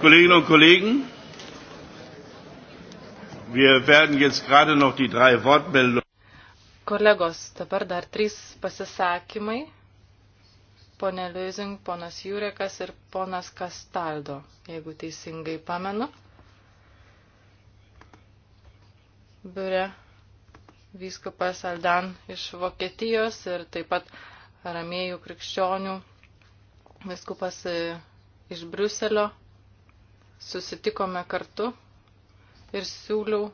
Kolleginnen und Kollegen, wir werden jetzt gerade noch die drei Wortmeldungen. Kolegos, dabar dar trys pasisakymai. Pone Liuzing, ponas Jurekas ir ponas Kastaldo, jeigu teisingai pamenu. Biure vyskupas Aldan iš Vokietijos ir taip pat ramėjų krikščionių vyskupas iš Briuselio susitikome kartu ir siūliau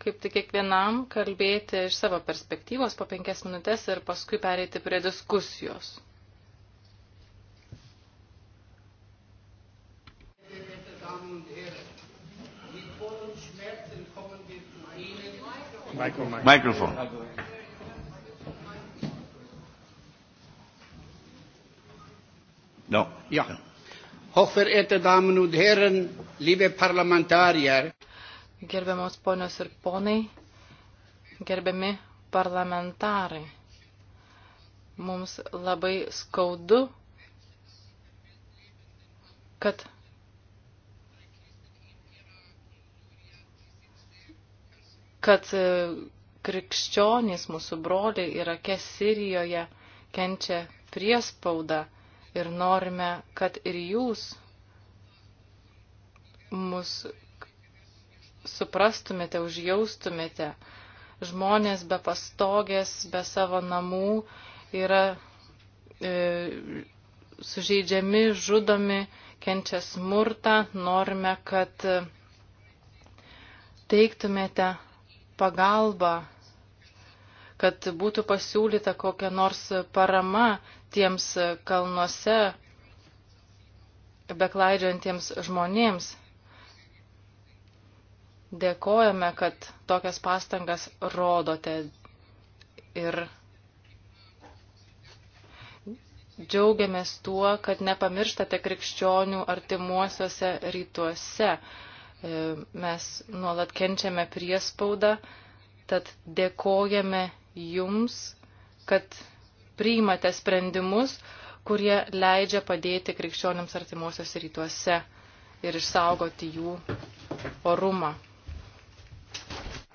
kaip tik kiekvienam kalbėti iš savo perspektyvos po penkias minutės ir paskui pereiti prie diskusijos. Microphone. No. Ja. No hochverehrte Damen und Herren, liebe Parlamentarier. Gerbiamos ponios ir ponai, gerbiami parlamentarai, mums labai skaudu, kad kad e, krikščionys, mūsų broliai Irake Sirijoje kenčia priespaudą ir norime, kad ir jūs mus suprastumėte, užjaustumėte. Žmonės be pastogės, be savo namų yra e, sužeidžiami, žudomi, kenčia smurtą. Norime, kad teiktumėte pagalbą kad būtų pasiūlyta kokia nors parama tiems kalnuose beklaidžiantiems žmonėms. Dėkojame, kad tokias pastangas rodote ir džiaugiamės tuo, kad nepamirštate krikščionių artimuosiuose rytuose. Mes nuolat kenčiame priespaudą, tad dėkojame jums, kad priimate sprendimus, kurie leidžia padėti krikščionims artimuosios rytuose ir išsaugoti jų orumą.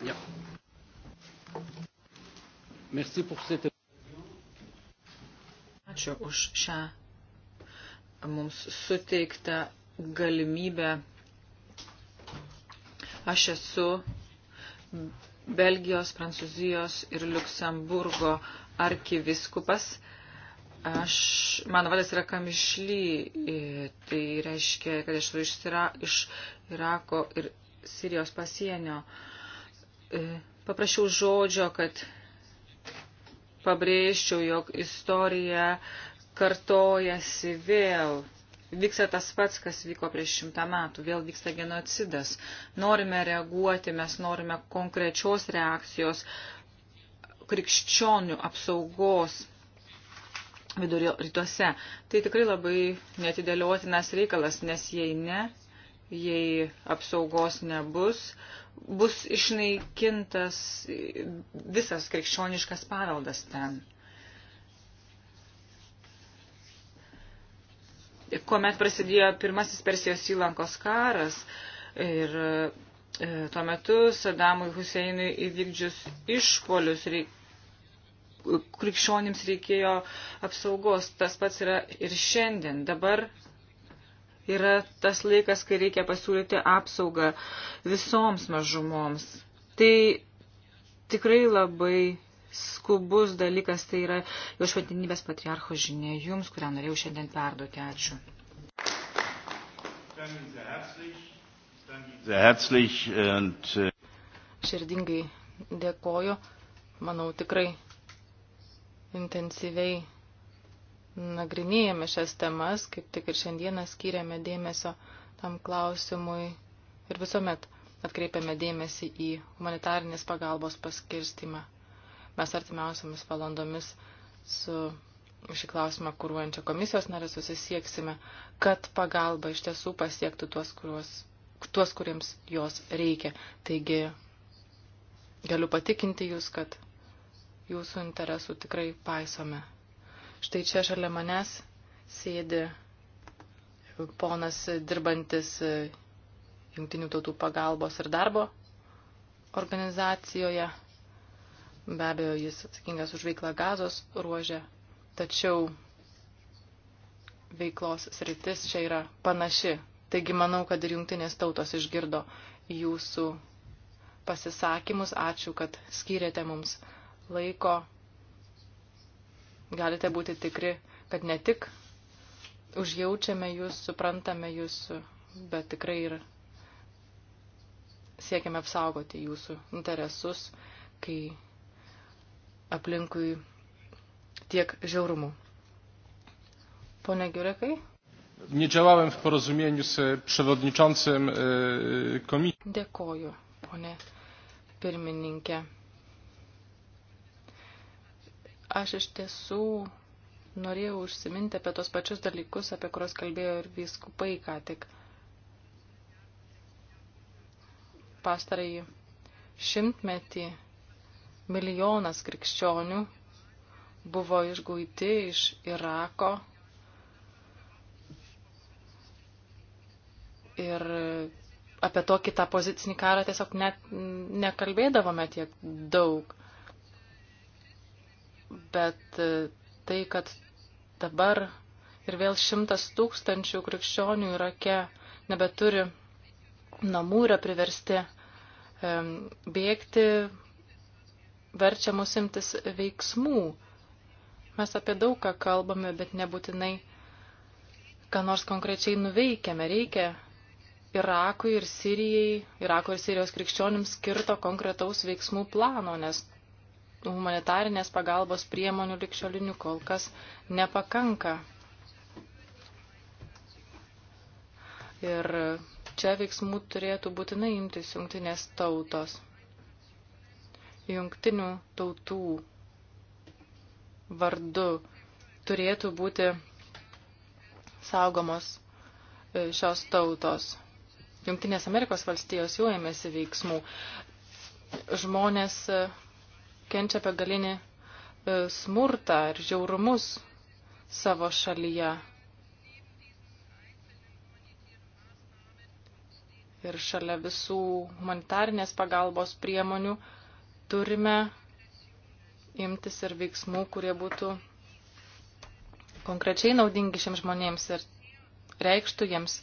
Ja. Ačiū už šią mums suteiktą galimybę. Aš esu Belgijos, Prancūzijos ir Luksemburgo arkiviskupas. Aš, mano vadas yra Kamišly, e, tai reiškia, kad aš iš, Ira, iš Irako ir Sirijos pasienio. E, paprašiau žodžio, kad pabrėžčiau, jog istorija kartojasi vėl vyksta tas pats, kas vyko prieš šimtą metų, vėl vyksta genocidas. Norime reaguoti, mes norime konkrečios reakcijos, krikščionių apsaugos vidurio rytuose. Tai tikrai labai netidėliotinas reikalas, nes jei ne, jei apsaugos nebus, bus išnaikintas visas krikščioniškas paveldas ten. kuomet prasidėjo pirmasis Persijos įlankos karas ir e, tuo metu Sadamui Huseinui įvykdžius išpolius reik, krikščionims reikėjo apsaugos. Tas pats yra ir šiandien. Dabar yra tas laikas, kai reikia pasiūlyti apsaugą visoms mažumoms. Tai tikrai labai skubus dalykas, tai yra jo šventinybės patriarcho žinia jums, kurią norėjau šiandien perduoti. Ačiū. Širdingai dėkoju, manau tikrai intensyviai nagrinėjame šias temas, kaip tik ir šiandieną skiriame dėmesio tam klausimui ir visuomet atkreipiame dėmesį į humanitarnės pagalbos paskirstimą. Mes artimiausiamis valandomis su šį klausimą kūruojančia komisijos narė susisieksime, kad pagalba iš tiesų pasiektų tuos, kuriuos, tuos kuriems jos reikia. Taigi galiu patikinti jūs, kad jūsų interesų tikrai paisome. Štai čia šalia manęs sėdi ponas dirbantis e, Jungtinių tautų pagalbos ir darbo organizacijoje Be abejo, jis atsakingas už veiklą gazos ruožę, tačiau veiklos sritis čia yra panaši. Taigi manau, kad ir jungtinės tautos išgirdo jūsų pasisakymus. Ačiū, kad skyrėte mums laiko. Galite būti tikri, kad ne tik užjaučiame jūs, suprantame jūs, bet tikrai ir siekiame apsaugoti jūsų interesus, kai aplinkui tiek žiaurumų. Pone Giurekai? Nie działałem w porozumieniu z przewodniczącym e, komisji. Dėkoju, pone pirmininkė. Aš iš tiesų norėjau užsiminti apie tos pačius dalykus, apie kuriuos kalbėjo ir vyskupai ką tik. Pastarąjį šimtmetį milijonas krikščionių buvo išguiti iš Irako ir apie tokį tą pozicinį karą tiesiog net nekalbėdavome tiek daug. Bet e, tai, kad dabar ir vėl šimtas tūkstančių krikščionių Irake nebeturi namų yra priversti bėgti, verčia mus imtis veiksmų. Mes apie daug ką kalbame, bet nebūtinai, ką nors konkrečiai nuveikiame. Reikia Irakui ir Sirijai, Irako ir Sirijos krikščionims skirto konkretaus veiksmų plano, nes humanitarinės pagalbos priemonių likščiolinių kol kas nepakanka. Ir čia veiksmų turėtų būtinai imtis jungtinės tautos jungtinių tautų vardu turėtų būti saugomos e, šios tautos. Junktinės Amerikos valstijos jau ėmėsi veiksmų. Žmonės e, kenčia apie galinį e, smurtą ir žiaurumus savo šalyje. Ir šalia visų humanitarnės pagalbos priemonių turime imtis ir veiksmų, kurie būtų konkrečiai naudingi šiems žmonėms ir reikštų jiems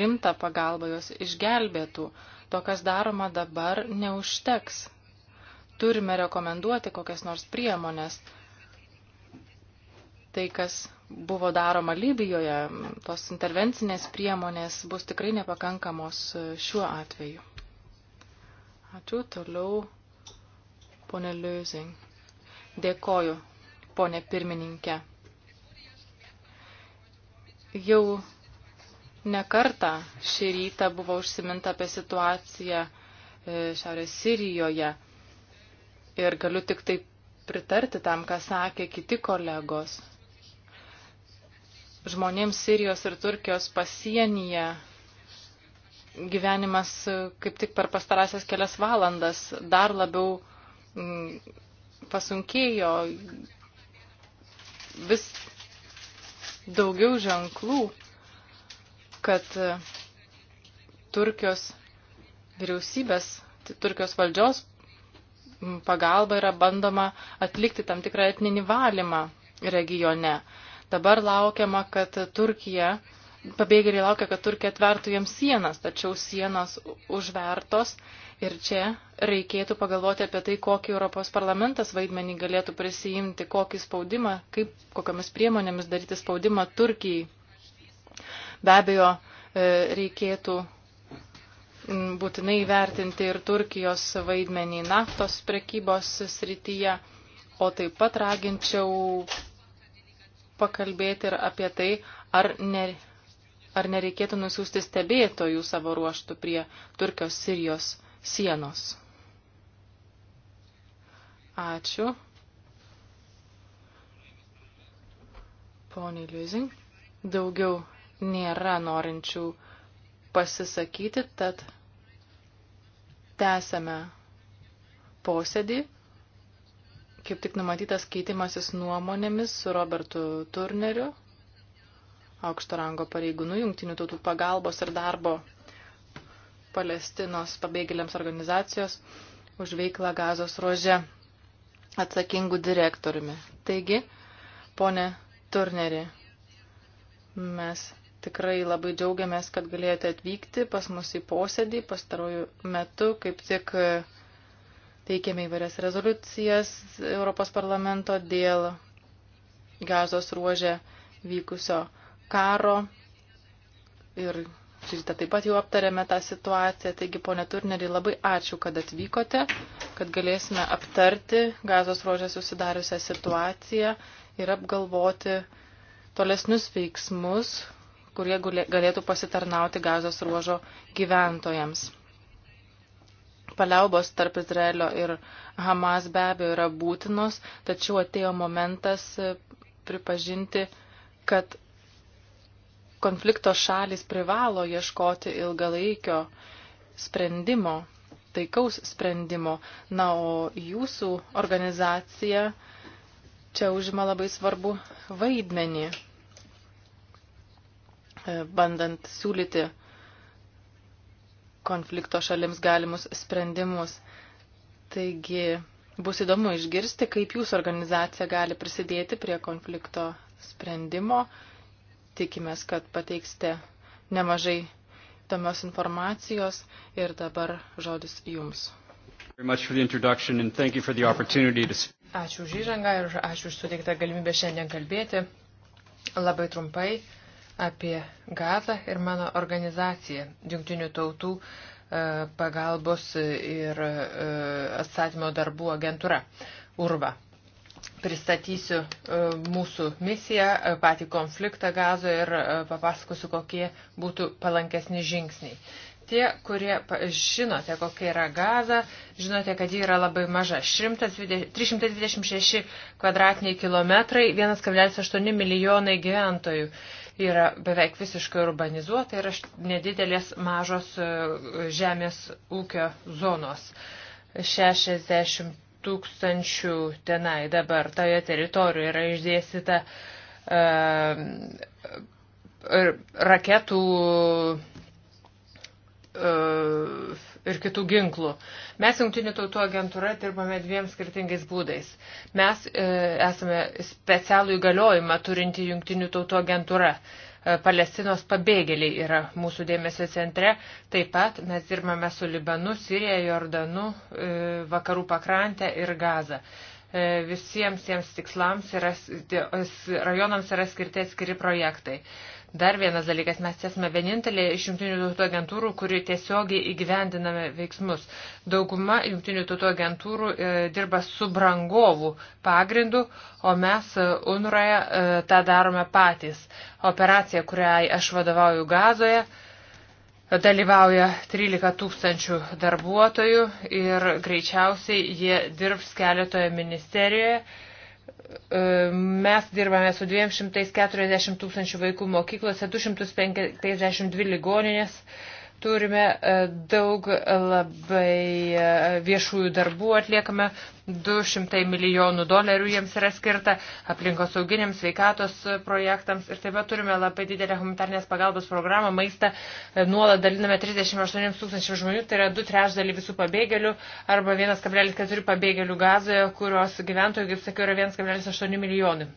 rimtą pagalbą, jos išgelbėtų. To, kas daroma dabar, neužteks. Turime rekomenduoti kokias nors priemonės. Tai, kas buvo daroma Libijoje, tos intervencinės priemonės bus tikrai nepakankamos e, šiuo atveju. Ačiū toliau Pone Liuzing, dėkoju, ponė pirmininkė. Jau nekarta šį rytą buvo užsiminta apie situaciją e, Šiaurės Sirijoje ir galiu tik tai pritarti tam, ką sakė kiti kolegos. Žmonėms Sirijos ir Turkijos pasienyje gyvenimas e, kaip tik per pastarąsias kelias valandas dar labiau Mm, pasunkėjo vis daugiau ženklų, kad e, Turkijos vyriausybės, Turkijos valdžios pagalba yra bandoma atlikti tam tikrą etninį valymą regione. Dabar laukiama, kad Turkija, pabėgėliai laukia, kad Turkija atvertų jiems sienas, tačiau sienos užvertos Ir čia reikėtų pagalvoti apie tai, kokį Europos parlamentas vaidmenį galėtų prisijimti, kokį spaudimą, kaip, kokiamis priemonėmis daryti spaudimą Turkijai. Be abejo, e, reikėtų būtinai vertinti ir Turkijos vaidmenį naftos prekybos srityje, o taip pat raginčiau pakalbėti ir apie tai, ar, ne, ar nereikėtų nusiųsti stebėtojų savo ruoštų prie Turkijos Sirijos sienos. Ačiū. Pone Liuzing, daugiau nėra norinčių pasisakyti, tad tęsame posėdį. Kaip tik numatytas keitimasis nuomonėmis su Robertu Turneriu, aukšto rango pareigūnų, jungtinių tautų pagalbos ir darbo Palestinos pabėgėliams organizacijos už veiklą gazos ruože atsakingų direktoriumi. Taigi, ponė Turneri, mes tikrai labai džiaugiamės, kad galėjote atvykti pas mus į posėdį pastarojų metų, kaip tik e, teikėme įvairias rezoliucijas Europos parlamento dėl gazos ruožė vykusio karo ir Šį rytą taip pat jau aptarėme tą situaciją. Taigi, ponė Turnerį, labai ačiū, kad atvykote, kad galėsime aptarti gazos ruožę susidariusią situaciją ir apgalvoti tolesnius veiksmus, kurie galėtų pasitarnauti gazos ruožo gyventojams. Paliaubos tarp Izraelio ir Hamas be abejo yra būtinos, tačiau atėjo momentas pripažinti, kad konflikto šalis privalo ieškoti ilgalaikio sprendimo, taikaus sprendimo. Na, o jūsų organizacija čia užima labai svarbu vaidmenį, e, bandant siūlyti konflikto šalims galimus sprendimus. Taigi bus įdomu išgirsti, kaip jūsų organizacija gali prisidėti prie konflikto sprendimo Tikimės, kad pateiksite nemažai įdomios informacijos ir dabar žodis jums. Ačiū už įžangą ir ačiū už suteiktą galimybę šiandien kalbėti labai trumpai apie Gazą ir mano organizaciją, Junktinių tautų e, pagalbos ir e, atstatymo darbų agentūra, URVA pristatysiu e, mūsų misiją, e, patį konfliktą gazoje ir e, papasakosiu, kokie būtų palankesni žingsniai. Tie, kurie žinote, kokia yra gaza, žinote, kad ji yra labai maža. 326 kvadratiniai kilometrai, 1,8 milijonai gyventojų yra beveik visiškai urbanizuota ir nedidelės mažos žemės ūkio zonos. 60 tūkstančių tenai dabar toje teritorijoje yra išdėstyta uh, raketų uh, ir kitų ginklų. Mes Junktinių tautų agentūra dirbame dviem skirtingais būdais. Mes e, esame specialų įgaliojimą turinti Junktinių tautų agentūra. E, Palestinos pabėgėliai yra mūsų dėmesio centre. Taip pat mes dirbame su Libanu, Sirija, Jordanu, e, Vakarų pakrantę ir Gazą. E, visiems tiems tikslams yra, rajonams yra skirti atskiri projektai. Dar vienas dalykas, mes esame vienintelė iš jungtinių tautų agentūrų, kuri tiesiogiai įgyvendiname veiksmus. Dauguma jungtinių tautų agentūrų e, dirba su brangovų pagrindu, o mes e, UNROje e, tą darome patys. Operacija, kuriai aš vadovauju gazoje, dalyvauja 13 tūkstančių darbuotojų ir greičiausiai jie dirbs keletoje ministerijoje E, mes dirbame su 240 tūkstančių vaikų mokyklose, 252 ligoninės Turime e, daug e, labai e, viešųjų darbų atliekame, 200 milijonų dolerių jiems yra skirta aplinkos auginiams, sveikatos projektams ir taip pat turime labai didelę humanitarnės pagalbos programą, maistą nuolat daliname 38 tūkstančių žmonių, tai yra 2 trešdalį visų pabėgėlių arba 1,4 pabėgėlių gazoje, kurios gyventojų, kaip sakiau, yra 1,8 milijonai.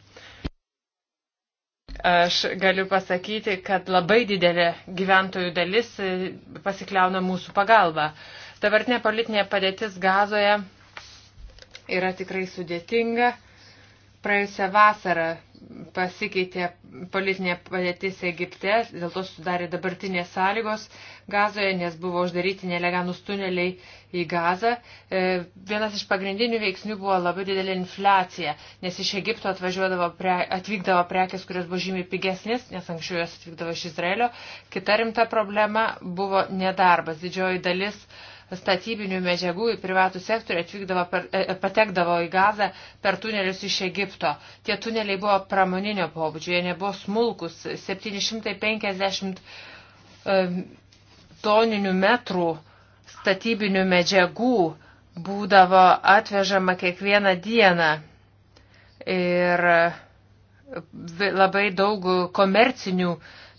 Aš galiu pasakyti, kad labai didelė gyventojų dalis e, pasikliauna mūsų pagalba. Dabartinė politinė padėtis gazoje yra tikrai sudėtinga Praėjusią vasarą pasikeitė politinė padėtis Egipte, dėl to sudarė dabartinės sąlygos gazoje, nes buvo uždaryti neleganus tuneliai į gazą. E, vienas iš pagrindinių veiksnių buvo labai didelė infliacija, nes iš Egipto pre, atvykdavo prekes, kurios buvo žymiai pigesnės, nes anksčiau jos atvykdavo iš Izraelio. Kita rimta problema buvo nedarbas. Didžioji dalis uh, statybinių medžiagų į privatų sektorių atvykdavo per, e, e, patekdavo į gazą per tunelius iš Egipto. Tie tuneliai buvo pramoninio pobūdžio, jie nebuvo smulkus, 750 e, toninių metrų statybinių medžiagų būdavo atvežama kiekvieną dieną. Ir labai daug komercinių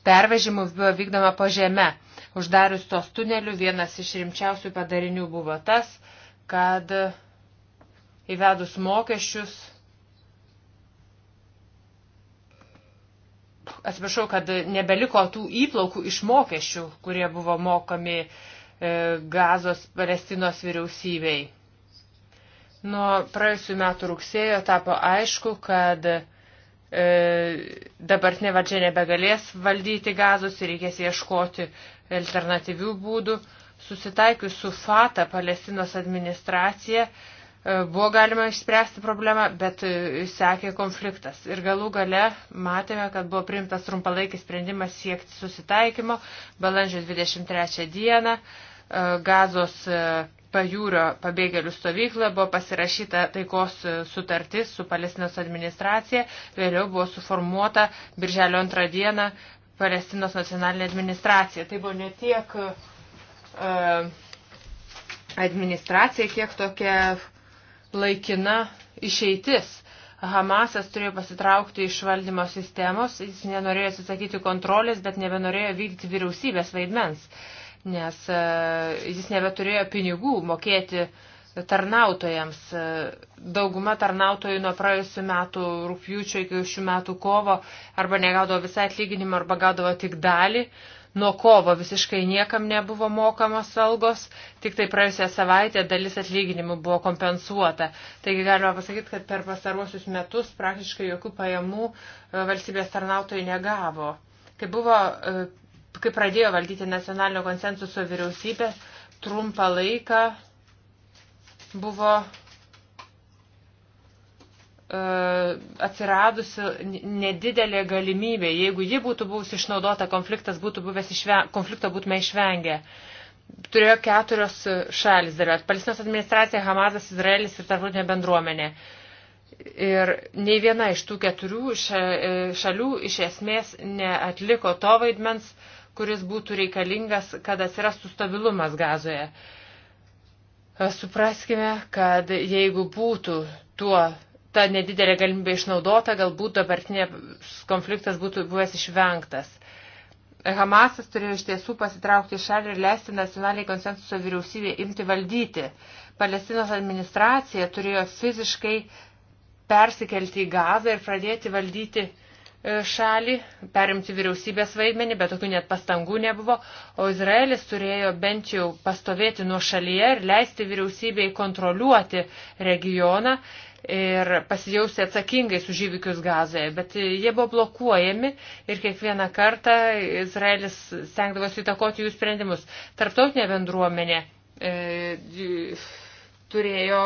pervežimų buvo vykdoma po žemę. Uždarius tos tunelių vienas iš rimčiausių padarinių buvo tas, kad įvedus mokesčius, atsiprašau, kad nebeliko tų įplaukų iš mokesčių, kurie buvo mokami e, gazos Palestinos vyriausybei. Nuo praėjusių metų rugsėjo tapo aišku, kad e, dabartinė valdžia nebegalės valdyti gazos ir reikės ieškoti alternatyvių būdų. Susitaikius su FATA, Palestinos administracija, e, buvo galima išspręsti problemą, bet e, sekė konfliktas. Ir galų gale matėme, kad buvo priimtas trumpalaikis sprendimas siekti susitaikymo balandžio 23 dieną. E, Gazos pajūrio pabėgėlių stovykloje buvo pasirašyta taikos sutartis su Palestinos administracija, vėliau buvo suformuota birželio antrą dieną Palestinos nacionalinė administracija. Tai buvo ne tiek e, administracija, kiek tokia laikina išeitis. Hamasas turėjo pasitraukti iš valdymo sistemos, jis nenorėjo atsisakyti kontrolės, bet nebenorėjo vykdyti vyriausybės vaidmens, nes e, jis nebeturėjo pinigų mokėti uh, tarnautojams. Dauguma tarnautojų nuo praėjusių metų rūpjūčio iki šių metų kovo arba negaudavo visą atlyginimą arba gaudavo tik dalį. Nuo kovo visiškai niekam nebuvo mokamos algos, tik tai praėjusią savaitę dalis atlyginimų buvo kompensuota. Taigi galima pasakyti, kad per pastaruosius metus praktiškai jokių pajamų e, valstybės tarnautojai negavo. Kai, buvo, e, kai pradėjo valdyti nacionalinio konsensuso vyriausybė, trumpą laiką buvo e, atsiradusi nedidelė galimybė. Jeigu ji būtų buvusi išnaudota, konfliktas būtų buvęs išven... konflikto būtume išvengę. Turėjo keturios šalis dalyvauti. Palestinos administracija, Hamasas, Izraelis ir tarptautinė bendruomenė. Ir nei viena iš tų keturių e, šalių iš esmės neatliko to vaidmens, kuris būtų reikalingas, kad atsirastų stabilumas gazoje. Uh, Supraskime, kad jeigu būtų tuo ta nedidelė galimybė išnaudota, galbūt dabartinės konfliktas būtų buvęs išvengtas. Hamasas turėjo iš tiesų pasitraukti iš šalį ir leisti nacionaliai konsensuso vyriausybė imti valdyti. Palestinos administracija turėjo fiziškai persikelti į gazą ir pradėti valdyti E, šalį, perimti vyriausybės vaidmenį, bet tokių net pastangų nebuvo, o Izraelis turėjo bent jau pastovėti nuo šalyje ir leisti vyriausybei kontroliuoti regioną ir pasijausti atsakingais už įvykius gazoje, bet jie buvo blokuojami ir kiekvieną kartą Izraelis stengdavosi įtakoti jų sprendimus. Tarptautinė bendruomenė e, turėjo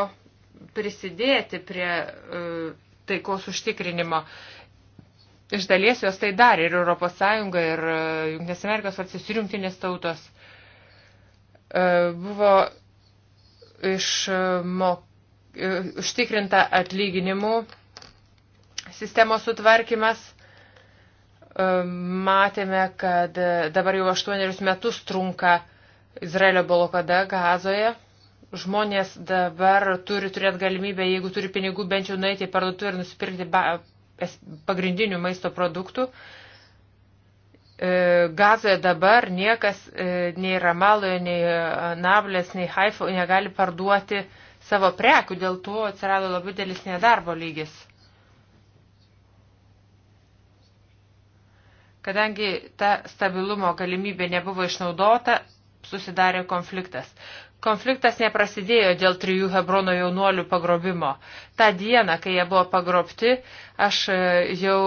prisidėti prie e, taikos užtikrinimo. E, Iš dalies jos tai darė ir ES, ir e, Junktinės Amerikos valstybės, ir Junktinės tautos. E, buvo išmok... E, užtikrinta atlyginimų sistemos sutvarkymas. Matėme, kad dabar jau aštuonerius metus trunka Izraelio blokada gazoje. Žmonės dabar turi turėti galimybę, jeigu turi pinigų, bent jau nueiti į parduotuvę ir nusipirkti pagrindinių maisto produktų. E, Gazoje dabar niekas e, nei Ramaloje, nei e, Nablės, nei Haifo negali parduoti savo prekių, dėl to atsirado labai dėlis nedarbo lygis. Kadangi ta stabilumo galimybė nebuvo išnaudota, susidarė konfliktas. Konfliktas neprasidėjo dėl trijų Hebrono jaunuolių pagrobimo. Ta diena, kai jie buvo pagrobti, aš e, jau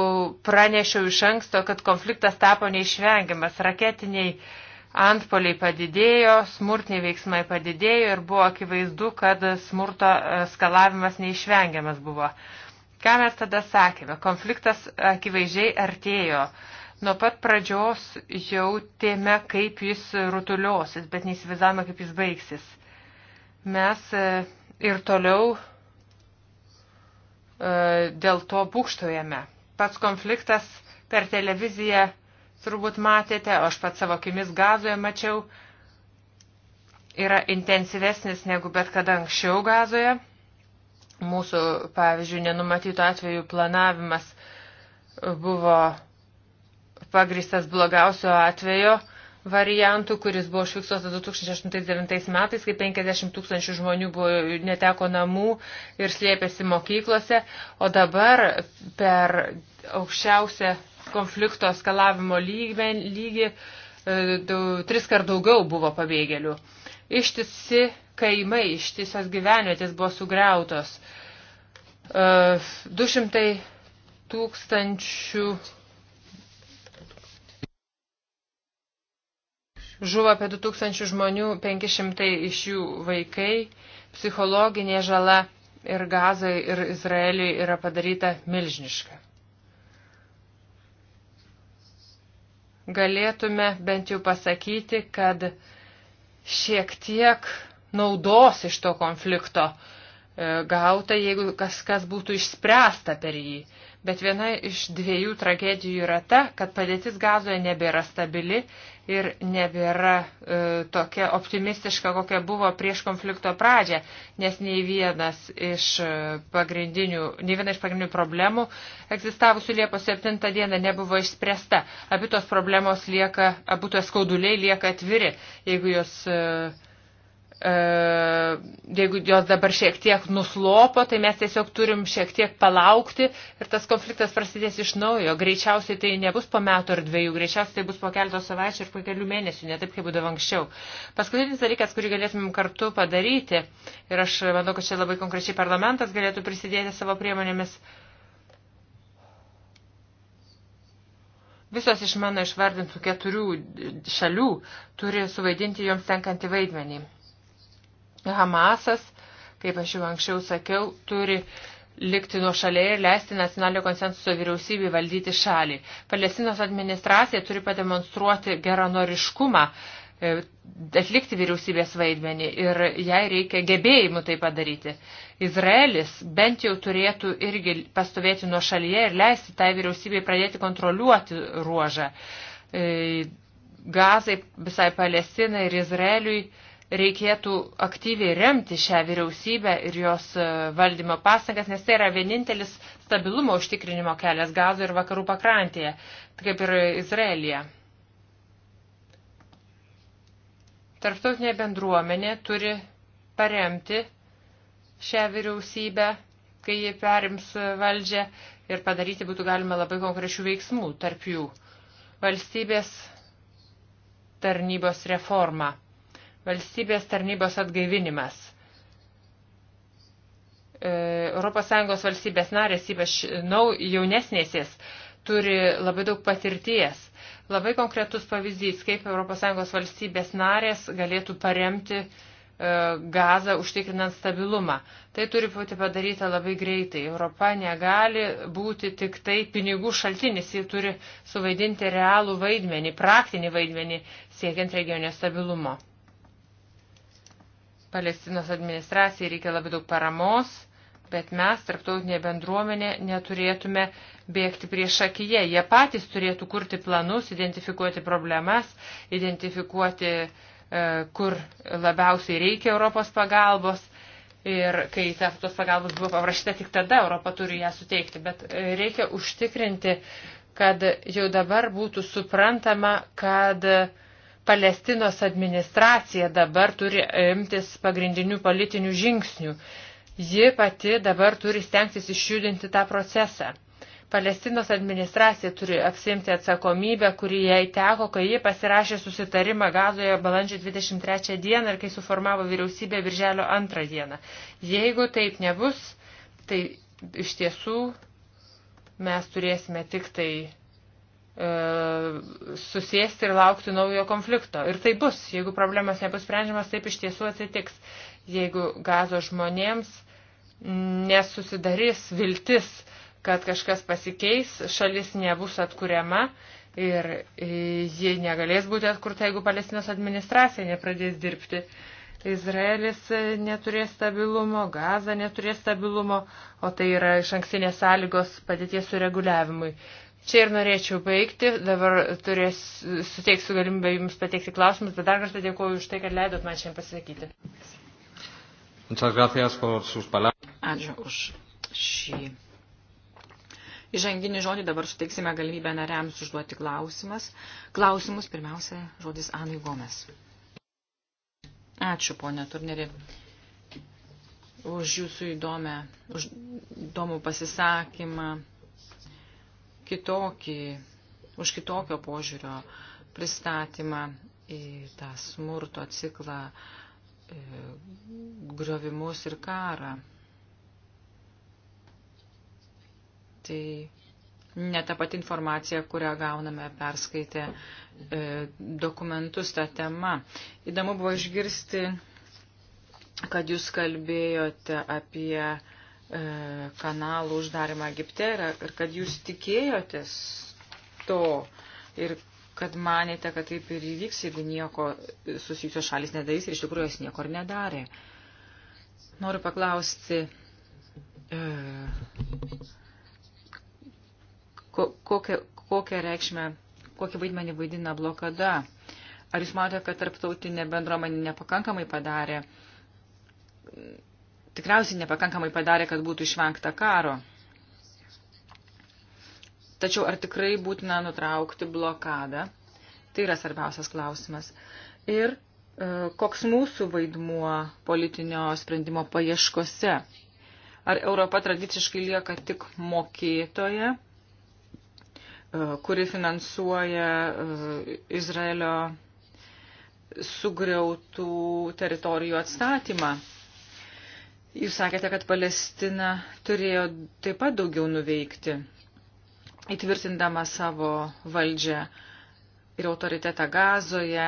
pranešiau iš anksto, kad konfliktas tapo neišvengiamas. Raketiniai antpoliai padidėjo, smurtiniai veiksmai padidėjo ir buvo akivaizdu, kad smurto e, skalavimas neišvengiamas buvo. Ką mes tada sakėme? Konfliktas akivaizdžiai artėjo. Uh, Nuo pat pradžios jautėme, kaip jis rutuliosis, bet neįsivaizdavome, kaip jis baigsis. Mes e, ir toliau e, dėl to būkštojame. Pats konfliktas per televiziją turbūt matėte, aš pat savo akimis gazoje mačiau, yra intensyvesnis negu bet kada anksčiau gazoje. Mūsų, pavyzdžiui, nenumatytų atvejų planavimas buvo pagristas blogiausio atvejo variantų, kuris buvo užfiksuotas 2008-2009 metais, kai 50 tūkstančių žmonių buvo, neteko namų ir slėpėsi mokyklose, o dabar per aukščiausią konflikto skalavimo lygį, lygį e, tris kart daugiau buvo pabėgėlių. Ištisi kaimai, ištisos gyvenvietės buvo sugriautos. 200 e, tūkstančių Žuvo apie 2000 žmonių, 500 iš jų vaikai. Psichologinė žala ir Gazai, ir Izraeliui yra padaryta milžiniška. Galėtume bent jau pasakyti, kad šiek tiek naudos iš to konflikto e, gauta, jeigu kas, kas būtų išspręsta per jį. Bet viena iš dviejų tragedijų yra ta, kad padėtis gazoje nebėra stabili ir nebėra e, tokia optimistiška, kokia buvo prieš konflikto pradžią, nes nei, vienas iš e, pagrindinių, nei viena iš pagrindinių problemų egzistavusių Liepos 7 dieną nebuvo išspręsta. Abi tos problemos lieka, abu tos skauduliai lieka atviri, jeigu jos. E, E, jeigu jos dabar šiek tiek nuslopo, tai mes tiesiog turim šiek tiek palaukti ir tas konfliktas prasidės iš naujo. Greičiausiai tai nebus po metų ar dviejų, greičiausiai tai bus po keletos savaičių ir po kelių mėnesių, ne taip, kaip būdavo anksčiau. Paskutinis dalykas, kurį galėtumėm kartu padaryti, ir aš manau, kad čia labai konkrečiai parlamentas galėtų prisidėti savo priemonėmis. Visos iš mano išvardintų keturių šalių turi suvaidinti joms tenkantį vaidmenį. Hamasas, kaip aš jau anksčiau sakiau, turi likti nuo šalia ir leisti nacionalinio konsensuso vyriausybį valdyti šalį. Palestinos administracija turi pademonstruoti geranoriškumą, e, atlikti vyriausybės vaidmenį ir jai reikia gebėjimų tai padaryti. Izraelis bent jau turėtų irgi pastovėti nuo šalyje ir leisti tai vyriausybei pradėti kontroliuoti ruožą. E, Gazai, visai Palestinai ir Izraeliui reikėtų aktyviai remti šią vyriausybę ir jos e, valdymo pastangas, nes tai yra vienintelis stabilumo užtikrinimo kelias gazo ir vakarų pakrantėje, kaip ir Izraelija. Tarptautinė bendruomenė turi paremti šią vyriausybę, kai jie perims valdžią ir padaryti būtų galima labai konkrečių veiksmų, tarp jų valstybės tarnybos reforma valstybės tarnybos atgaivinimas. ES valstybės narės, ypač nau, jaunesnėsės, turi labai daug patirties. Labai konkretus pavyzdys, kaip ES valstybės narės galėtų paremti e, gazą užtikrinant stabilumą. Tai turi būti padaryta labai greitai. Europa negali būti tik tai pinigų šaltinis, ji turi suvaidinti realų vaidmenį, praktinį vaidmenį siekiant regionio stabilumo. Palestinos administracijai reikia labai daug paramos, bet mes, tarptautinė bendruomenė, neturėtume bėgti prieš akiją. Jie patys turėtų kurti planus, identifikuoti problemas, identifikuoti, e, kur labiausiai reikia Europos pagalbos. Ir kai ta, tos pagalbos buvo paprašyta, tik tada Europa turi ją suteikti. Bet e, reikia užtikrinti, kad jau dabar būtų suprantama, kad uh, Palestinos administracija dabar turi imtis pagrindinių politinių žingsnių. Ji pati dabar turi stengtis išjudinti tą procesą. Palestinos administracija turi apsimti atsakomybę, kuri jai teko, kai ji pasirašė susitarimą Gazoje balandžio 23 dieną ir kai suformavo vyriausybę birželio 2 dieną. Jeigu taip nebus, tai iš tiesų mes turėsime tik tai E, susėsti ir laukti naujo konflikto. Ir tai bus, jeigu problemas nebus sprendžiamas, taip iš tiesų atsitiks. Jeigu gazo žmonėms nesusidarys viltis, kad kažkas pasikeis, šalis nebus atkuriama ir e, ji negalės būti atkurta, jeigu Palestinos administracija nepradės dirbti. Izraelis e, neturės stabilumo, Gaza neturės stabilumo, o tai yra iš anksinės sąlygos padėties sureguliavimui. Čia ir norėčiau baigti. Dabar turės, suteiksiu galimybę Jums pateikti klausimus, bet dar kartą dėkuoju už tai, kad leidot man šiandien pasisakyti. Ačiū už šį įžanginį žodį. Dabar suteiksime galimybę nariams užduoti klausimas. klausimus. Pirmiausia, žodis Anui Gomes. Ačiū, ponė Turneri, už jūsų įdomę, už įdomų pasisakymą kitokį, už kitokio požiūrio pristatymą į tą smurto ciklą, e, griovimus ir karą. Tai ne ta pati informacija, kurią gauname perskaitę e, dokumentus tą temą. Įdomu buvo išgirsti, kad jūs kalbėjote apie E, kanalų uždarimą Egipte ir kad jūs tikėjotės to ir kad manėte, kad taip ir įvyks, jeigu nieko susijusios šalis nedarys ir iš tikrųjų jos nieko ir nedarė. Noriu paklausti, e, kokią, kokią reikšmę, kokį vaidmenį vaidina blokada. Ar jūs matote, kad tarptautinė bendruomenė nepakankamai padarė tikriausiai nepakankamai padarė, kad būtų išvengta karo. Tačiau ar tikrai būtina nutraukti blokadą? Tai yra svarbiausias klausimas. Ir e, koks mūsų vaidmuo politinio sprendimo paieškose? Ar Europa tradiciškai lieka tik mokėtoje, e, kuri finansuoja e, Izraelio sugriautų teritorijų atstatymą? Jūs sakėte, kad Palestina turėjo taip pat daugiau nuveikti, įtvirtindama savo valdžią ir autoritetą gazoje,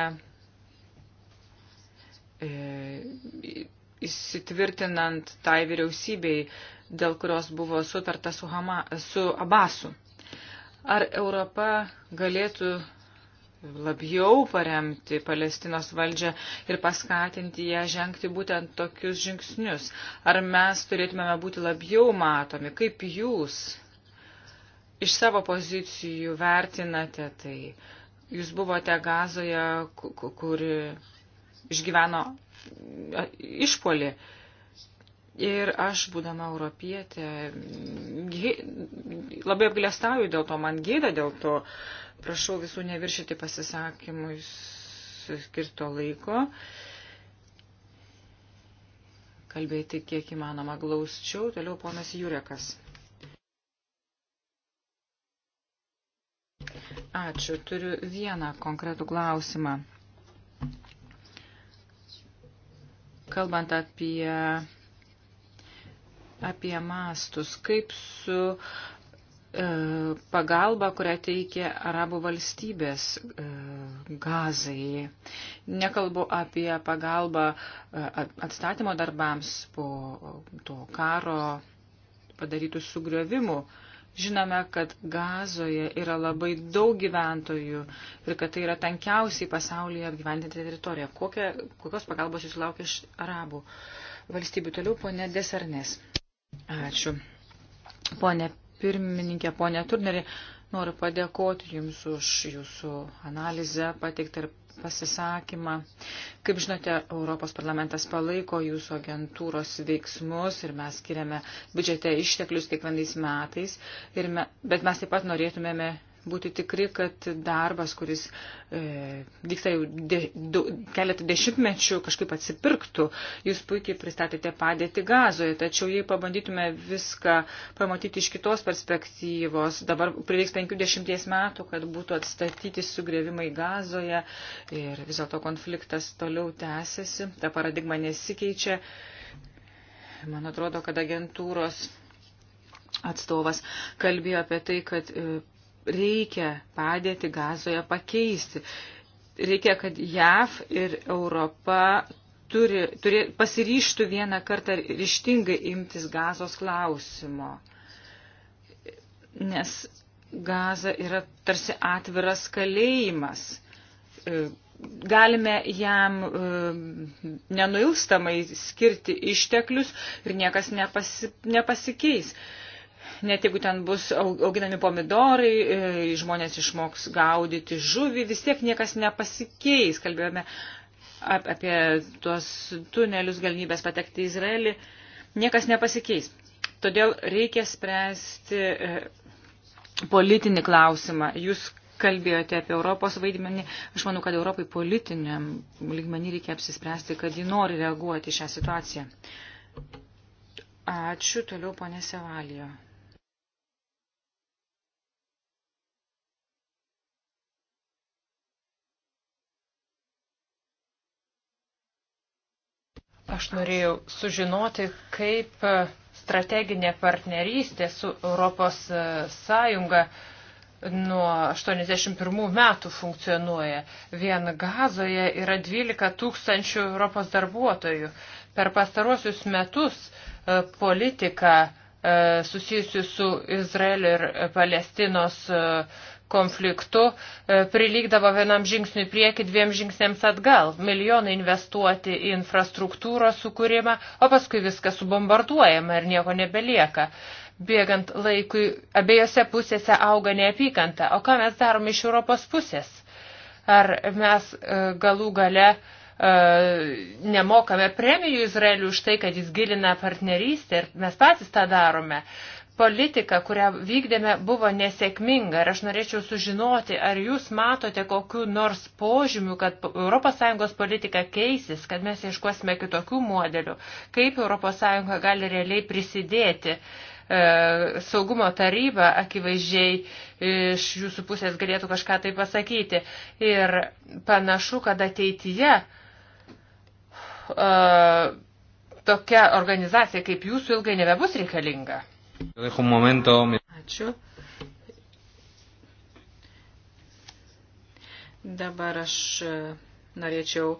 e, įsitvirtinant tai vyriausybei, dėl kurios buvo sutarta su, Hama, su Abasu. Ar Europa galėtų labiau paremti Palestinos valdžią ir paskatinti ją žengti būtent tokius žingsnius? Ar mes turėtumėme būti labiau matomi, kaip jūs iš savo pozicijų vertinate tai? Jūs buvote gazoje, kur išgyveno išpolį. Ir aš, būdama europietė, labai apgalėstauju dėl to, man gėda dėl to, Prašau visų neviršyti pasisakymui skirto laiko. Kalbėti kiek įmanoma glausčiau. Toliau ponas Jurekas. Ačiū. Turiu vieną konkretų klausimą. Kalbant apie, apie mastus, kaip su uh, E, pagalbą, kurią teikė arabų valstybės e, gazai. Nekalbu apie pagalbą e, atstatymo darbams po to karo padarytų sugriovimų. Žinome, kad gazoje yra labai daug gyventojų ir kad tai yra tankiausiai pasaulyje apgyvendinta teritorija. Kokia, kokios pagalbos jūs laukia iš arabų valstybių toliau, ponė Desarnės? Ačiū. Pone pirmininkė, ponė Turnerį. Noriu padėkoti Jums už Jūsų analizę, pateiktą ir pasisakymą. Kaip žinote, Europos parlamentas palaiko Jūsų agentūros veiksmus ir mes skiriame biudžete išteklius kiekvienais metais, me, bet mes taip pat norėtumėme būti tikri, kad darbas, kuris e, vyksta jau de, du, keletą dešimtmečių, kažkaip atsipirktų. Jūs puikiai pristatėte padėti gazoje, tačiau jei pabandytume viską pamatyti iš kitos perspektyvos, dabar prireiks 50 metų, kad būtų atstatyti sugrėvimai gazoje ir vis dėlto konfliktas toliau tęsiasi, ta paradigma nesikeičia. Man atrodo, kad agentūros atstovas kalbėjo apie tai, kad e, reikia padėti gazoje pakeisti. Reikia, kad JAV ir Europa turi, turi, pasiryštų vieną kartą ryštingai imtis gazos klausimo. Nes gaza yra tarsi atviras kalėjimas. E, galime jam e, nenuilstamai skirti išteklius ir niekas nepasi, nepasikeis net jeigu ten bus auginami pomidorai, e, žmonės išmoks gaudyti žuvį, vis tiek niekas nepasikeis. Kalbėjome apie tuos tunelius galimybės patekti į Izraelį. Niekas nepasikeis. Todėl reikia spręsti e, politinį klausimą. Jūs kalbėjote apie Europos vaidmenį. Aš manau, kad Europai politiniam lygmenį reikia apsispręsti, kad ji nori reaguoti šią situaciją. Ačiū toliau, ponė Sevalijo. Aš norėjau sužinoti, kaip strateginė partnerystė su Europos e, Sąjunga nuo 81 metų funkcionuoja. Vien gazoje yra 12 tūkstančių Europos darbuotojų. Per pastaruosius metus e, politika E, susijusių su Izraelio ir Palestinos e, konfliktu e, prilygdavo vienam žingsniui prieki dviem žingsniams atgal. Milijonai investuoti į infrastruktūros sukūrimą, o paskui viskas subombarduojama ir nieko nebelieka. Bėgant laikui abiejose pusėse auga neapykanta. O ką mes darome iš Europos pusės? Ar mes galų gale uh, E, nemokame premijų Izraeliui už tai, kad jis gilina partnerystę ir mes patys tą darome. Politika, kurią vykdėme, buvo nesėkminga ir aš norėčiau sužinoti, ar jūs matote kokiu nors požymiu, kad ES politika keisis, kad mes ieškosime kitokių modelių, kaip ES gali realiai prisidėti e, saugumo taryba akivaizdžiai iš jūsų pusės galėtų kažką tai pasakyti. Ir panašu, kad ateityje uh, uh, tokia organizacija kaip jūsų ilgai nebebus reikalinga. Ačiū. Dabar aš e, norėčiau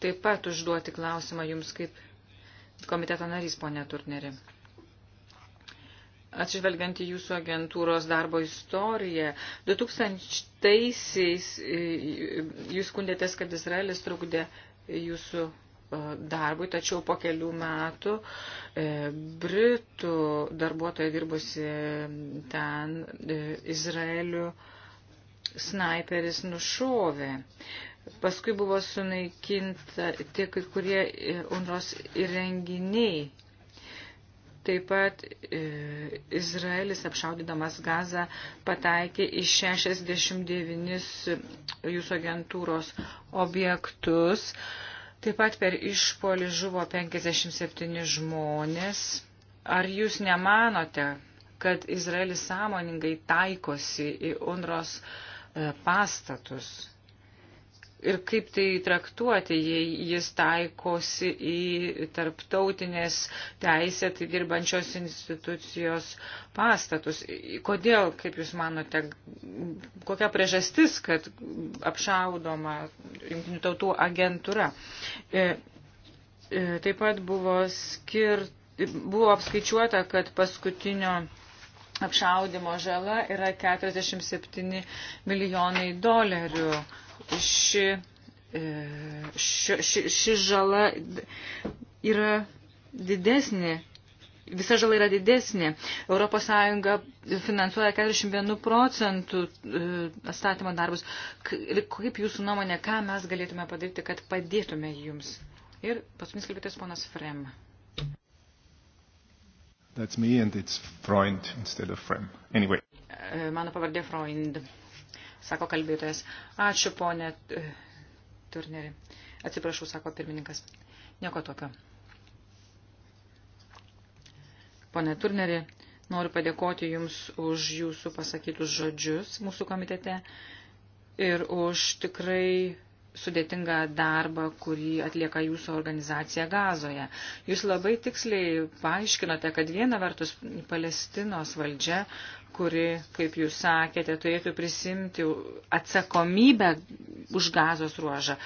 taip pat užduoti klausimą jums kaip komiteto narys, ponė Turneri. Atsižvelgiant į jūsų agentūros darbo istoriją, 2000-aisiais e, jūs skundėtės, kad Izraelis trukdė jūsų E, darbui, tačiau po kelių metų e, Britų darbuotoja dirbusi ten e, Izraelių snaiperis nušovė. Paskui buvo sunaikinta tik kai kurie UNROS įrenginiai. Taip pat Izraelis apšaudydamas gazą pataikė į 69 jūsų agentūros objektus. E, Taip pat per išpolį žuvo 57 žmonės. Ar jūs nemanote, kad Izraelis sąmoningai taikosi į UNROS e, pastatus? ir kaip tai traktuoti, jei jis taikosi į tarptautinės teisę, tai dirbančios institucijos pastatus. Kodėl, kaip Jūs manote, kokia priežastis, kad apšaudoma jungtinių tautų agentūra? E, e, taip pat buvo, skir... buvo apskaičiuota, kad paskutinio apšaudimo žala yra 47 milijonai dolerių ši, e, ši, ši, ši žala yra didesnė. Visa žala yra didesnė. ES finansuoja 41 procentų e, atstatymo darbus. Kaip jūsų nuomonė, ką mes galėtume padaryti, kad padėtume jums? Ir paskutinis kalbėtas ponas Frem. That's me and it's Freund instead of Frem. Anyway. E, mano pavardė Freund sako kalbėtojas. Ačiū, ponė e, Turneri. Atsiprašau, sako pirmininkas. Nieko tokio. Pone Turneri, noriu padėkoti Jums už Jūsų pasakytus žodžius mūsų komitete ir už tikrai sudėtingą darbą, kurį atlieka Jūsų organizacija Gazoje. Jūs labai tiksliai paaiškinote, kad viena vertus Palestinos valdžia kuri, kaip jūs sakėte, turėtų prisimti atsakomybę už gazos ruožą.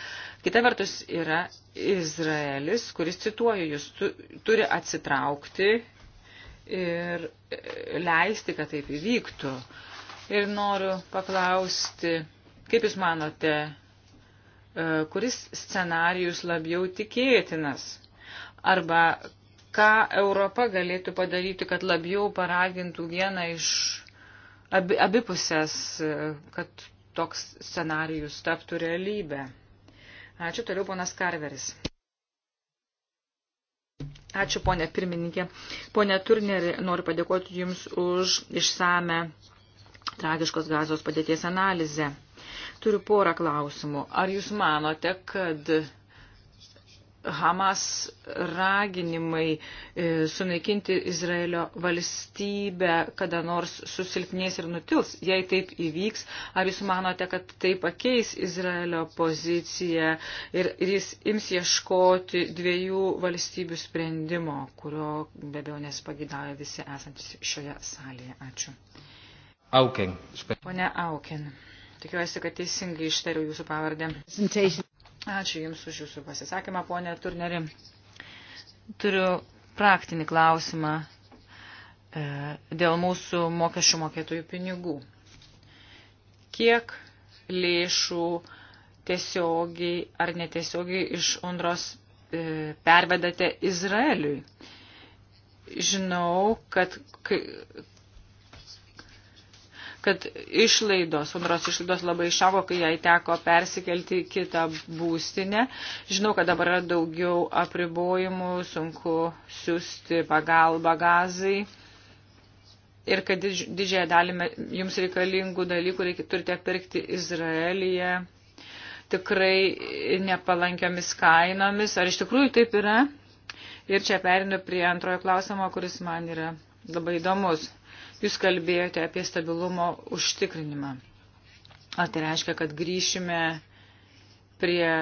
Kita vertus yra Izraelis, kuris, cituoju, jūs tu, turi atsitraukti ir leisti, kad taip įvyktų. Ir noriu paklausti, kaip Jūs manote, e, kuris scenarijus labiau tikėtinas? Arba ką Europa galėtų padaryti, kad labiau paragintų vieną iš abi, abipusės, kad toks scenarijus taptų realybę. Ačiū toliau, ponas Karveris. Ačiū, ponė pirmininkė. Pone Turneri, noriu padėkoti Jums už išsame tragiškos gazos padėties analizę. Turiu porą klausimų. Ar Jūs manote, kad Hamas raginimai e, sunaikinti Izraelio valstybę kada nors susilpnės ir nutils. Jei taip įvyks, ar jūs manote, kad tai pakeis Izraelio poziciją ir, ir jis ims ieškoti dviejų valstybių sprendimo, kurio be abejo nespagidavo visi esantis šioje salėje? Ačiū. Auken. Pone Auken. Tikiuosi, kad teisingai ištariu jūsų pavardę. Ačiū Jums už Jūsų pasisakymą, ponė Turneri. Turiu praktinį klausimą e, dėl mūsų mokesčių mokėtojų pinigų. Kiek lėšų tiesiogiai ar netiesiogiai iš UNROS e, pervedate Izraeliui? Žinau, kad kad išlaidos, sodros išlaidos labai išaugo, kai jai teko persikelti į kitą būstinę. Žinau, kad dabar yra daugiau apribojimų, sunku siūsti pagalbą gazai. Ir kad didž, didžiąją dalį jums reikalingų dalykų reikia, turite pirkti Izraelyje tikrai nepalankiomis kainomis. Ar iš tikrųjų taip yra? Ir čia perinu prie antrojo klausimo, kuris man yra labai įdomus. Jūs kalbėjote apie stabilumo užtikrinimą. O tai reiškia, kad grįšime prie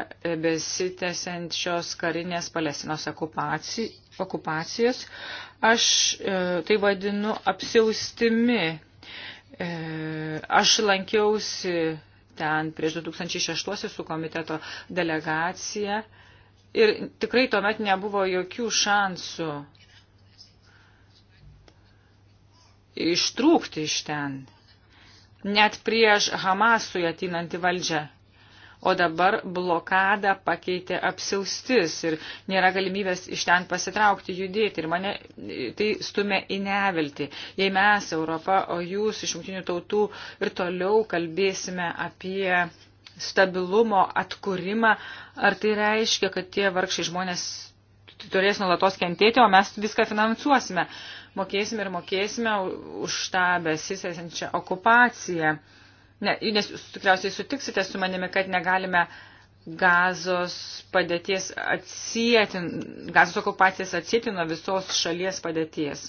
besitęsiančios karinės Palestinos okupacijos. Aš e, tai vadinu apsiaustimi. E, aš lankiausi ten prieš 2006 su komiteto delegacija ir tikrai tuomet nebuvo jokių šansų ištrūkti iš ten, net prieš Hamasui ateinantį valdžią. O dabar blokadą pakeitė apsiaustis ir nėra galimybės iš ten pasitraukti, judėti. Ir mane tai stumia į nevilti. Jei mes, Europa, o jūs iš jungtinių tautų ir toliau kalbėsime apie stabilumo atkūrimą, ar tai reiškia, kad tie vargšiai žmonės turės nuolatos kentėti, o mes viską finansuosime mokėsime ir mokėsime už tą besisėsiančią okupaciją. Ne, nes jūs tikriausiai sutiksite su manimi, kad negalime gazos padėties atsijėti, gazos okupacijas atsijėti nuo visos šalies padėties.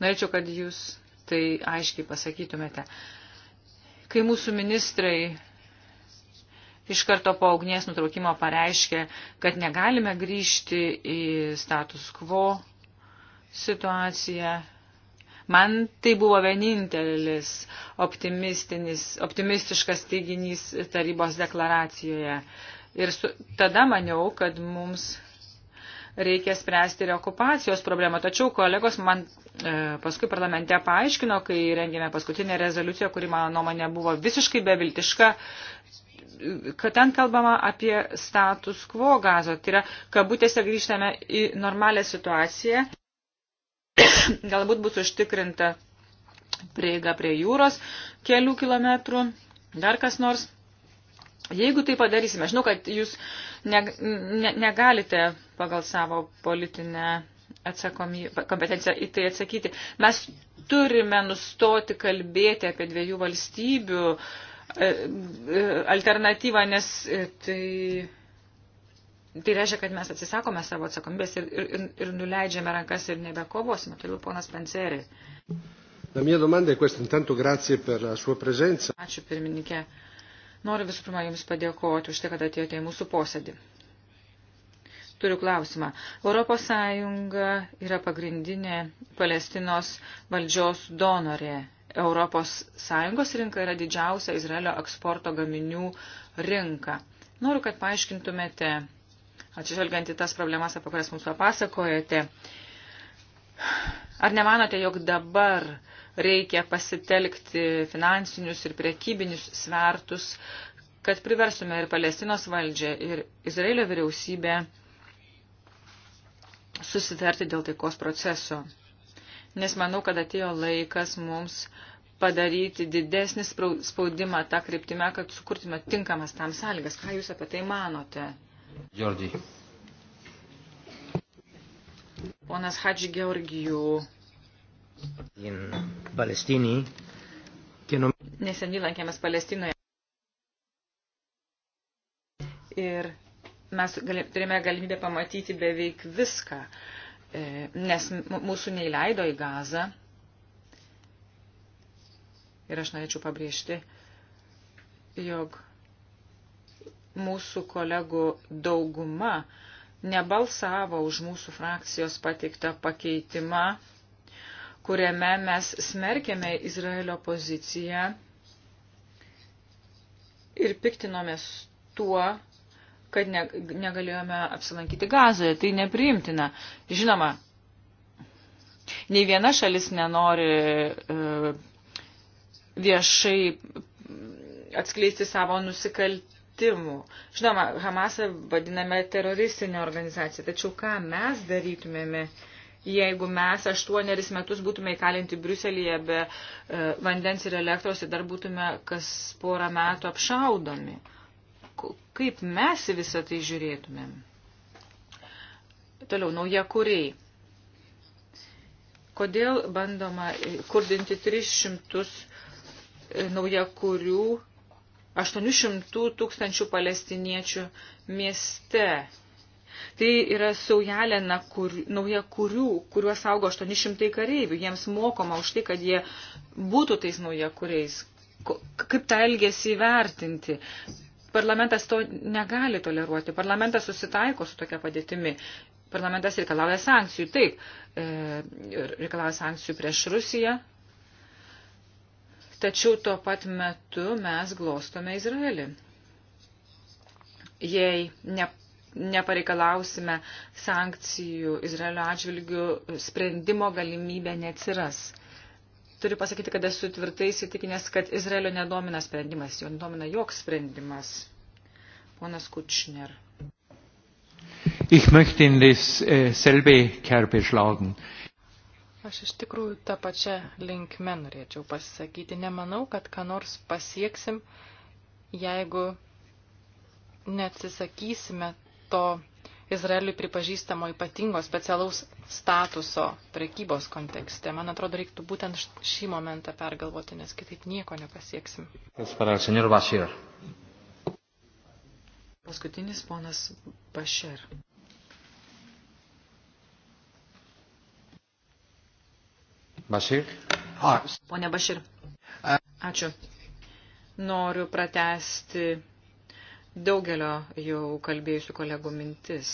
Norėčiau, kad jūs tai aiškiai pasakytumėte. Kai mūsų ministrai iš karto po ugnies nutraukimo pareiškė, kad negalime grįžti į status quo situaciją. Man tai buvo vienintelis optimistiškas teiginys tarybos deklaracijoje. Ir su, tada maniau, kad mums reikia spręsti ir okupacijos problemą. Tačiau kolegos man e, paskui parlamente paaiškino, kai rengėme paskutinę rezoliuciją, kuri mano nuomonė buvo visiškai beviltiška, kad ten kalbama apie status quo gazo. Tai yra, kabutėse grįžtame į normalią situaciją. Galbūt bus užtikrinta prieiga prie jūros kelių kilometrų, dar kas nors. Jeigu tai padarysime, žinau, kad jūs ne, ne, negalite pagal savo politinę kompetenciją į tai atsakyti. Mes turime nustoti kalbėti apie dviejų valstybių uh, E, e, alternatyvą, nes e, tai, tai reiškia, kad mes atsisakome savo atsakomybės ir, ir, ir nuleidžiame rankas ir nebekovosime. Toliau ponas Panceri. La mia domanda è questa, intanto grazie per la sua presenza. Ačiū pirmininkė. Noriu visų pirma Jums padėkoti už tai, kad atėjote į mūsų posėdį. Turiu klausimą. Europos Sąjunga yra pagrindinė Palestinos valdžios donorė ES rinka yra didžiausia Izraelio eksporto gaminių rinka. Noriu, kad paaiškintumėte, atsižvelgiant į tas problemas, apie kurias mums papasakojate, ar nemanote, jog dabar reikia pasitelkti finansinius ir priekybinius svertus, kad priversume ir Palestinos valdžią, ir Izraelio vyriausybę susitarti dėl taikos proceso nes manau, kad atėjo laikas mums padaryti didesnį spaudimą tą kryptimę, kad sukurtume tinkamas tam sąlygas. Ką Jūs apie tai manote? Jordi. Ponas Hadži Georgijų. Palestinį. Kino... Neseniai lankėmės Palestinoje. Ir mes galė, turime galimybę pamatyti beveik viską. Uh, E, nes mūsų neįleido į gazą. Ir aš norėčiau pabrėžti, jog mūsų kolegų dauguma nebalsavo už mūsų frakcijos pateiktą pakeitimą, kuriame mes smerkėme Izraelio poziciją ir piktinomės tuo, kad ne, negalėjome apsilankyti gazoje. Tai nepriimtina. Žinoma, nei viena šalis nenori e, viešai atskleisti savo nusikaltimų. Žinoma, Hamasą vadiname teroristinė organizacija, tačiau ką mes darytumėme, jeigu mes aštuoneris metus būtume įkalinti Briuselėje be e, vandens ir elektros ir dar būtume kas porą metų apšaudomi kaip mes į visą tai žiūrėtumėm. Toliau, nauja kuriai. Kodėl bandoma kurdinti 300 nauja kurių 800 tūkstančių palestiniečių mieste? Tai yra saujelė kur, nauja kurių, kuriuos augo 800 kareivių. Jiems mokoma už tai, kad jie būtų tais nauja kuriais. Kaip tą elgesį vertinti? Parlamentas to negali toleruoti. Parlamentas susitaiko su tokia padėtimi. Parlamentas reikalauja sankcijų. Taip, e, reikalauja sankcijų prieš Rusiją. Tačiau tuo pat metu mes glostome Izraelį. Jei ne, nepareikalausime sankcijų Izraelio atžvilgių, sprendimo galimybė neatsiras turiu pasakyti, kad esu tvirtai įsitikinęs, kad Izraelio nedomina sprendimas, jo nedomina joks sprendimas. Ponas Kučner. Ich möchte in dasselbe äh, Kerbe schlagen. Aš iš tikrųjų tą pačią linkmę norėčiau pasisakyti. Nemanau, kad ką nors pasieksim, jeigu neatsisakysime to Izraeliui pripažįstamo ypatingo specialaus statuso prekybos kontekste. Man atrodo, reiktų būtent šį momentą pergalvoti, nes kitaip nieko nepasieksim. Paskutinis ponas Bašer. Bašir. Pone Bašir. Ačiū. Noriu pratesti daugelio jau kalbėjusių kolegų mintis.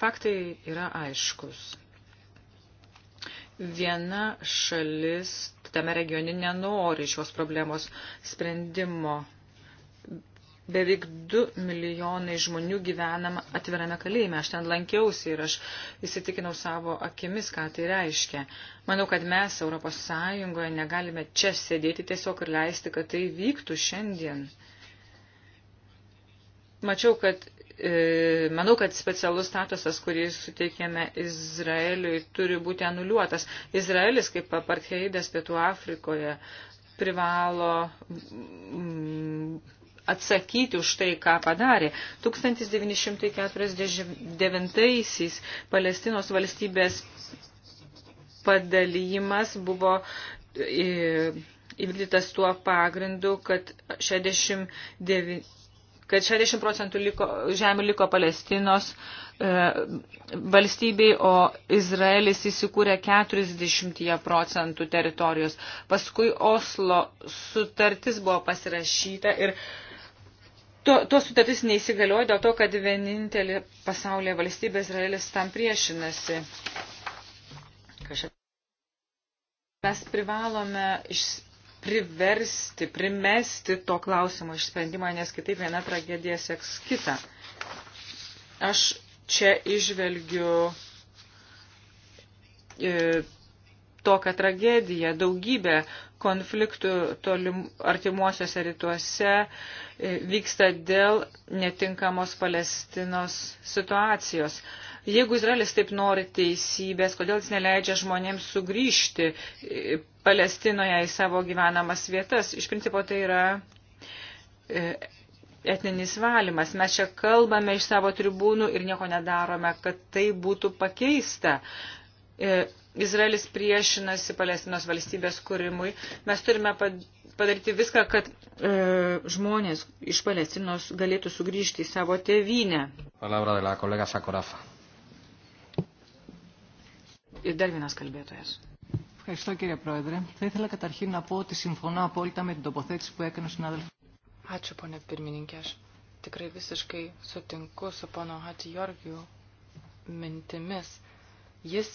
Faktai yra aiškus. Viena šalis tame regione nenori šios problemos sprendimo. Beveik 2 milijonai žmonių gyvenama atvirame kalėjime. Aš ten lankiausi ir aš įsitikinau savo akimis, ką tai reiškia. Manau, kad mes Europos Sąjungoje negalime čia sėdėti tiesiog ir leisti, kad tai vyktų šiandien mačiau, kad e, manau, kad specialus statusas, kurį suteikėme Izraeliui, turi būti anuliuotas. Izraelis, kaip apartheidas Pietų Afrikoje, privalo mm, atsakyti už tai, ką padarė. 1949-aisiais Palestinos valstybės padalyjimas buvo e, įvykdytas tuo pagrindu, kad 69 kad 60 procentų liko, žemė liko Palestinos e, valstybei, o Izraelis įsikūrė 40 procentų teritorijos. Paskui Oslo sutartis buvo pasirašyta ir to, to sutartis neįsigaliojo dėl to, kad vienintelė pasaulyje valstybė Izraelis tam priešinasi. Mes privalome išspręsti priversti, primesti to klausimo išsprendimą, nes kitaip viena tragedija seks kitą. Aš čia išvelgiu e, tokią tragediją, daugybę konfliktų tolim, artimuosiuose rytuose e, vyksta dėl netinkamos Palestinos situacijos. Jeigu Izraelis taip nori teisybės, kodėl jis neleidžia žmonėms sugrįžti e, Palestinoje į savo gyvenamas vietas? Iš principo tai yra e, etninis valymas. Mes čia kalbame iš savo tribūnų ir nieko nedarome, kad tai būtų pakeista Izraelis priešinasi Palestinos valstybės kūrimui. Mes turime padaryti viską, kad e, žmonės iš Palestinos galėtų sugrįžti į savo tėvynę. Ir dar vienas kalbėtojas. Ευχαριστώ κύριε Πρόεδρε. Θα ήθελα καταρχήν να πω ότι συμφωνώ απόλυτα με την τοποθέτηση που έκανε ο συνάδελφος. Ačiū, ponė pirmininkė. Aš tikrai visiškai sutinku su pono Hati Jorgiu mintimis. Jis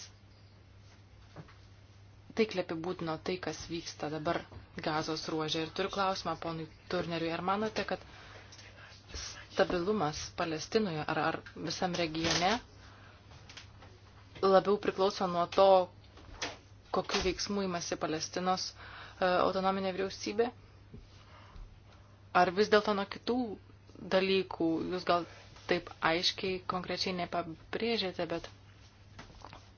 taikliai apibūdino tai, kas vyksta dabar gazos ruožė. Ir turiu klausimą ponui Turneriui. Ar manote, kad stabilumas Palestinoje ar, ar visam regione labiau priklauso nuo to, kokiu veiksmu imasi Palestinos e, autonominė vyriausybė? Ar vis dėlto nuo kitų dalykų, jūs gal taip aiškiai, konkrečiai nepabrėžėte, bet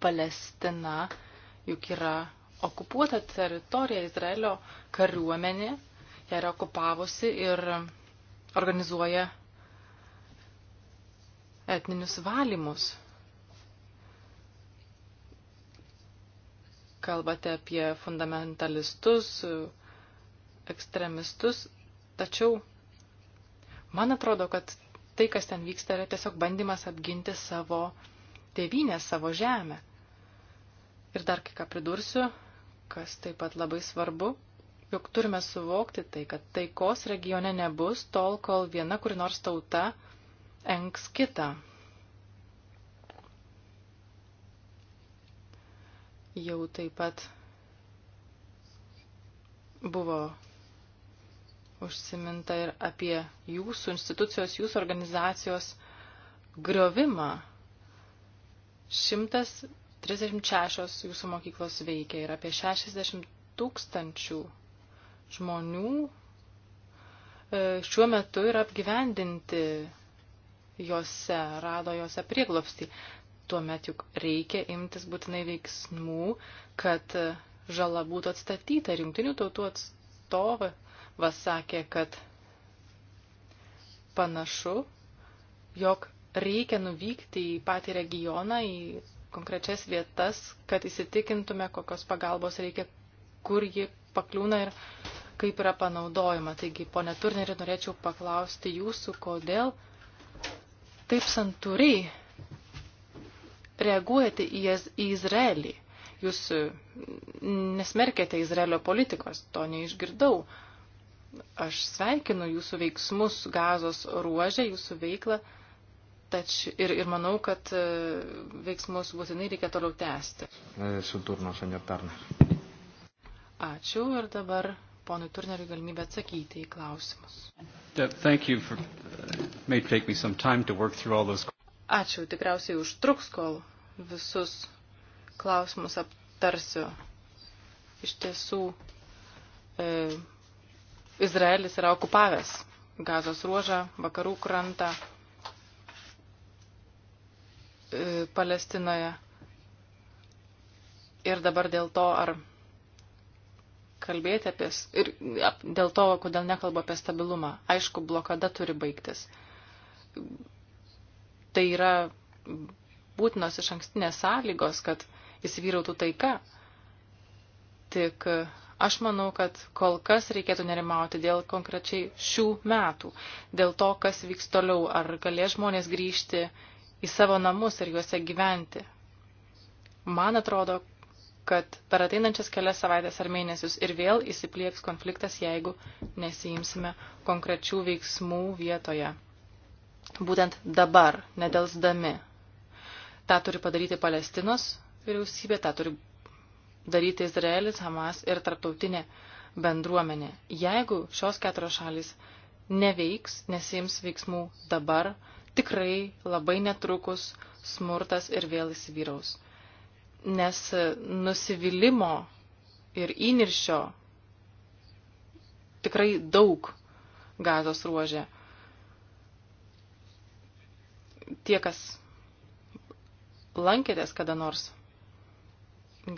Palestina juk yra okupuotą teritoriją Izraelio kariuomenė ją yra okupavusi ir organizuoja etninius valymus. Kalbate apie fundamentalistus, ekstremistus, tačiau man atrodo, kad tai, kas ten vyksta, yra tiesiog bandymas apginti savo tėvynę, savo žemę. Ir dar kai ką pridursiu, kas taip pat labai svarbu, jog turime suvokti tai, kad taikos regione nebus tol, kol viena kuri nors tauta enks kitą. Jau taip pat buvo užsiminta ir apie jūsų institucijos, jūsų organizacijos griovimą. 100 36 jūsų mokyklos veikia ir apie 60 tūkstančių žmonių e, šiuo metu yra apgyvendinti jose, rado jose prieglopstį. Tuomet juk reikia imtis būtinai veiksmų, kad e, žala būtų atstatyta. Rinktinių tautų atstovas sakė, kad panašu, jog reikia nuvykti į patį regioną, į konkrečias vietas, kad įsitikintume, kokios pagalbos reikia, kur ji pakliūna ir kaip yra panaudojama. Taigi, ponė Turnerį, norėčiau paklausti jūsų, kodėl taip santūriai reaguojate į, į Izraelį. Jūs nesmerkėte Izraelio politikos, to neišgirdau. Aš sveikinu jūsų veiksmus gazos ruožę, jūsų veiklą Tač, ir, ir manau, kad e, veiksmus būtinai reikia toliau tęsti. E, Suturno, senjor Turner. Ačiū ir dabar ponui Turneriui galimybę atsakyti į klausimus. Thank you for, uh, may take me some time to work through all those. Ačiū, tikriausiai užtruks, kol visus klausimus aptarsiu. Iš tiesų, e, Izraelis yra okupavęs Gazos ruožą, vakarų krantą, E, Palestinoje. Ir dabar dėl to, ar kalbėti apie... Ir dėl to, kodėl nekalba apie stabilumą. Aišku, blokada turi baigtis. Tai yra būtinos iš ankstinės sąlygos, kad įsivyrautų taika. Tik e, aš manau, kad kol kas reikėtų nerimauti dėl konkrečiai šių metų, dėl to, kas vyks toliau, ar galės žmonės grįžti į savo namus ir juose gyventi. Man atrodo, kad per ateinančias kelias savaitės ar mėnesius ir vėl įsiplieks konfliktas, jeigu nesijimsime konkrečių veiksmų vietoje. Būtent dabar, nedelsdami. Ta turi padaryti Palestinos vyriausybė, tą turi daryti Izraelis, Hamas ir tarptautinė bendruomenė. Jeigu šios keturios šalis neveiks, nesims veiksmų dabar, tikrai labai netrukus smurtas ir vėl įsivyraus. Nes nusivylimų ir įniršio tikrai daug gazos ruožė. Tie, kas lankėtės kada nors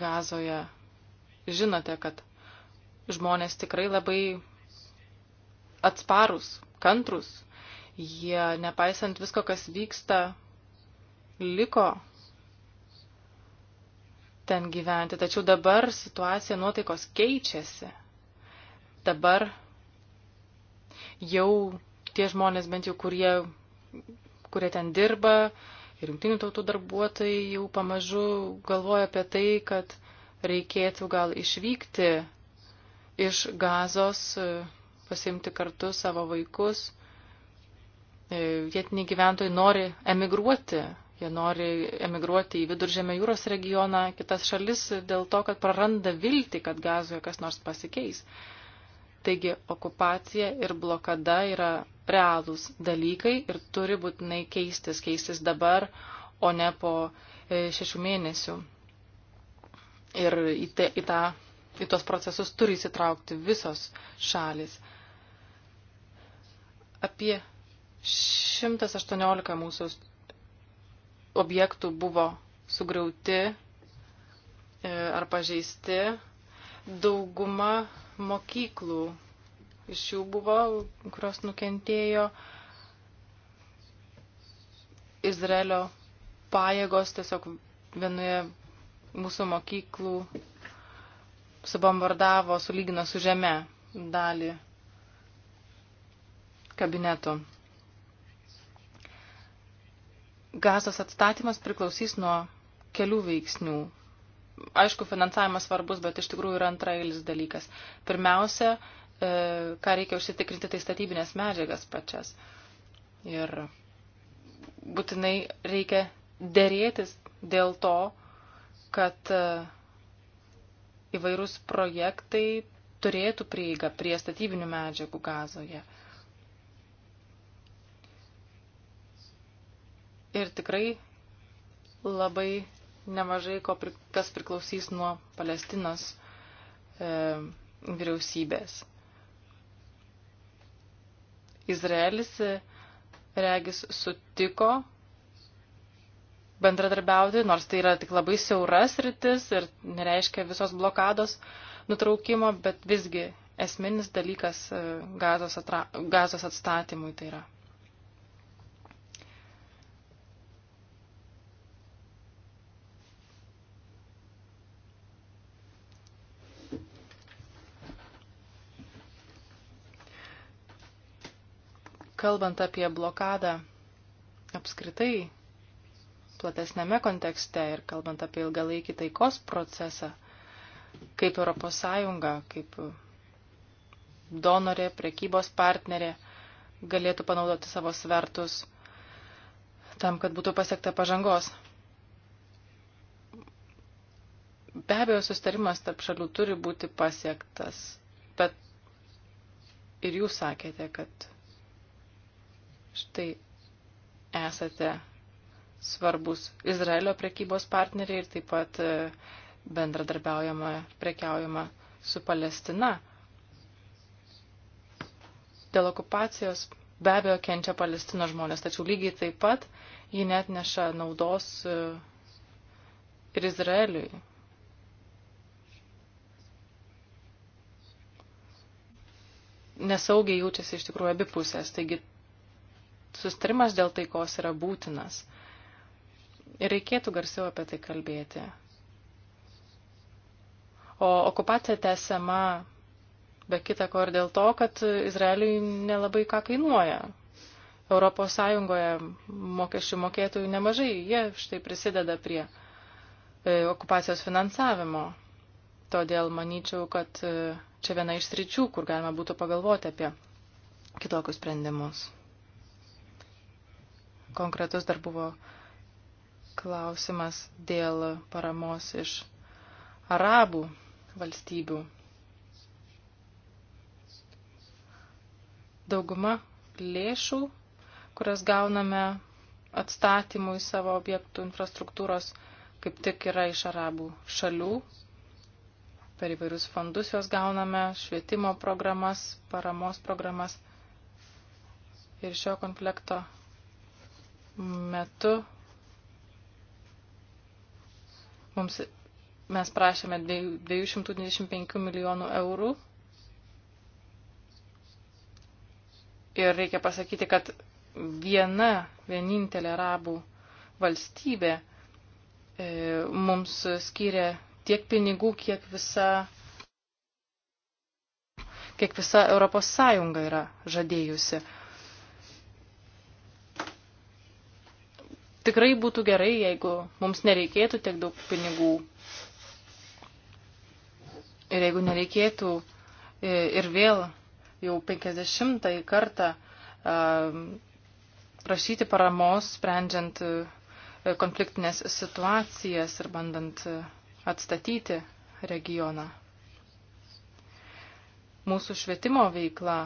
gazoje, žinote, kad žmonės tikrai labai atsparus, kantrus, Jie, nepaisant visko, kas vyksta, liko ten gyventi. Tačiau dabar situacija nuotaikos keičiasi. Dabar jau tie žmonės, bent jau kurie, kurie ten dirba, ir jungtinių tautų darbuotojai jau pamažu galvoja apie tai, kad reikėtų gal išvykti iš gazos, pasimti kartu savo vaikus E, vietiniai gyventojai nori emigruoti. Jie nori emigruoti į viduržėmę jūros regioną, kitas šalis dėl to, kad praranda viltį, kad gazoje kas nors pasikeis. Taigi okupacija ir blokada yra realūs dalykai ir turi būtinai keistis, keistis dabar, o ne po e, šešių mėnesių. Ir į, te, į, tą, į tos procesus turi įsitraukti visos šalis. Apie 118 mūsų objektų buvo sugriauti e, ar pažeisti. Dauguma mokyklų iš jų buvo, kurios nukentėjo. Izraelio pajėgos tiesiog vienoje mūsų mokyklų subombardavo, sulygino su žeme dalį kabinetų gazos atstatymas priklausys nuo kelių veiksnių. Aišku, finansavimas svarbus, bet iš tikrųjų yra antrailis dalykas. Pirmiausia, e, ką reikia užsitikrinti, tai statybinės medžiagas pačias. Ir būtinai reikia dėrėtis dėl to, kad e, įvairūs projektai turėtų prieigą prie statybinių medžiagų gazoje. Ir tikrai labai nemažai, kas priklausys nuo Palestinos e, vyriausybės. Izraelis e, regis sutiko bendradarbiauti, nors tai yra tik labai siauras rytis ir nereiškia visos blokados nutraukimo, bet visgi esminis dalykas e, gazos, atra, gazos atstatymui tai yra Kalbant apie blokadą apskritai platesnėme kontekste ir kalbant apie ilgalaikį taikos procesą, kaip ES, kaip donorė, prekybos partnerė galėtų panaudoti savo svertus tam, kad būtų pasiekta pažangos. Be abejo, sustarimas tarp šalių turi būti pasiektas, bet ir jūs sakėte, kad štai esate svarbus Izraelio prekybos partneriai ir taip pat e, bendradarbiaujama ir prekiaujama su Palestina. Dėl okupacijos be abejo kenčia Palestino žmonės, tačiau lygiai taip pat ji net neša naudos e, ir Izraeliui. Nesaugiai jaučiasi iš tikrųjų abi pusės, taigi sustarimas dėl taikos yra būtinas. Ir reikėtų garsiau apie tai kalbėti. O okupacija tęsiama be kita ko ir dėl to, kad Izraeliui nelabai ką kainuoja. Europos Sąjungoje mokesčių mokėtojų nemažai, jie štai prisideda prie e, okupacijos finansavimo. Todėl manyčiau, kad e, čia viena iš sričių, kur galima būtų pagalvoti apie kitokius sprendimus konkretus dar buvo klausimas dėl paramos iš arabų valstybių. Dauguma lėšų, kurias gauname atstatymui savo objektų infrastruktūros, kaip tik yra iš arabų šalių. Per įvairius fondus jos gauname, švietimo programas, paramos programas. Ir šio konflikto metu mums, mes prašėme 225 milijonų eurų. Ir reikia pasakyti, kad viena vienintelė arabų valstybė e, mums skyrė tiek pinigų, kiek visa, kiek visa Europos Sąjunga yra žadėjusi. tikrai būtų gerai, jeigu mums nereikėtų tiek daug pinigų. Ir jeigu nereikėtų e, ir vėl jau 50 kartą e, prašyti paramos, sprendžiant e, konfliktinės situacijas ir bandant atstatyti regioną. Mūsų švietimo veikla,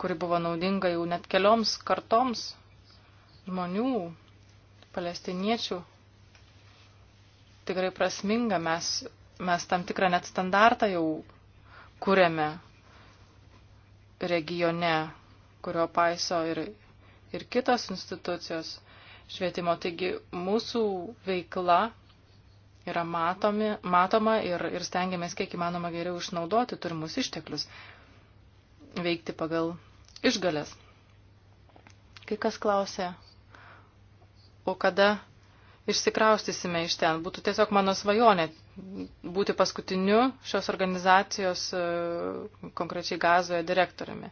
kuri buvo naudinga jau net kelioms kartoms žmonių, palestiniečių tikrai prasminga. Mes, mes tam tikrą net standartą jau kuriame regione, kurio paiso ir, ir kitos institucijos švietimo. Taigi mūsų veikla yra matomi, matoma ir, ir stengiamės kiek įmanoma geriau išnaudoti turimus išteklius, veikti pagal išgalės. Kai kas klausė o kada išsikraustysime iš ten. Būtų tiesiog mano svajonė būti paskutiniu šios organizacijos e, konkrečiai gazoje direktoriumi.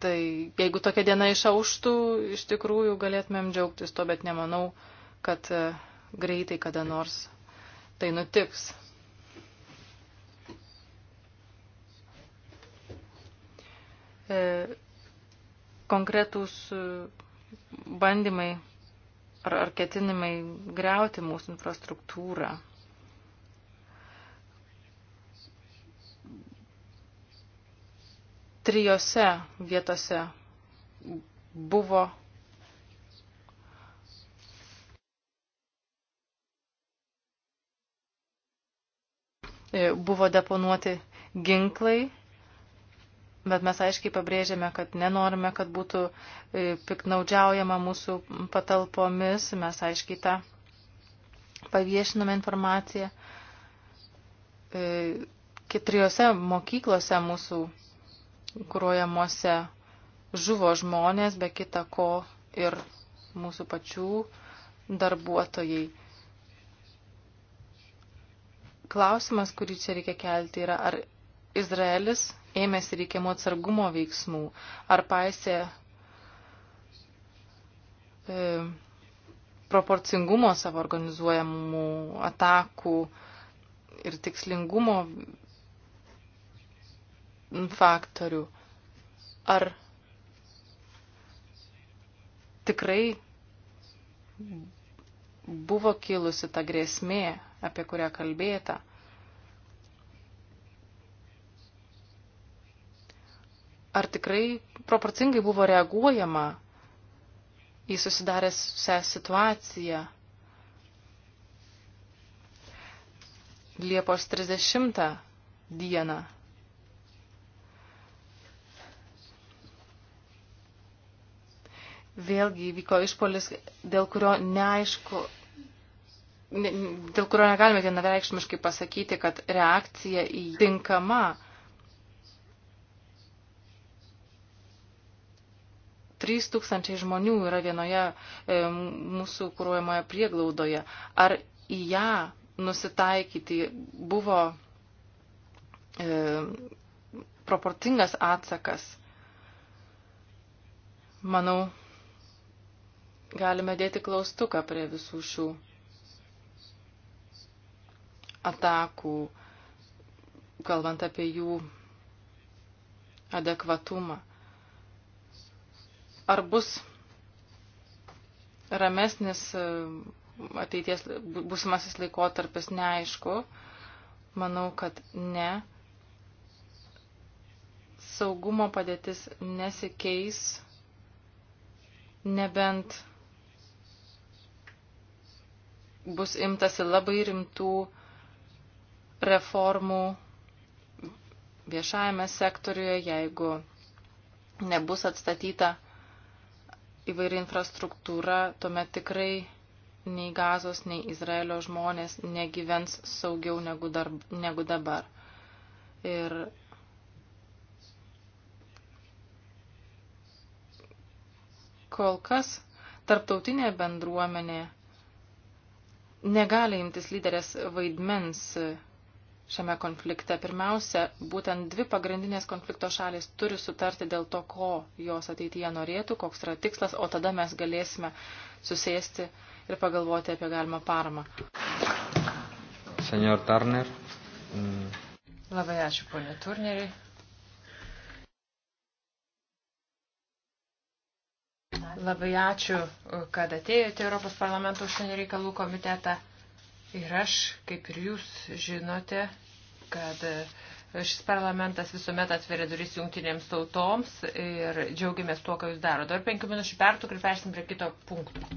Tai jeigu tokia diena išauštų, iš tikrųjų galėtumėm džiaugtis to, bet nemanau, kad e, greitai kada nors tai nutiks. E, Konkretus bandymai ar, ar ketinimai greuti mūsų infrastruktūrą. Trijose vietose buvo buvo deponuoti ginklai Bet mes aiškiai pabrėžėme, kad nenorime, kad būtų e, piknaudžiaujama mūsų patalpomis. Mes aiškiai tą paviešiname informaciją. E, Keturiose mokyklose mūsų kūruojamuose žuvo žmonės, be kita ko ir mūsų pačių darbuotojai. Klausimas, kurį čia reikia kelti, yra, ar Izraelis ėmėsi reikiamų atsargumo veiksmų, ar paisė e, proporcingumo savo organizuojamų atakų ir tikslingumo faktorių. Ar tikrai buvo kilusi ta grėsmė, apie kurią kalbėta? ar tikrai proporcingai buvo reaguojama į susidaręsią situaciją. Liepos 30 dieną. Vėlgi įvyko išpolis, dėl kurio neaišku, dėl kurio negalime vienareikšmiškai pasakyti, kad reakcija į tinkama 3000 žmonių yra vienoje e, mūsų kūruojamoje prieglaudoje. Ar į ją nusitaikyti buvo e, proporcingas atsakas? Manau, galime dėti klaustuką prie visų šių atakų, kalbant apie jų adekvatumą ar bus ramesnis e, ateities būsimasis laikotarpis, neaišku. Manau, kad ne. Saugumo padėtis nesikeis, nebent bus imtasi labai rimtų reformų viešajame sektoriuje, jeigu nebus atstatyta įvairi infrastruktūra, tuomet tikrai nei gazos, nei Izraelio žmonės negyvens saugiau negu, dar, negu dabar. Ir kol kas tarptautinė bendruomenė negali imtis lyderės vaidmens šiame konflikte. Pirmiausia, būtent dvi pagrindinės konflikto šalis turi sutarti dėl to, ko jos ateityje norėtų, koks yra tikslas, o tada mes galėsime susėsti ir pagalvoti apie galimą paramą. Senior Turner. Mm. Labai ačiū, ponė Turneriai. Labai ačiū, kad atėjote Europos parlamento užsienio reikalų komitetą. Ir aš, kaip ir jūs žinote, kad šis parlamentas visuomet atveria duris jungtinėms tautoms ir džiaugiamės tuo, ką jūs daro. Dar penkių minučių pertrauk ir persim prie kito punkto.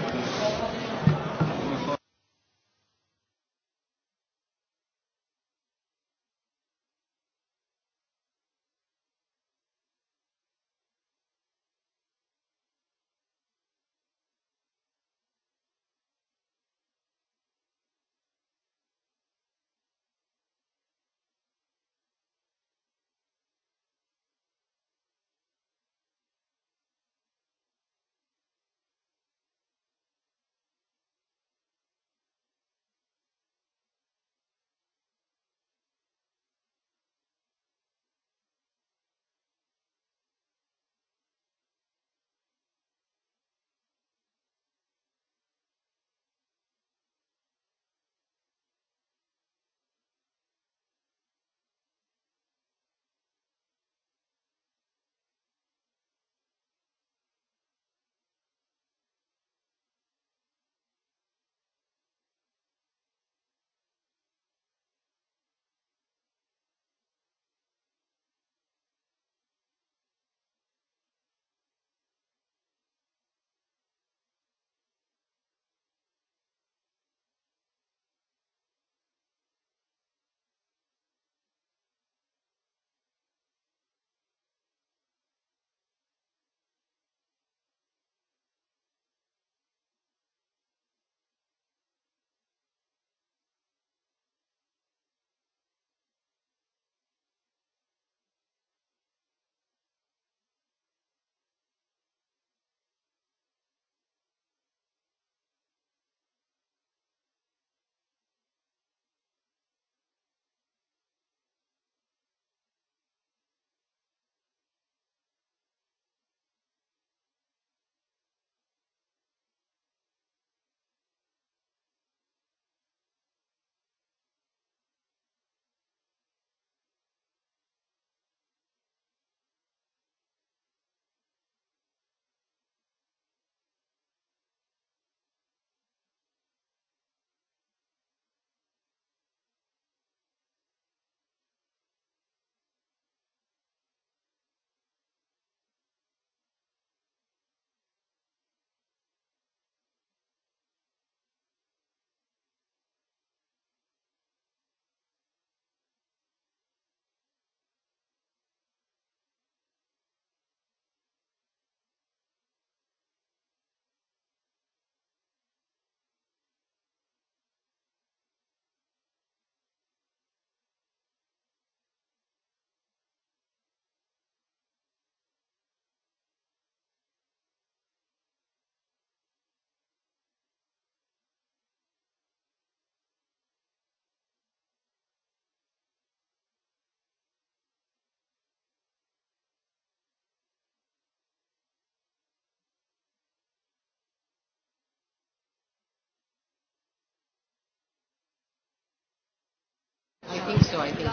so, I think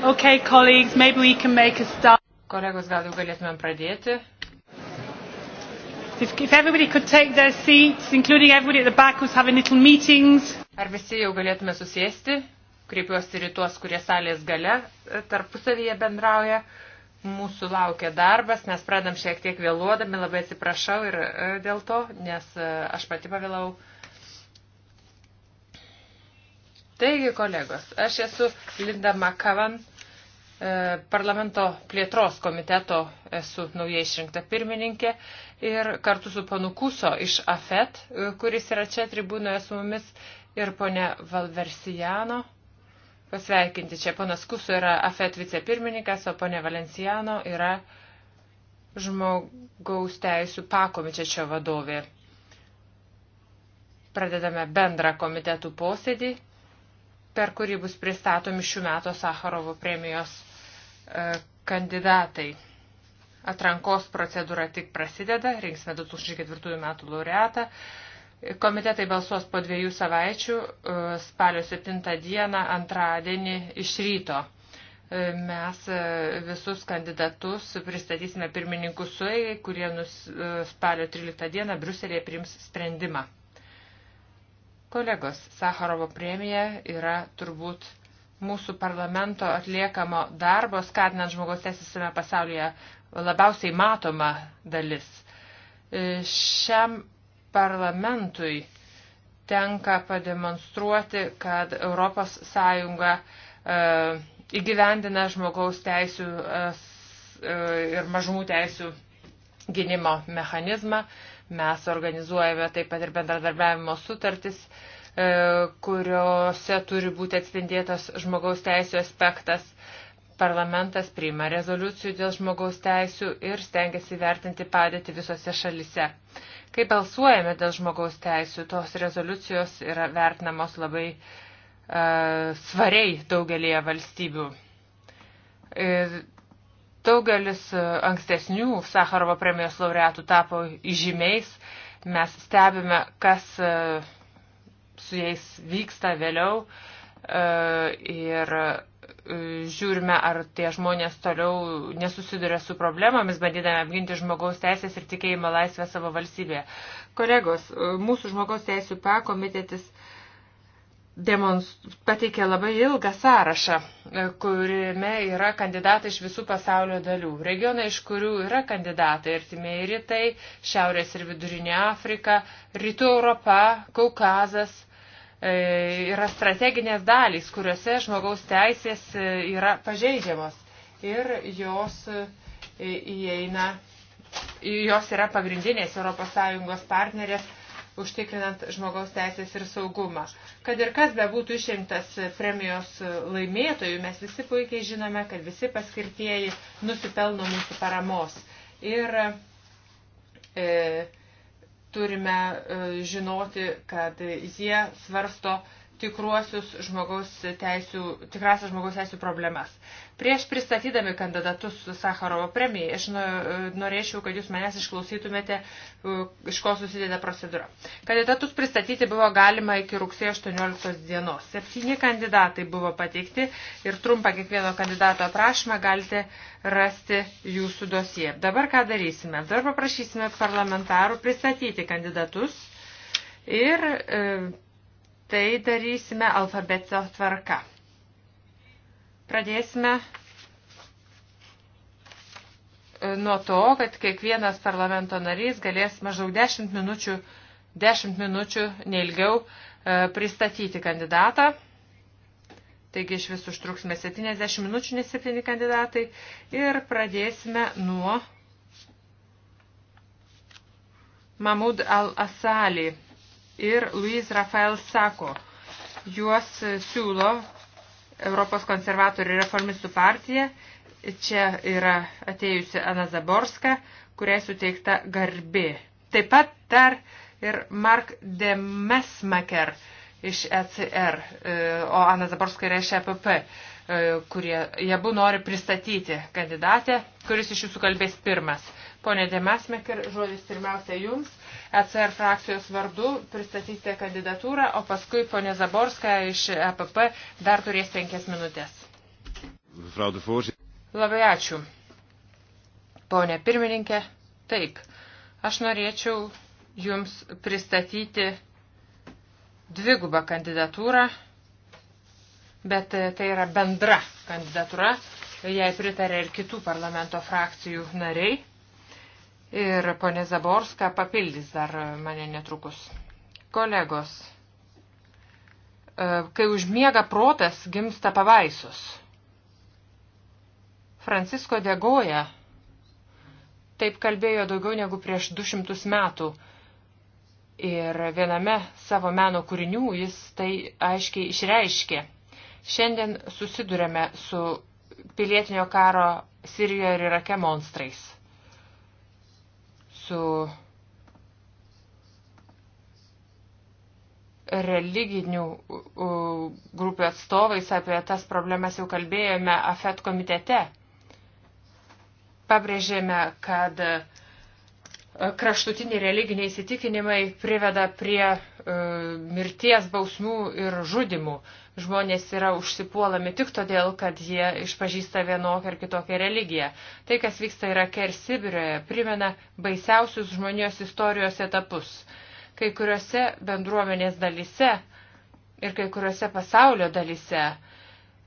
so. Okay, colleagues, maybe we can make a start. Kolegos, gal jau galėtumėm pradėti. If, if everybody could take their seats, including everybody at the back who's having little meetings. Ar visi jau galėtume susėsti? Kreipiuosi ir tuos, kurie salės gale e, tarpusavyje bendrauja. Mūsų laukia darbas, mes pradam šiek tiek vėluodami, labai atsiprašau ir e, dėl to, nes e, aš pati pavėlau. Uh, Taigi, kolegos, aš esu Linda Makavan, e, parlamento plėtros komiteto esu naujai išrinkta pirmininkė ir kartu su panu Kuso iš AFET, e, kuris yra čia tribūnoje su mumis, ir ponia Valversijano. Pasveikinti čia, ponas Kuso yra AFET vicepirmininkas, o ponia Valenciano yra žmogaus teisų pakomitečio vadovė. Pradedame bendrą komitetų posėdį per kurį bus pristatomi šių metų Sakarovo premijos e, kandidatai. Atrankos procedūra tik prasideda, rinksime 2004 metų laureatą. Komitetai balsuos po dviejų savaičių, e, spalio 7 dieną, antradienį iš ryto. E, mes visus kandidatus pristatysime pirmininkų suėjai, kurie nus, spalio 13 dieną Bruselėje priims sprendimą. Kolegos, Sakarovo premija yra turbūt mūsų parlamento atliekamo darbo, skatinant žmogaus teisės visame pasaulyje, labiausiai matoma dalis. E, šiam parlamentui tenka pademonstruoti, kad Europos Sąjunga e, įgyvendina žmogaus teisų e, e ir mažumų teisų gynimo mechanizmą. E, Mes organizuojame taip pat ir bendradarbiavimo sutartis, e, kuriuose turi būti atspindėtas žmogaus teisų aspektas. Parlamentas priima rezoliucijų dėl žmogaus teisų ir stengiasi vertinti padėtį visose šalise. Kai balsuojame dėl žmogaus teisų, tos rezoliucijos yra vertinamos labai e, svariai daugelie valstybių. Ir Daugelis e, ankstesnių Sakarovo premijos laureatų tapo įžymiais. Mes stebime, kas e, su jais vyksta vėliau e, ir žiūrime, ar tie žmonės toliau nesusiduria su problemomis, bandydami apginti žmogaus teisės ir tikėjimą laisvę savo valstybėje. Kolegos, mūsų žmogaus teisų pakomitėtis demonst... pateikė labai ilgą sąrašą, e, kuriame yra kandidatai iš visų pasaulio dalių. Regionai, iš kurių yra kandidatai - artimieji rytai, Šiaurės ir Vidurinė Afrika, Rytų Europa, Kaukazas e, yra strateginės dalys, kuriuose žmogaus teisės e, yra pažeidžiamos ir jos e, įeina, jos yra pagrindinės ES partnerės užtikrinant žmogaus teisės ir saugumą. Kad ir kas bebūtų išrinktas premijos laimėtojų, mes visi puikiai žinome, kad visi paskirtieji nusipelno mūsų paramos. Ir e, turime e, žinoti, kad jie svarsto e, tikruosius žmogaus teisų, tikrasias žmogaus teisų problemas. Prieš pristatydami kandidatus Sakarovo premijai, aš norėčiau, kad jūs manęs išklausytumėte, uh, iš ko susideda procedūra. Kandidatus pristatyti buvo galima iki rugsėjo 18 dienos. Septyni kandidatai buvo pateikti ir trumpą kiekvieno kandidato aprašymą galite rasti jūsų dosie. Dabar ką darysime? Dabar paprašysime parlamentarų pristatyti kandidatus ir e, Tai darysime alfabeto tvarka. Pradėsime e, nuo to, kad kiekvienas parlamento narys galės maždaug 10 minučių, 10 minučių neilgiau e, pristatyti kandidatą. Taigi iš visų užtruksime 70 minučių, nes 7 kandidatai. Ir pradėsime nuo Mahmud Al-Asali ir Luis Rafael Sako. Juos siūlo Europos konservatorių reformistų partija. Čia yra atėjusi Ana Zaborska, kuriai suteikta garbi. Taip pat dar ir Mark Demesmaker iš ECR, e, o Ana Zaborska yra iš EPP, e, kurie jie bu nori pristatyti kandidatę, kuris iš jūsų kalbės pirmas. Pone Demasmeker, žodis pirmiausia jums. ECR frakcijos vardu pristatysite kandidatūrą, o paskui ponė Zaborska iš EPP dar turės penkias minutės. Labai ačiū. Pone pirmininkė, taip, aš norėčiau Jums pristatyti dvigubą kandidatūrą, bet tai yra bendra kandidatūra, jai pritarė ir kitų parlamento frakcijų nariai. Ir ponė Zaborska papildys dar mane netrukus. Kolegos, e, kai užmiega protas, gimsta pavaisus. Francisko degoja. Taip kalbėjo daugiau negu prieš 200 metų. Ir viename savo meno kūrinių jis tai aiškiai išreiškė. Šiandien susidurėme su pilietinio karo Sirijoje ir Irake monstrais su religinių grupių atstovais apie tas problemas jau kalbėjome AFET komitete. Pabrėžėme, kad uh, E, kraštutiniai religiniai įsitikinimai priveda prie e, mirties bausmių ir žudimų. Žmonės yra užsipuolami tik todėl, kad jie išpažįsta vienokią ar kitokią religiją. Tai, kas vyksta Irake ir Sibirioje, primena baisiausius žmonijos istorijos etapus. Kai kuriuose bendruomenės dalise ir kai kuriuose pasaulio dalise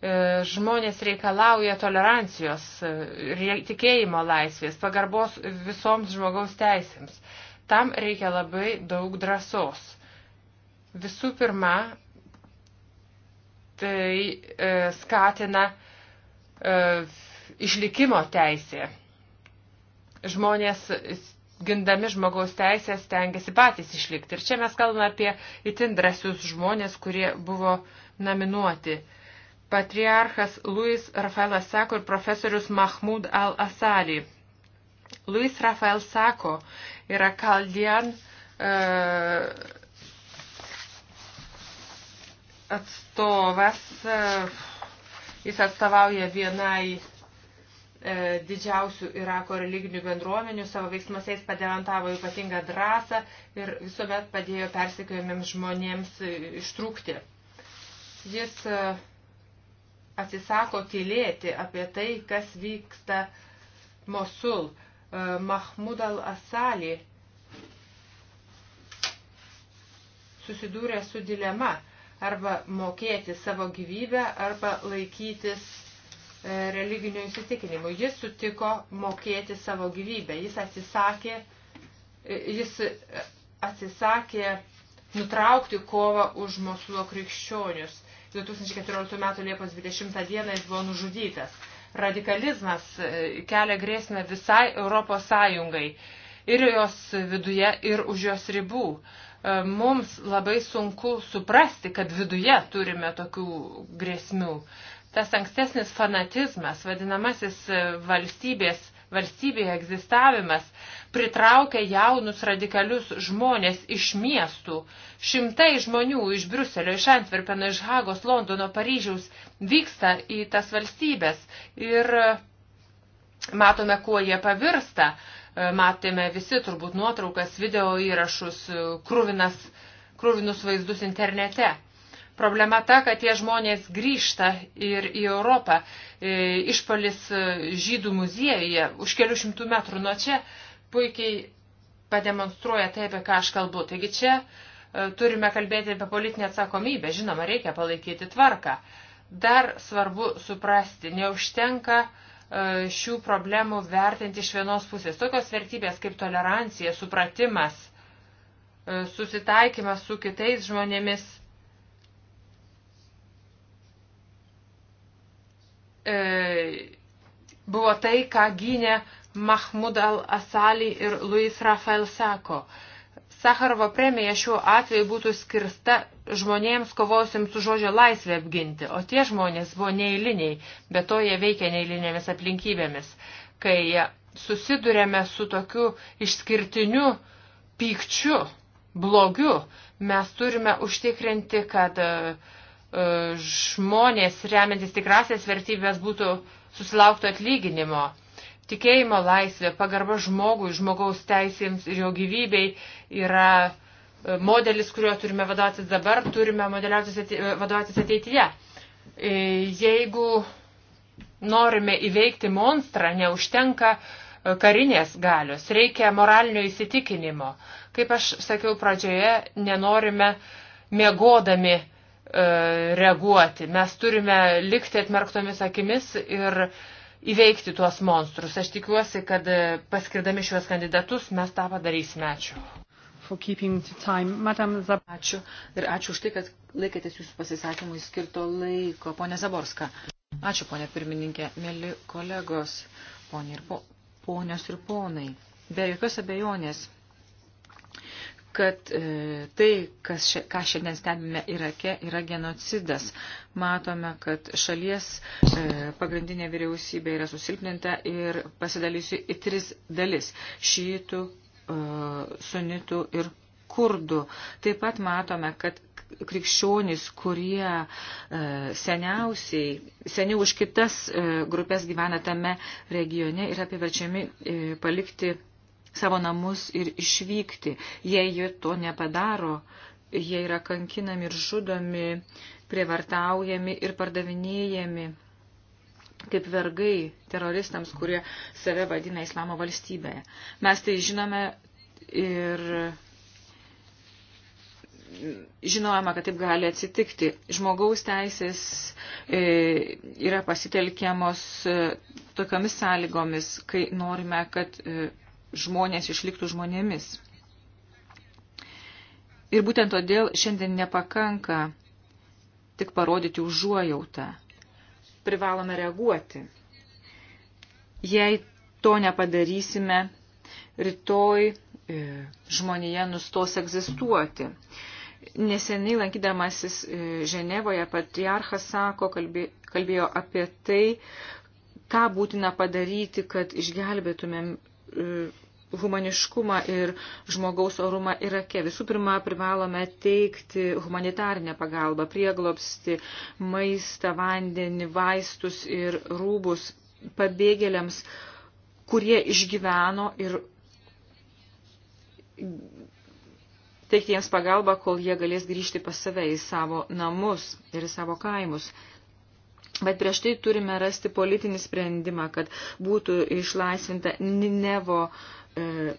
E, žmonės reikalauja tolerancijos, e, tikėjimo laisvės, pagarbos visoms žmogaus teisėms. Tam reikia labai daug drąsos. Visų pirma, tai e, skatina e, išlikimo teisė. Žmonės gindami žmogaus teisės tengiasi patys išlikti. Ir čia mes kalbame apie itin drąsius žmonės, kurie buvo naminuoti. E, patriarchas Luis Rafaelas sako ir profesorius Mahmud al-Asali. Luis Rafael sako yra Kaldian uh, atstovas, uh, jis atstovauja vienai e, didžiausių Irako religinių bendruomenių, savo veiksmuose jis padelantavo ypatingą drąsą ir visuomet padėjo persikėjomiems žmonėms ištrūkti. Jis uh, atsisako tylėti apie tai, kas vyksta Mosul. E, Mahmud al-Asali susidūrė su dilema arba mokėti savo gyvybę arba laikytis e, religinio įsitikinimo. Jis sutiko mokėti savo gyvybę. Jis atsisakė, e, jis atsisakė nutraukti kovą už Mosulo krikščionius 2014 m. Liepos 20 d. jis buvo nužudytas. Radikalizmas e, kelia grėsmę visai Europos Sąjungai ir jos viduje, ir už jos ribų. E, mums labai sunku suprasti, kad viduje turime tokių grėsmių. Tas ankstesnis fanatizmas, vadinamasis e, valstybės valstybėje egzistavimas pritraukia jaunus radikalius žmonės iš miestų. Šimtai žmonių iš Briuselio, iš Antverpeno, iš Hagos, Londono, Paryžiaus vyksta į tas valstybės ir e, matome, kuo jie pavirsta. E, matėme visi turbūt nuotraukas, video įrašus, e, krūvinas, krūvinus vaizdus internete. Problema ta, kad tie žmonės grįžta ir į Europą. E, Išpalis e, žydų muziejuje už kelių šimtų metrų nuo čia puikiai pademonstruoja tai, apie ką aš kalbu. Taigi čia e, turime kalbėti apie politinę atsakomybę. Žinoma, reikia palaikyti tvarką. Dar svarbu suprasti, neužtenka šių problemų vertinti iš vienos pusės. Tokios vertybės kaip tolerancija, supratimas, susitaikymas su kitais žmonėmis E, buvo tai, ką gynė Mahmud al-Asali ir Luis Rafael Sako. Sakarovo premija šiuo atveju būtų skirsta žmonėms kovosiams su žodžio laisvė apginti, o tie žmonės buvo neįliniai, bet to jie veikia neįlinėmis aplinkybėmis. Kai susidurėme su tokiu išskirtiniu pykčiu, blogiu, mes turime užtikrinti, kad uh, E, žmonės, remiantis tikrasias vertybės, būtų susilauktų atlyginimo. Tikėjimo laisvė, pagarba žmogui, žmogaus teisėms ir jo gyvybei yra e, modelis, kuriuo turime vadovautis dabar, turime e, vadovautis ateityje. Jeigu norime įveikti monstrą, neužtenka karinės galios, reikia moralinio įsitikinimo. Kaip aš sakiau pradžioje, nenorime mėgodami uh, E, reaguoti. Mes turime likti atmerktomis akimis ir įveikti tuos monstrus. Aš tikiuosi, kad e, paskirdami šiuos kandidatus mes tą padarysime. Ačiū. Ačiū. Ir ačiū už tai, kad laikėtės jūsų pasisakymui skirto laiko. Pone Zaborska. Ačiū, ponė pirmininkė. Mėly kolegos, ponė ir po, ponios ir ponai. Be jokios abejonės kad e, tai, kas šia, ką šiandien stebime Irake, yra genocidas. Matome, kad šalies e, pagrindinė vyriausybė yra susilpninta ir pasidalysiu į tris dalis - šytų, e, sunitų ir kurdų. Taip pat matome, kad krikščionys, kurie e, seniausiai, seniau už kitas e, grupės gyvena tame regione, yra apiverčiami e, palikti savo namus ir išvykti. Jei jie to nepadaro, jie yra kankinami ir žudomi, prievartaujami ir pardavinėjami kaip vergai teroristams, kurie save vadina Islamo valstybėje. Mes tai žinome ir žinojama, kad taip gali atsitikti. Žmogaus teisės e, yra pasitelkiamos e, tokiamis sąlygomis, kai norime, kad e, žmonės išliktų žmonėmis. Ir būtent todėl šiandien nepakanka tik parodyti užuojautą. Privalome reaguoti. Jei to nepadarysime, rytoj e, žmonėje nustos egzistuoti. Neseniai lankydamasis e, Ženevoje patriarchas sako, kalbėjo apie tai, ką būtina padaryti, kad išgelbėtumėm E, humaniškumą ir žmogaus orumą Irake. Visų pirma, privalome teikti humanitarinę pagalbą, prieglopsti, maistą, vandenį, vaistus ir rūbus pabėgėliams, kurie išgyveno ir teikti jiems pagalbą, kol jie galės grįžti pas save į savo namus ir į savo kaimus. Bet prieš tai turime rasti politinį sprendimą, kad būtų išlaisvinta Ninevo e,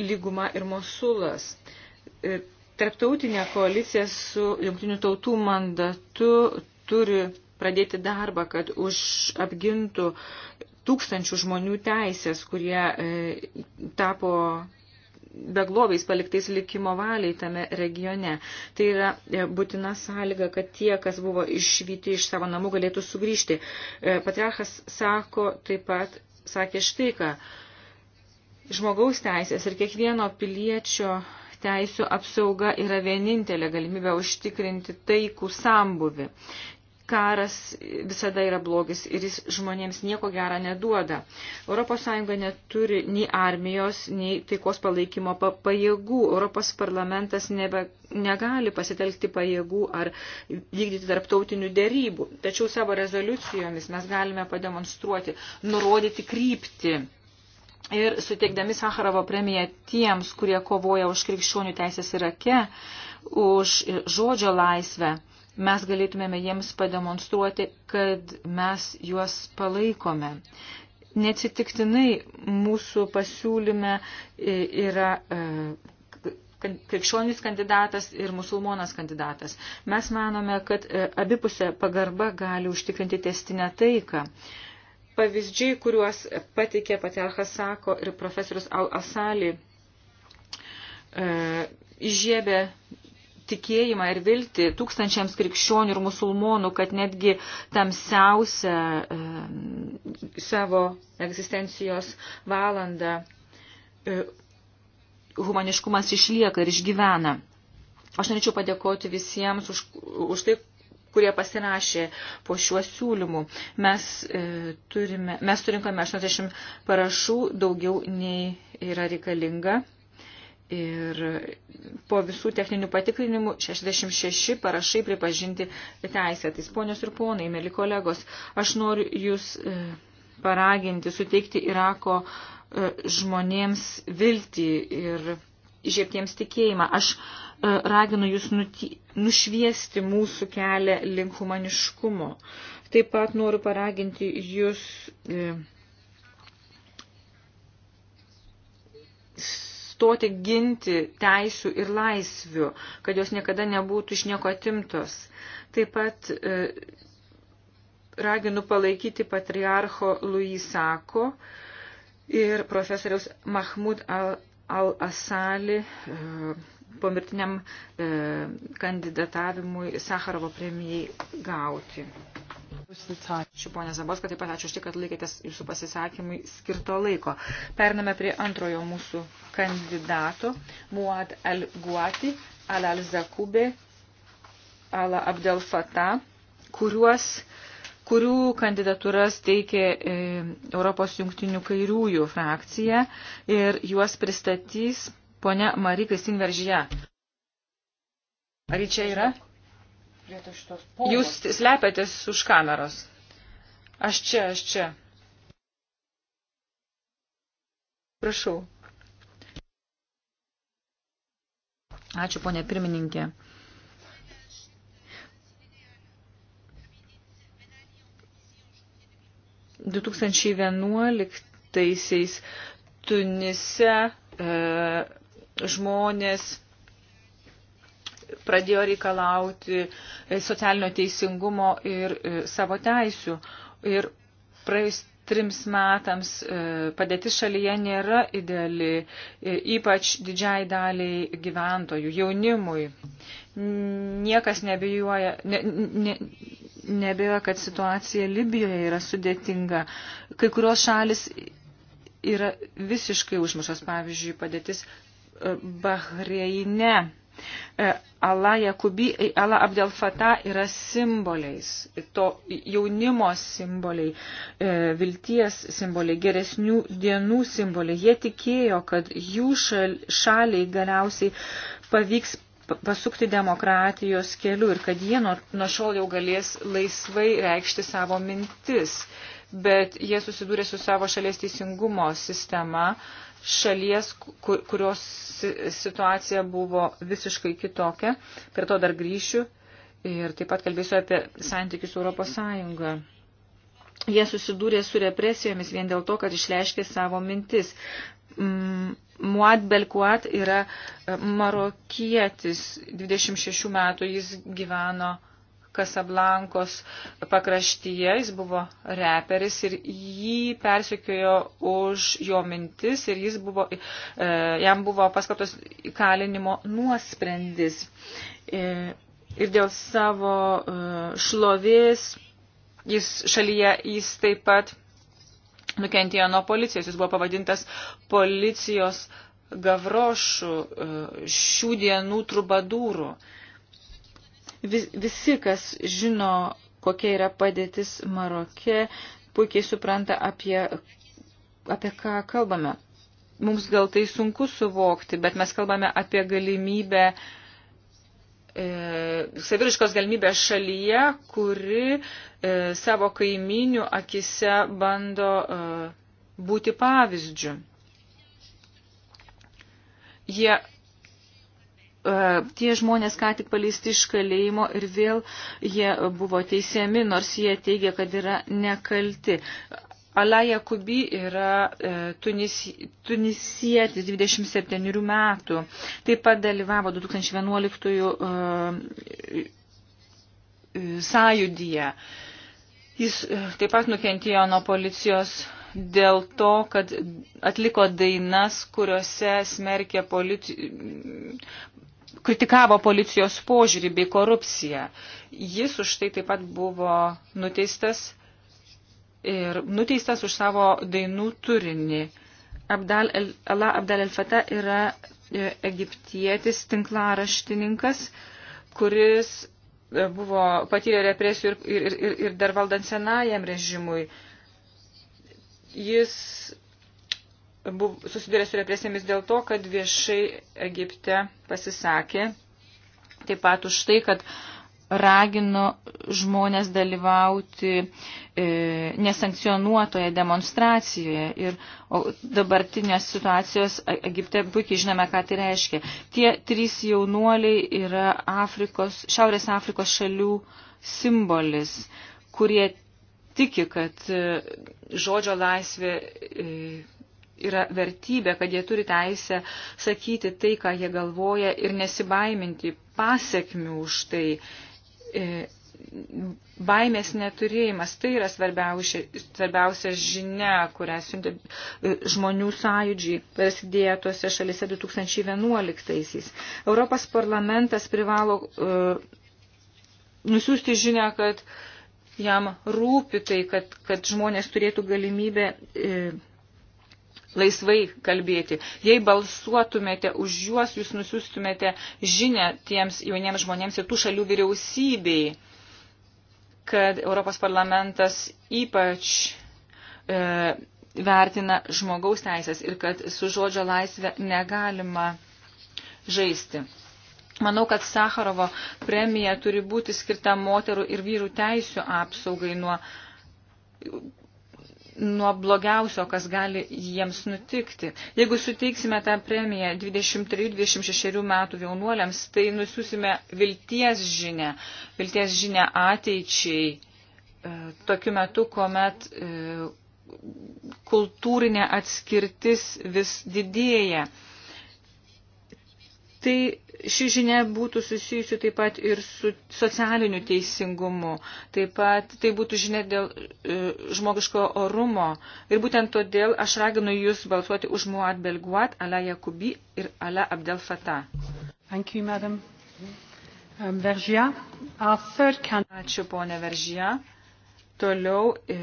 lyguma ir Mosulas. E, tarptautinė koalicija su jungtinių tautų mandatu turi pradėti darbą, kad už apgintų tūkstančių žmonių teisės, kurie e, tapo beglobiais paliktais likimo valiai tame regione. Tai yra e, būtina sąlyga, kad tie, kas buvo išvykti iš savo namų, galėtų sugrįžti. E, patriarchas sako taip pat, sakė štai ką, žmogaus teisės ir kiekvieno piliečio teisų apsauga yra vienintelė galimybė užtikrinti taikų sambuvi karas visada yra blogis ir jis žmonėms nieko gera neduoda. ES neturi nei armijos, nei taikos palaikymo pajėgų. Europos parlamentas nebe, negali pasitelkti pajėgų ar vykdyti tarptautinių dėrybų. Tačiau savo rezoliucijomis mes galime pademonstruoti, nurodyti kryptį. Ir suteikdami Sakarovo premiją tiems, kurie kovoja už krikščionių teisės Irake, už žodžio laisvę, mes galėtumėme jiems pademonstruoti, kad mes juos palaikome. Neatsitiktinai mūsų pasiūlyme yra e, krikščionis kandidatas ir musulmonas kandidatas. Mes manome, kad e, abipusė pagarba gali užtikrinti testinę taiką. Pavyzdžiai, kuriuos patikė patriarchas Sako ir profesorius Al-Asali, e, išžiebė tikėjimą ir viltį tūkstančiams krikščionių ir musulmonų, kad netgi tamsiausią e, savo egzistencijos valandą e, humaniškumas išlieka ir išgyvena. Aš norėčiau padėkoti visiems už, už tai, kurie pasirašė po šiuo siūlymu. Mes, e, turime, mes surinkame 80 parašų, daugiau nei yra reikalinga. Ir po visų techninių patikrinimų 66 parašai pripažinti teisėtais. Ponios ir ponai, mėly kolegos, aš noriu jūs e, paraginti, suteikti Irako e, žmonėms viltį ir žieptiems tikėjimą. Aš e, raginu jūs nušviesti mūsų kelią link humaniškumo. Taip pat noriu paraginti jūs nustoti ginti teisų ir laisvių, kad jos niekada nebūtų iš nieko atimtos. Taip pat e, raginu palaikyti patriarcho Luisako ir profesoriaus Mahmud Al-Asali al e, pomirtiniam e, kandidatavimui Sakarovo premijai gauti. Ačiū, ponė Zaboska, taip pat ačiū už tai, kad laikėtės jūsų pasisakymui skirto laiko. Pername prie antrojo mūsų kandidato, Muad Al-Guati, Al-Al-Zakubė, Ala Abdel Fata, kuriuos kurių kandidatūras teikė e, Europos jungtinių kairiųjų frakcija ir juos pristatys ponia Marija Kristin Veržyje. Ar ji čia yra? Jūs slepiatės už kameros. Aš čia, aš čia. Prašau. Ačiū, ponė pirmininkė. Du 2011 Tunise e, žmonės pradėjo reikalauti e, socialinio teisingumo ir e, savo teisių. Ir praėjus trims metams e, padėtis šalyje nėra ideali, ypač didžiai daliai gyventojų, jaunimui. Niekas nebejoja, ne, ne, nebejoja, kad situacija Libijoje yra sudėtinga. Kai kurios šalis yra visiškai užmušas, pavyzdžiui, padėtis Bahreine E, Ala Jakubi, e, Ala Abdel Fata yra simboliais, to jaunimo simboliai, e, vilties simboliai, geresnių dienų simboliai. Jie tikėjo, kad jų šaliai galiausiai pavyks pasukti demokratijos keliu ir kad jie nuo, nuo šiol jau galės laisvai reikšti savo mintis. Bet jie susidūrė su savo šalies teisingumo sistema, šalies, kur, kurios situacija buvo visiškai kitokia. Prie to dar grįšiu ir taip pat kalbėsiu apie santykius Europos Sąjungą. Jie susidūrė su represijomis vien dėl to, kad išleiškė savo mintis. Mm, Muad Belkuat yra e, marokietis, 26 metų jis gyveno Kasablankos pakraštyje, jis buvo reperis ir jį persikėjo už jo mintis ir jis buvo, e, jam buvo paskatos įkalinimo nuosprendis. E, ir dėl savo e, šlovės jis šalyje jis taip pat nukentėjo nuo policijos, jis buvo pavadintas policijos gavrošų šių dienų trubadūrų vis, visi, kas žino, kokia yra padėtis Maroke, puikiai supranta, apie, apie ką kalbame. Mums gal tai sunku suvokti, bet mes kalbame apie galimybę, e, saviriškos galimybės šalyje, kuri e, savo kaiminių akise bando e, būti pavyzdžiu. Jie E, tie žmonės ką tik paleisti iš kalėjimo ir vėl jie buvo teisiami, nors jie teigia, kad yra nekalti. Alaja Kubi yra e, tunis, tunisietis 27 metų. Taip pat dalyvavo 2011 uh, sąjudyje. Jis e, taip pat nukentėjo nuo policijos dėl to, kad atliko dainas, kuriuose smerkė politi kritikavo policijos požiūrį bei korupciją. Jis už tai taip pat buvo nuteistas ir nuteistas už savo dainų turinį. Abdal el, Allah Abdal El-Fata yra e, egiptietis tinklaraštininkas, kuris e, buvo patyrė represijų ir, ir, ir, ir dar valdant senajam režimui. Jis susidurė su represijomis dėl to, kad viešai Egipte pasisakė taip pat už tai, kad ragino žmonės dalyvauti e, nesankcionuotoje demonstracijoje. Ir dabartinės situacijos e-, Egipte puikiai žinome, ką tai reiškia. Tie trys jaunuoliai yra Afrikos, Šiaurės Afrikos šalių simbolis, kurie tiki, kad e, žodžio laisvė e, yra vertybė, kad jie turi teisę sakyti tai, ką jie galvoja ir nesibaiminti pasiekmių už tai. E, baimės neturėjimas tai yra svarbiausia, svarbiausia žinia, kurią siuntė e, žmonių sąjūdžiai prasidėjo tuose šalise 2011-aisiais. Europos parlamentas privalo uh, nusiųsti žinę, kad jam rūpi tai, kad, kad žmonės turėtų galimybę. Uh, laisvai kalbėti. Jei balsuotumėte už juos, jūs nusiustumėte žinę tiems jauniems žmonėms ir tų šalių vyriausybei, kad Europos parlamentas ypač e, vertina žmogaus teisės ir kad su žodžio laisvė negalima žaisti. Manau, kad Sakarovo premija turi būti skirta moterų ir vyrų teisų apsaugai nuo nuo blogiausio, kas gali jiems nutikti. Jeigu suteiksime tą premiją 23-26 metų jaunuoliams, tai nusiusime vilties žinę, vilties žinę ateičiai e, tokiu metu, kuomet e, kultūrinė atskirtis vis didėja. Tai ši žinia būtų susijusi taip pat ir su socialiniu teisingumu, taip pat tai būtų žinia dėl e, žmogiško orumo. Ir būtent todėl aš raginu jūs balsuoti už Muad Belguat, Ala Jakubi ir Ala Abdel Fatah. Thank you, madam. Um, Vergia, our third candidate. Ačiū, ponė Veržia. Toliau. E,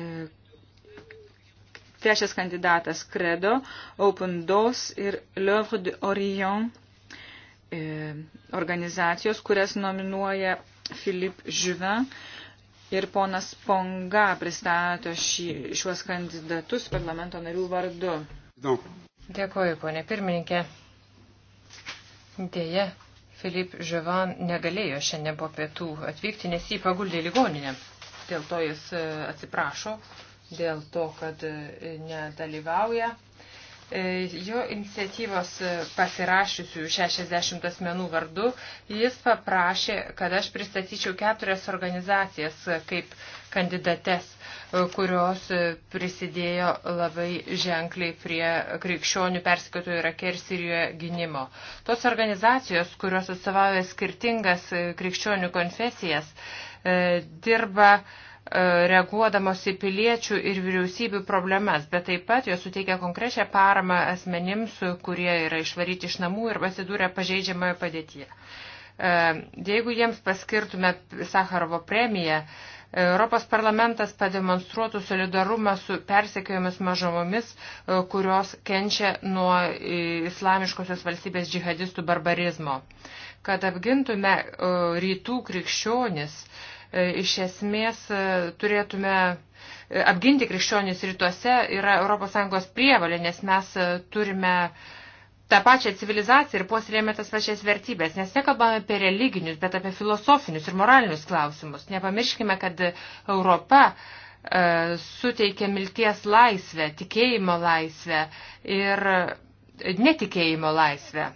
Trečias kandidatas Credo, Open Doors ir L'Oeuvre d'Orient E, organizacijos, kurias nominuoja Filip Žyven. Ir ponas Ponga pristato šį, šiuos kandidatus parlamento narių vardu. Dėkuoju, ponė pirmininkė. Dėje, Filip Ževan negalėjo šiandien po pietų atvykti, nes jį paguldė ligoninę. Dėl to jis e, atsiprašo, dėl to, kad e, nedalyvauja E, jo iniciatyvos e, pasirašysių 60 asmenų vardu jis paprašė, kad aš pristatyčiau keturias organizacijas kaip kandidates, e, kurios prisidėjo labai ženkliai prie krikščionių persikėtojų Irake ir Sirijoje gynimo. Tos organizacijos, kurios atstovauja skirtingas krikščionių konfesijas, dirba E, reaguodamos į piliečių ir vyriausybių problemas, bet taip pat jos suteikia konkrečią paramą asmenims, kurie yra išvaryti iš namų ir pasidūrė pažeidžiamoje padėtyje. E, jeigu jiems paskirtume Sakarovo premiją, Europos parlamentas pademonstruotų solidarumą su persekiojomis mažomomis, e, kurios kenčia nuo islamiškosios valstybės džihadistų barbarizmo. Kad apgintume rytų krikščionis, E, iš esmės e, turėtume e, apginti krikščionis rytuose yra ES prievalė, nes mes turime tą pačią civilizaciją ir puoselėjame tas pačias vertybės, nes nekalbame apie religinius, bet apie filosofinius ir moralinius klausimus. Nepamirškime, kad Europa e, suteikia milties laisvę, tikėjimo laisvę ir netikėjimo laisvę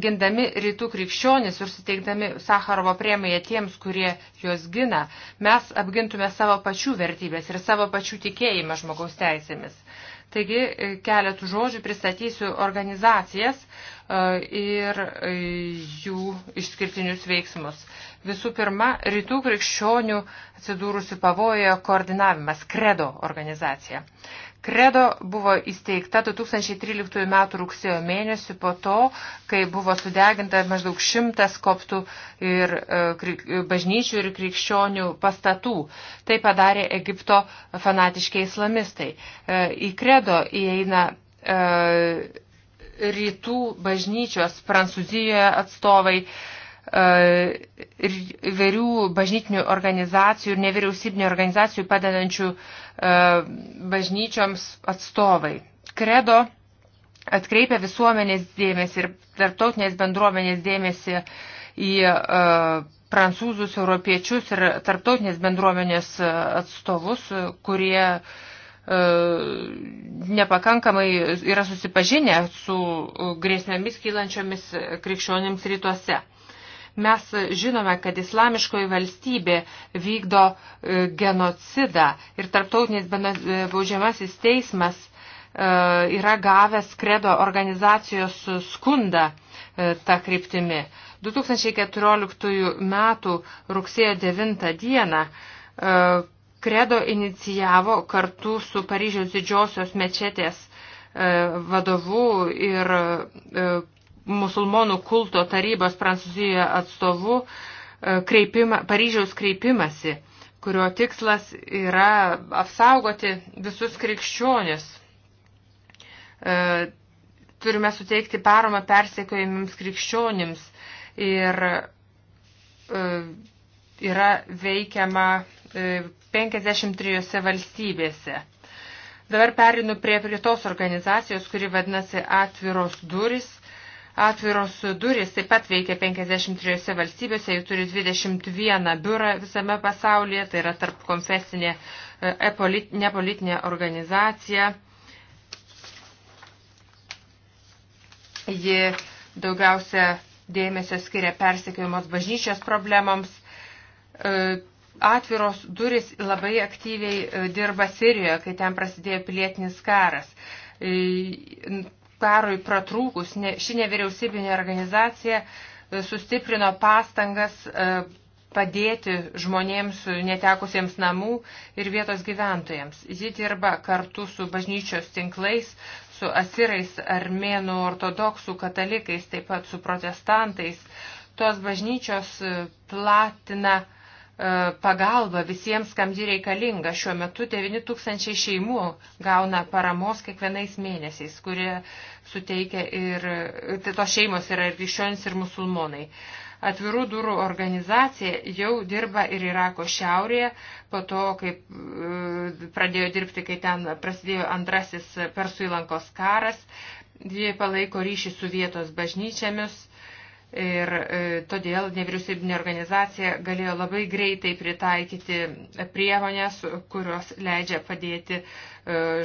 gindami rytų krikščionis ir suteikdami Sakarovo premiją tiems, kurie juos gina, mes apgintume savo pačių vertybės ir savo pačių tikėjimą žmogaus teisėmis. Taigi e, keletų žodžių pristatysiu organizacijas e, ir e, jų išskirtinius veiksmus. Visų pirma, rytų krikščionių atsidūrusių pavojoje koordinavimas, kredo organizacija. Kredo buvo įsteigta 2013 m. rugsėjo mėnesį po to, kai buvo sudeginta maždaug šimtas koptų ir e, bažnyčių ir krikščionių pastatų. Tai padarė Egipto fanatiškiai islamistai. E, į Kredo įeina e, rytų bažnyčios Prancūzijoje atstovai, E, ir įvairių bažnytinių organizacijų ir nevyriausybinių organizacijų padedančių e, bažnyčioms atstovai. Kredo atkreipia visuomenės dėmesį ir tarptautinės bendruomenės dėmesį į e, prancūzus, europiečius ir tarptautinės bendruomenės atstovus, kurie nepakankamai yra susipažinę su grėsmėmis kylančiomis krikščionims rytuose. Mes žinome, kad islamiškoji valstybė vykdo e, genocidą ir tarptautinis e, baudžiamasis teismas e, yra gavęs kredo organizacijos skundą tą kryptimį. 2014 metų rugsėjo 9 dieną kredo inicijavo kartu su Paryžiaus didžiosios mečetės vadovu ir musulmonų kulto tarybos Prancūzijoje atstovu e, kreipima, Paryžiaus kreipimasi, kurio tikslas yra apsaugoti visus krikščionis. E, turime suteikti paramą persekiojimams krikščionims ir e, yra veikiama 53 valstybėse. Dabar perinu prie, prie tos organizacijos, kuri vadinasi Atviros duris. Atviros durys taip pat veikia 53 valstybėse, jų turi 21 biurą visame pasaulyje, tai yra tarp konfesinė e, nepolitinė organizacija. Ji daugiausia dėmesio skiria persekiojamos bažnyčios problemams. E, atviros duris labai aktyviai e, dirba Sirijoje, kai ten prasidėjo pilietinis karas karui pratrūkus ne, ši nevyriausybinė organizacija e, sustiprino pastangas e, padėti žmonėms netekusiems namų ir vietos gyventojams. Ji dirba kartu su bažnyčios tinklais, su asirais, armėnų ortodoksų katalikais, taip pat su protestantais. Tos bažnyčios e, platina uh, E, pagalba visiems, kam ji reikalinga. Šiuo metu 9000 šeimų gauna paramos kiekvienais mėnesiais, kurie suteikia ir, tai tos šeimos yra ir krikščionis, ir musulmonai. Atvirų durų organizacija jau dirba ir Irako šiaurėje, po to, kai e, pradėjo dirbti, kai ten prasidėjo antrasis Persų įlankos karas, ji palaiko ryšį su vietos bažnyčiamis, Ir e, todėl nevyriausybinė organizacija galėjo labai greitai pritaikyti priemonės, kurios leidžia padėti e,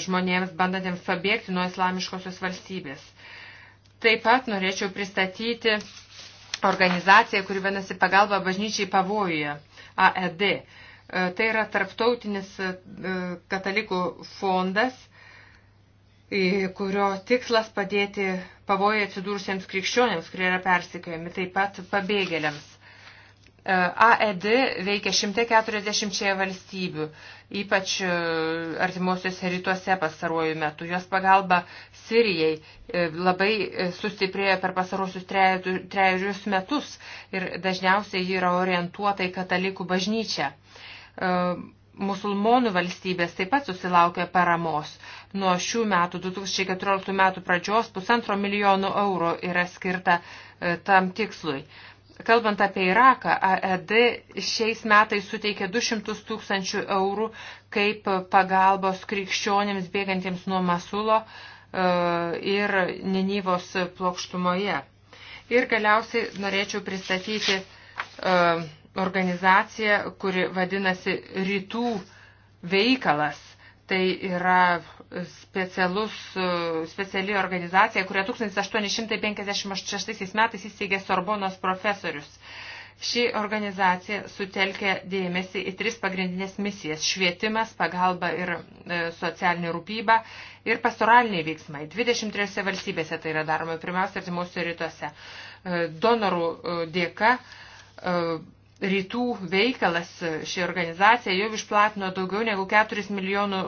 žmonėms bandantiems pabėgti nuo islamiškosios valstybės. Taip pat norėčiau pristatyti organizaciją, kuri vienasi pagalba bažnyčiai pavojuje, AED. E, tai yra tarptautinis katalikų fondas, kurio tikslas padėti pavojai atsidūrusiems krikščionėms, kurie yra persikėjami, taip pat pabėgėliams. E, AED veikia 140 valstybių, ypač e, artimuosiuose rytuose pastaruoju metu. Jos pagalba Sirijai e, labai sustiprėjo per pasarosius trejus metus ir dažniausiai ji yra orientuota į katalikų bažnyčią musulmonų valstybės taip pat susilaukė paramos. Nuo šių metų, 2014 metų pradžios, pusantro milijonų eurų yra skirta e, tam tikslui. Kalbant apie Iraką, AED šiais metais suteikė 200 tūkstančių eurų kaip pagalbos krikščionėms bėgantiems nuo Masulo e, ir Ninivos plokštumoje. Ir galiausiai norėčiau pristatyti e, organizacija, kuri vadinasi Rytų veikalas. Tai yra specialus, speciali organizacija, kurią 1856 metais įsteigė Sorbonos profesorius. Ši organizacija sutelkia dėmesį į tris pagrindinės misijas – švietimas, pagalba ir e, socialinė rūpyba ir pastoraliniai veiksmai. 23 valstybėse tai yra daroma, pirmiausia, artimuose rytuose. E, donorų e, dėka rytų veikalas, ši organizacija jau išplatino daugiau negu 4 milijonų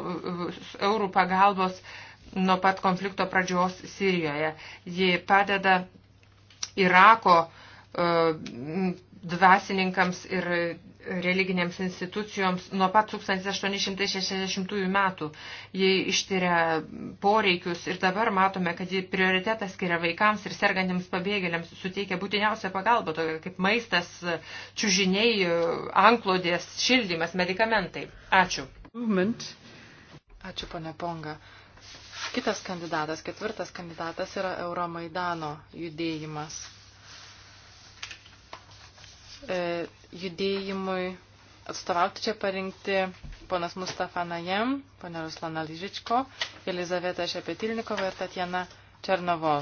eurų pagalbos nuo pat konflikto pradžios Sirijoje. Ji padeda Irako e, dvasininkams ir religinėms institucijoms nuo pat 1860 metų. Jie ištiria poreikius ir dabar matome, kad jie prioritetą skiria vaikams ir sergantiems pabėgėliams, suteikia būtiniausią pagalbą, tokia kaip maistas, čiužiniai, anklodės, šildymas, medikamentai. Ačiū. Movement. Ačiū, pane Ponga. Kitas kandidatas, ketvirtas kandidatas yra Euromaidano judėjimas. E, judėjimui atstovauti čia parinkti ponas Mustafa Najem, ponė Ruslana Lyžičko, Elizaveta Šepetilnikova ir Tatjana Černovo.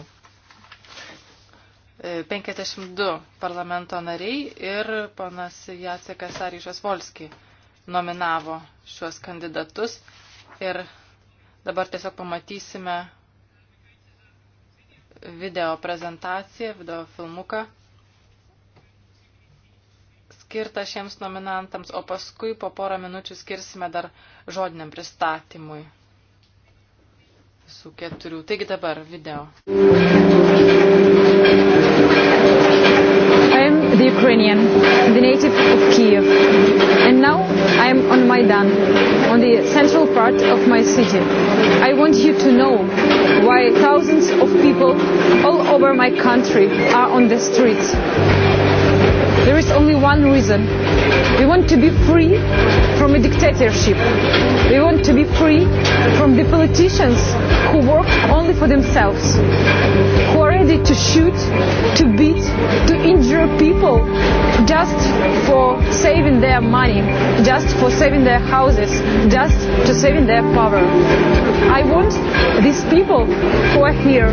52 e, parlamento nariai ir ponas Jacekas Aryšas Volski nominavo šiuos kandidatus ir dabar tiesiog pamatysime video prezentaciją, video filmuką skirtą šiems nominantams, o paskui po porą minučių skirsime dar žodiniam pristatymui visų keturių. Taigi dabar video. I am the Ukrainian, the native of Kiev. And now I am on Maidan, on the central part of my city. I want you to know why thousands of people all over my country are on the streets There is only one reason. We want to be free from a dictatorship. We want to be free from the politicians who work only for themselves, who are ready to shoot, to beat, to injure people just for saving their money, just for saving their houses, just to saving their power. I want these people who are here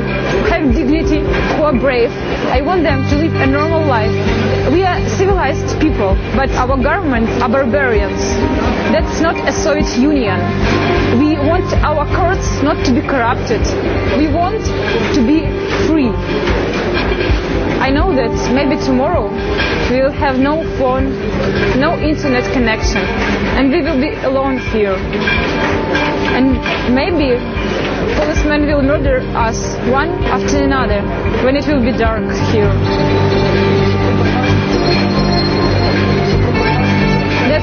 have dignity, who are brave. I want them to live a normal life. We are are civilized people, but our governments are barbarians. That's not a Soviet Union. We want our courts not to be corrupted. We want to be free. I know that maybe tomorrow we will have no phone, no internet connection, and we will be alone here. And maybe policemen will murder us one after another when it will be dark here.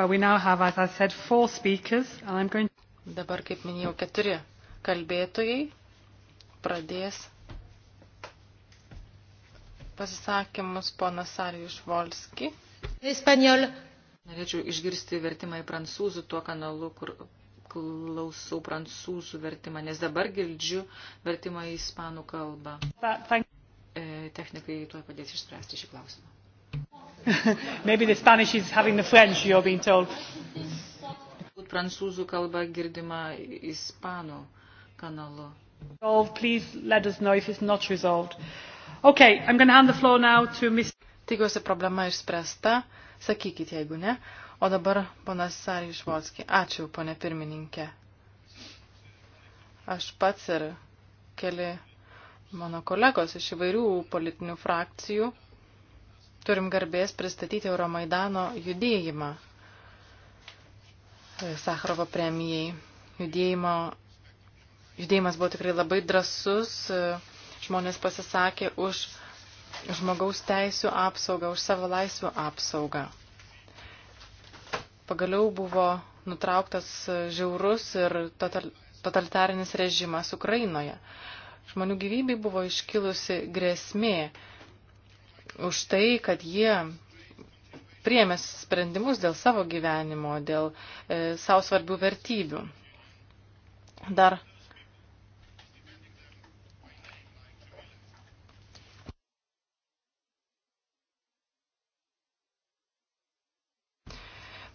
Well, uh, we now have, as I said, four speakers, and I'm going Dabar, kaip minėjau, keturi kalbėtojai pradės pasisakymus ponas Sarijus Volski. Espanjol. Norėčiau išgirsti vertimą į prancūzų tuo kanalu, kur klausau prancūzų vertimą, nes dabar girdžiu vertimą į ispanų kalbą. E, technikai tuo padės išspręsti šį klausimą. Maybe the Spanish is having the French, you're being told. Prancūzų kalba girdima ispanų kanalu. Please let us know if it's not resolved. Okay, I'm going to hand the floor now to Ms. Tikiuosi problema išspręsta. Sakykit, jeigu ne. O dabar ponas Sarijus Švotski. Ačiū, ponė pirmininkė. Aš pats ir keli mano kolegos iš įvairių politinių frakcijų turim garbės pristatyti Euromaidano judėjimą e, Sakrovo premijai. Judėjimo, judėjimas buvo tikrai labai drasus, e, žmonės pasisakė už žmogaus teisų apsaugą, už savo laisvių apsaugą. Pagaliau buvo nutrauktas e, žiaurus ir totalitarinis režimas Ukrainoje. Žmonių gyvybei buvo iškilusi grėsmė už tai, kad jie priemė sprendimus dėl savo gyvenimo, dėl e, savo svarbių vertybių. Dar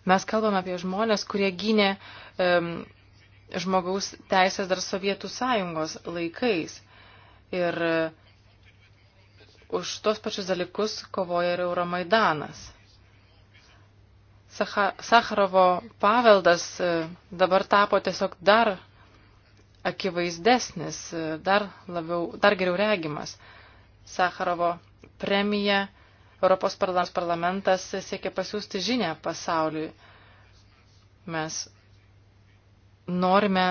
mes kalbame apie žmonės, kurie gynė um, žmogaus teisės dar Sovietų sąjungos laikais. Ir uh, už tos pačius dalykus kovoja ir Euromaidanas. Sakharovo paveldas e, dabar tapo tiesiog dar akivaizdesnis, e, dar, labiau, dar geriau regimas. Sakharovo premija Europos parlamentas siekia pasiūsti žinę pasauliui. Mes norime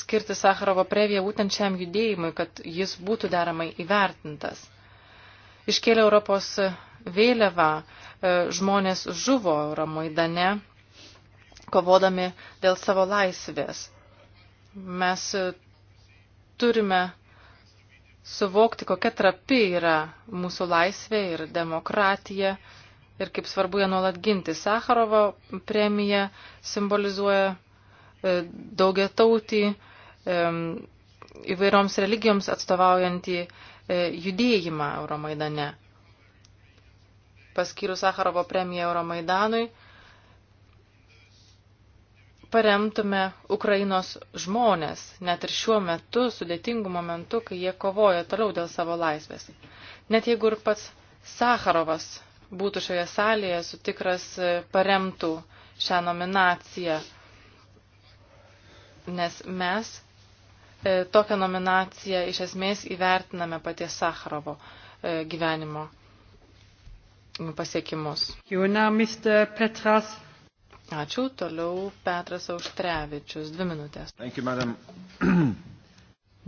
skirti Sakharovo premiją būtent šiam judėjimui, kad jis būtų deramai įvertintas iškėlė Europos vėliavą, e, žmonės žuvo Ramaidane, kovodami dėl savo laisvės. Mes e, turime suvokti, kokia trapi yra mūsų laisvė ir demokratija ir kaip svarbu ją nuolat ginti. Sakarovo premija simbolizuoja e, daugia tautį įvairioms religijoms atstovaujantį E, judėjimą Euromaidane. Paskyrus Sakarovo premiją Euromaidanui, paremtume Ukrainos žmonės, net ir šiuo metu, sudėtingu momentu, kai jie kovoja toliau dėl savo laisvės. Net jeigu ir pats Sakarovas būtų šioje salėje, sutikras e, paremtų šią nominaciją, nes mes E, tokią nominaciją iš esmės įvertiname paties Sakharovo e, gyvenimo pasiekimus. Juna, Mr. Petras. Ačiū. Toliau Petras Auštrevičius. Dvi minutės. Thank you, madam.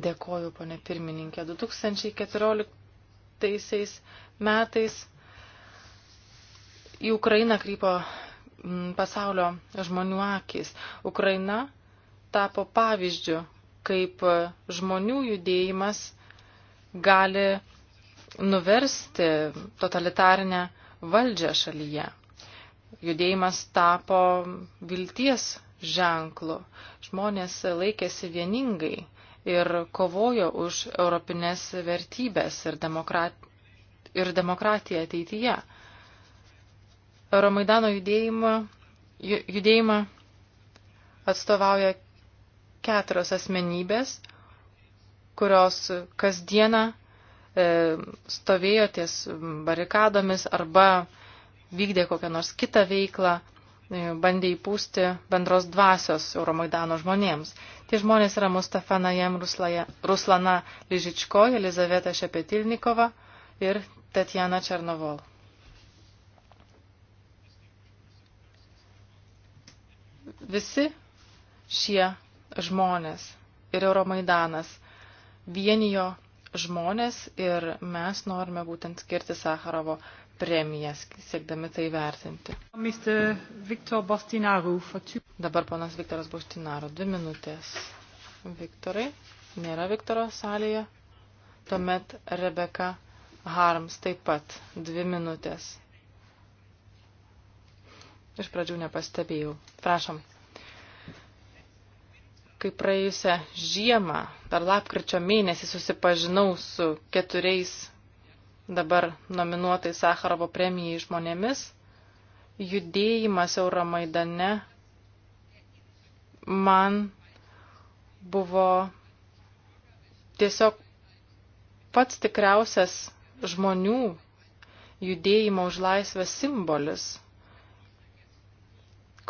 Dėkoju, ponė pirmininkė. 2014 metais į Ukrainą krypo pasaulio žmonių akis. Ukraina tapo pavyzdžių kaip e, žmonių judėjimas gali nuversti totalitarinę valdžią šalyje. Judėjimas tapo vilties ženklu. Žmonės laikėsi vieningai ir kovojo už europinės vertybės ir, demokrat... ir demokratiją ateityje. Euromaidano judėjimą, judėjimą atstovauja keturios asmenybės, kurios kasdieną e, stovėjo ties barikadomis arba vykdė kokią nors kitą veiklą, e, bandė įpūsti bendros dvasios Euromaidano žmonėms. Tie žmonės yra Mustafa Najem Ruslaja, Ruslana Ližičko, Elizaveta Šepetilnikova ir Tetjana Černovol. Visi šie žmonės ir Euromaidanas vienijo žmonės ir mes norime būtent skirti Sakarovo premijas, siekdami tai vertinti. Dabar ponas Viktoras Bostinaro, dvi minutės. Viktorai, nėra Viktoro salėje. Tuomet Rebeka Harms taip pat, dvi minutės. Iš pradžių nepastebėjau. Prašom kai praėjusią žiemą, dar lapkričio mėnesį susipažinau su keturiais dabar nominuotais Sakarovo premijai žmonėmis, judėjimas Euromaidane man buvo tiesiog pats tikriausias žmonių judėjimo už laisvę simbolis,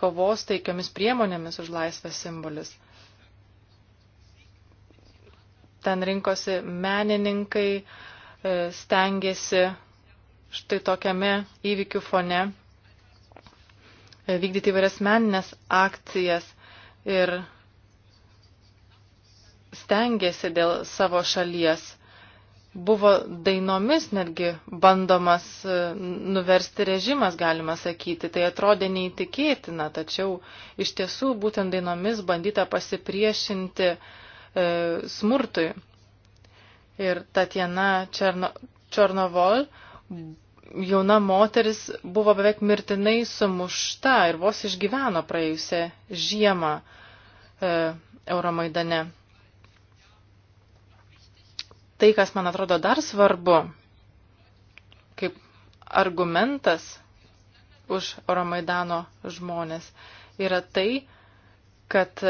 kovos taikiomis priemonėmis už laisvę simbolis ten rinkosi menininkai, e, stengiasi štai tokiame įvykių fone e, vykdyti įvairias meninės akcijas ir stengiasi dėl savo šalies. Buvo dainomis netgi bandomas e, nuversti režimas, galima sakyti. Tai atrodė neįtikėtina, tačiau iš tiesų būtent dainomis bandyta pasipriešinti uh, E, smurtui. Ir Tatjana Černo, Černovol, jauna moteris, buvo beveik mirtinai sumušta ir vos išgyveno praėjusią žiemą e, Euromaidane. Tai, kas man atrodo dar svarbu, kaip argumentas už Euromaidano žmonės, yra tai, kad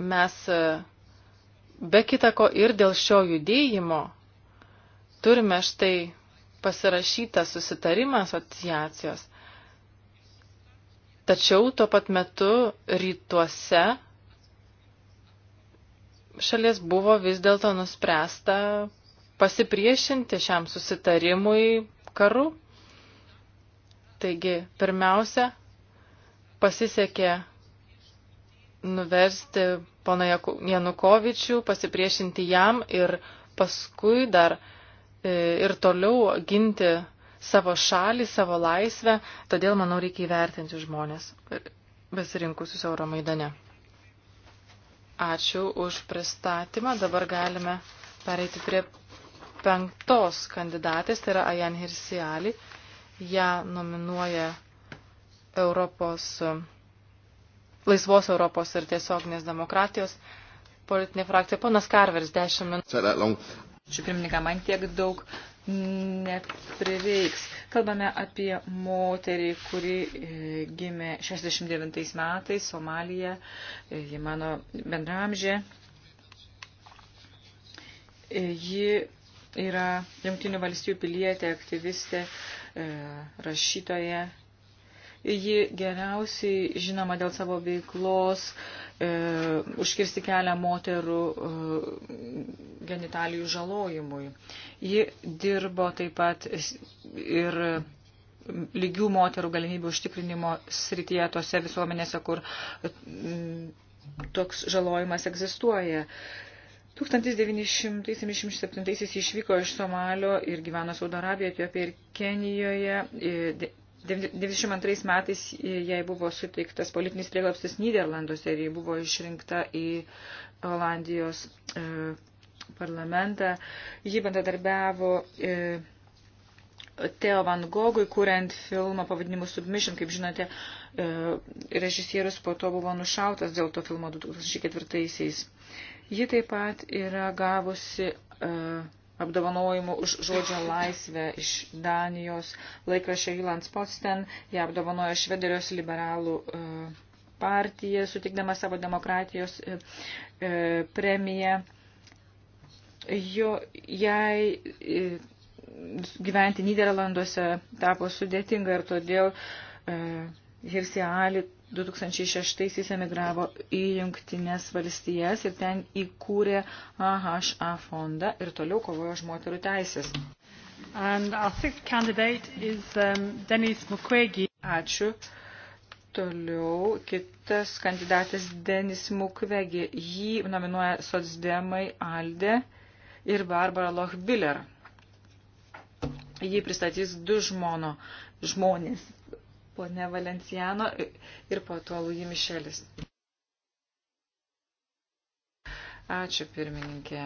mes e, be kitako ir dėl šio judėjimo turime štai pasirašytą susitarimą asociacijos. Tačiau tuo pat metu rytuose šalies buvo vis dėlto nuspręsta pasipriešinti šiam susitarimui karu. Taigi, pirmiausia, pasisekė nuversti poną Janukovičių, pasipriešinti jam ir paskui dar e, ir toliau ginti savo šalį, savo laisvę. Todėl, manau, reikia įvertinti žmonės besirinkusius Euromaidane. Ačiū už pristatymą. Dabar galime pereiti prie penktos kandidatės, tai yra Ajan Hirsiali. Ja nominuoja Europos laisvos Europos ir tiesioginės demokratijos politinė frakcija. Ponas Karveris, 10 minučių. Ačiū pirmininką, man tiek daug neprireiks. Kalbame apie moterį, kuri e, gimė 69 metais Somalija, e, ji mano bendramžė. E, ji yra Junktinių valstybių pilietė, aktyvistė, rašytoja Ji geriausiai žinoma dėl savo veiklos e, užkirsti kelią moterų e, genitalijų žalojimui. Ji dirbo taip pat ir lygių moterų galimybių užtikrinimo srityje tose visuomenėse, kur mm, toks žalojimas egzistuoja. 1977 jis išvyko iš Somalio ir gyveno Saudo Arabijoje, Etiopijoje ir Kenijoje. E, 92 metais jai buvo suteiktas politinis prieglapstis Niderlanduose ir jai buvo išrinkta į Olandijos e, parlamentą. Ji bendradarbiavo e, Teo Van Gogui, kuriant filmą pavadinimu Submission, kaip žinote, e, režisierius po to buvo nušautas dėl to filmo 2004-aisiais. Ji taip pat yra gavusi e, apdovanojimų už žodžio laisvę iš Danijos laikraščio Jylandsposten. Jie apdovanojo Švederijos liberalų e, partiją, sutikdama savo demokratijos e, e, premiją. Jo, jai gyventi Niderlanduose tapo sudėtinga ir todėl Hirsi Ali 2006-aisiais emigravo į Jungtinės valstijas ir ten įkūrė AHA fondą ir toliau kovojo už moterų teisės. Is, um, Ačiū. Toliau kitas kandidatas Denis Mukwegi. Jį nominuoja Sotsdemai Alde ir Barbara Lochbiller. Jį pristatys du žmono, žmonės ponė Valenciano ir po to Lui Mišelis. Ačiū pirmininkė.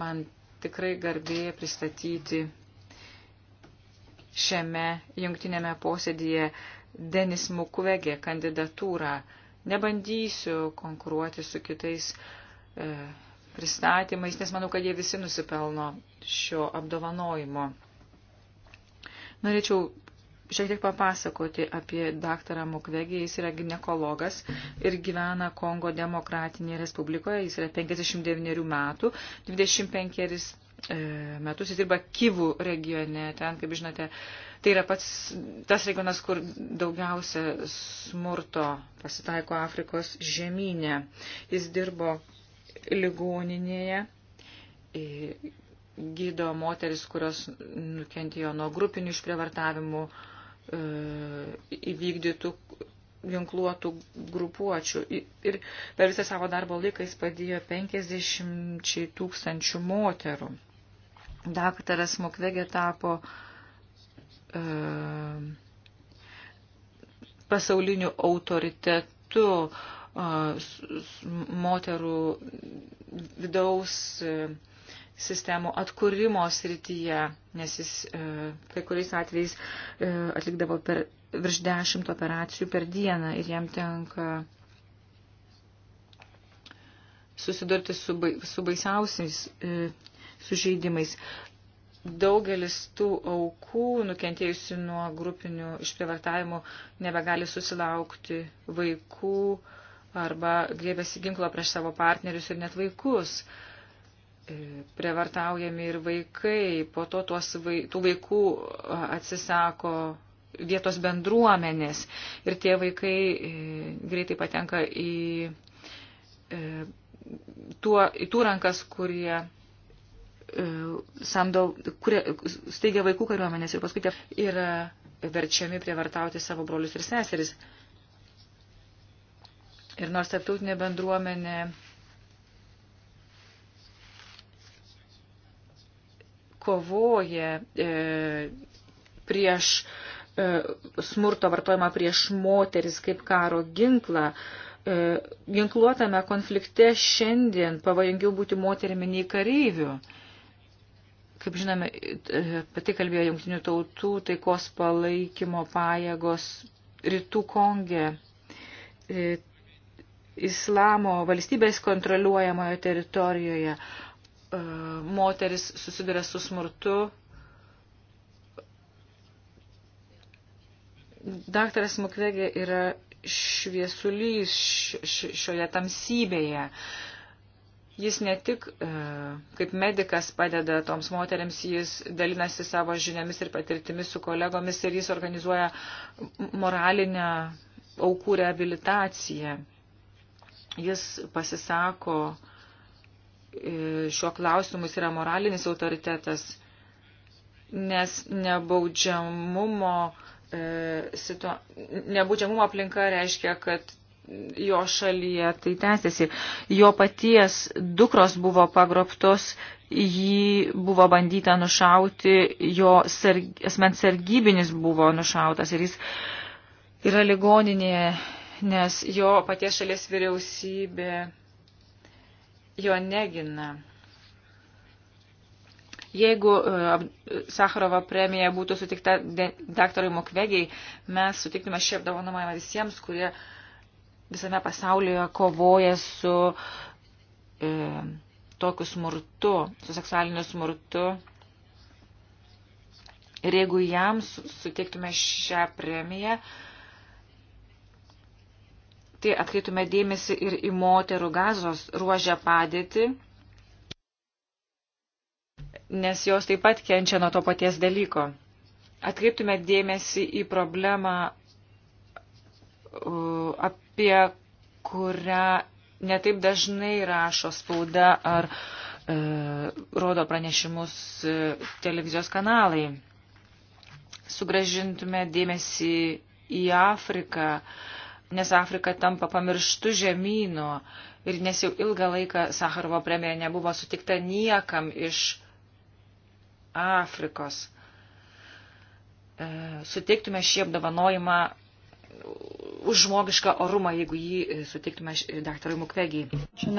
Man tikrai garbė pristatyti šiame jungtinėme posėdėje Denis Mukuvegė kandidatūrą. Nebandysiu konkuruoti su kitais e, pristatymais, nes manau, kad jie visi nusipelno šio apdovanojimo. Norėčiau šiek tiek papasakoti apie daktarą Mukwegį. Jis yra ginekologas ir gyvena Kongo demokratinėje Respublikoje. Jis yra 59 metų, 25 e, metus jis dirba Kivų regione. Ten, kaip žinote, tai yra pats tas regionas, kur daugiausia smurto pasitaiko Afrikos žemynė. Jis dirbo ligoninėje e, gydo moteris, kurios nukentėjo nuo grupinių išprievartavimų, E, įvykdytų ginkluotų grupuočių. Ir per visą savo darbo laiką jis padėjo 50 tūkstančių moterų. Daktaras Mukvegė tapo e, pasauliniu autoritetu e, moterų vidaus e, sistemų atkūrimo srityje, nes jis e, kai kuriais atvejais e, atlikdavo per, virš dešimt operacijų per dieną ir jam tenka susidurti su, bai, su baisiausiais e, sužeidimais. Daugelis tų aukų, nukentėjusių nuo grupinių išprivartavimų, nebegali susilaukti vaikų arba grėbėsi ginklo prieš savo partnerius ir net vaikus. E, E, Prevartaujami ir vaikai, po to tuos vai, tų vaikų e, atsisako vietos bendruomenės ir tie vaikai e, greitai patenka į, tuo, į tų rankas, kurie samdo, kurie steigia vaikų kariuomenės ir paskui yra verčiami prievartauti savo brolius ir seseris. Ir nors tarptautinė bendruomenė kovoja e, prieš e, smurto vartojimą prieš moteris kaip karo ginklą. E, ginkluotame konflikte šiandien pavojingiau būti moterimi nei kareiviu. Kaip žinome, apie tai kalbėjo Junktinių tautų taikos palaikymo pajėgos rytų Konge. Islamo valstybės kontroliuojamoje teritorijoje E, moteris susiduria su smurtu. Daktaras Mukvegė yra šviesulys šioje tamsybėje. Jis ne tik e, kaip medikas padeda toms moteriams, jis dalinasi savo žiniomis ir patirtimis su kolegomis ir jis organizuoja moralinę aukų rehabilitaciją. Jis pasisako uh, E, šiuo klausimu jis yra moralinis autoritetas, nes nebaudžiamumo, e, situa... nebaudžiamumo aplinka reiškia, kad jo šalyje tai tęsiasi. Jo paties dukros buvo pagrobtos, jį buvo bandyta nušauti, jo sarg... asmens sargybinis buvo nušautas ir jis yra ligoninėje, nes jo paties šalies vyriausybė jo negina. Jeigu e, Sakharovo premija būtų sutikta daktarui Mokvegiai, mes sutiktume šį apdovanojimą visiems, kurie visame pasaulyje kovoja su e, tokiu smurtu, su seksualiniu smurtu. Ir jeigu jam sutiktume šią premiją, e, tai atkreiptume dėmesį ir į moterų gazos ruožę padėtį, nes jos taip pat kenčia nuo to paties dalyko. Atkreiptume dėmesį į problemą, uh, apie kurią netaip dažnai rašo spauda ar e, rodo pranešimus uh, televizijos kanalai. Sugražintume dėmesį į Afriką, e, nes Afrika tampa pamirštų žemynų ir nes jau ilgą laiką Sakarovo premija nebuvo sutikta niekam iš Afrikos. E, suteiktume šį apdovanojimą už žmogišką orumą, jeigu jį e, suteiktume daktarui Mukvegijai. Ačiū, o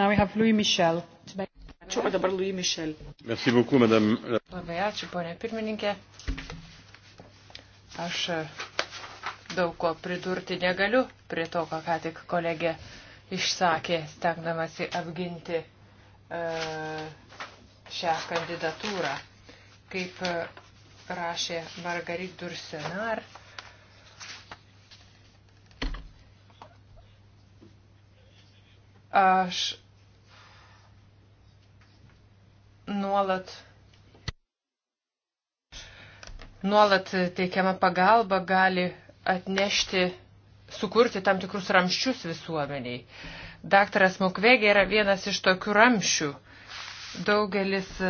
dabar Louis Michel. Merci beaucoup, madame. Labai ačiū, ponė pirmininkė. Aš daug ko pridurti negaliu prie to, ką ką tik kolegė išsakė, stengdamasi apginti e, šią kandidatūrą. Kaip e, rašė Margarit Dursenar, aš nuolat nuolat teikiama pagalba gali atnešti, sukurti tam tikrus ramščius visuomeniai. Daktaras Mukvegė yra vienas iš tokių ramščių. Daugelis e,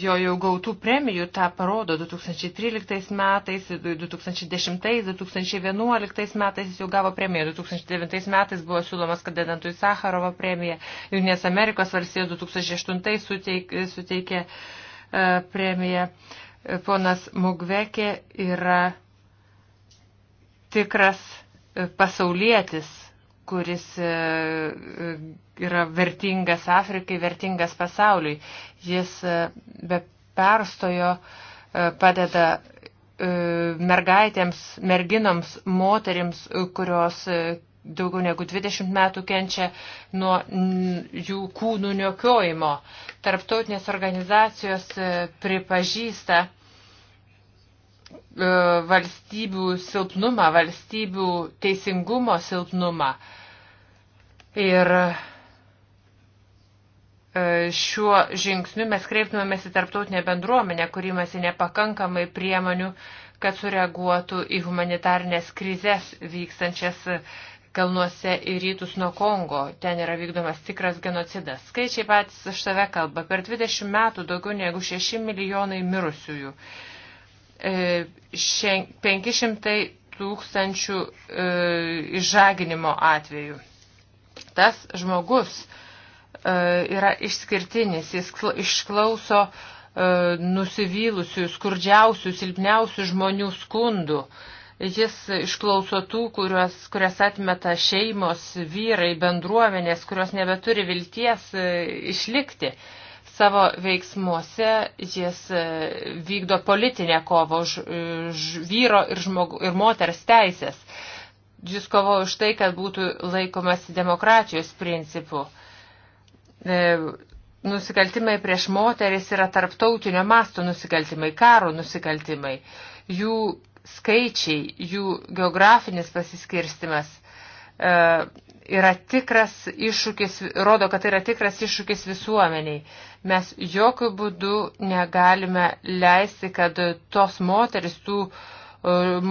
jo jau gautų premijų tą parodo 2013 metais, 2010, 2011 metais jis jau gavo premiją, 2009 metais buvo siūlomas kandidatui Sakharovo premiją, Junės Amerikos valstija 2008 suteik, suteikė e, premiją. Ponas Mugvekė yra tikras e, pasaulietis, kuris e, e, yra vertingas Afrikai, vertingas pasauliui. Jis be perstojo padeda mergaitėms, merginoms, moterims, kurios daugiau negu 20 metų kenčia nuo jų kūnų niokiojimo. Tarptautinės organizacijos pripažįsta E, valstybių silpnumą, valstybių teisingumo silpnumą. Ir e, šiuo žingsniu mes kreiptumėmės į tarptautinę bendruomenę, kuri masi nepakankamai priemonių, kad sureaguotų į humanitarnės krizės vykstančias kalnuose į rytus nuo Kongo. Ten yra vykdomas tikras genocidas. Skaičiai patys už save kalba. Per 20 metų daugiau negu 6 milijonai mirusiųjų. 500 e, tūkstančių e, išžaginimo atvejų. Tas žmogus e, yra išskirtinis, jis išklauso nusivylusių, skurdžiausių, silpniausių žmonių skundų. Jis išklauso tų, kurios, kurias atmeta šeimos, vyrai, bendruomenės, kurios nebeturi vilties išlikti. Savo veiksmuose jis e, vykdo politinę kovą už, e, už vyro ir, žmogu, ir moters teisės. Jis kovojo už tai, kad būtų laikomasi demokratijos principų. E, nusikaltimai prieš moteris yra tarptautinio masto nusikaltimai, karo nusikaltimai. Jų skaičiai, jų geografinis pasiskirstimas e, yra tikras iššūkis, rodo, kad tai yra tikras iššūkis visuomeniai. Mes jokių būdų negalime leisti, kad tos moteris, tų e,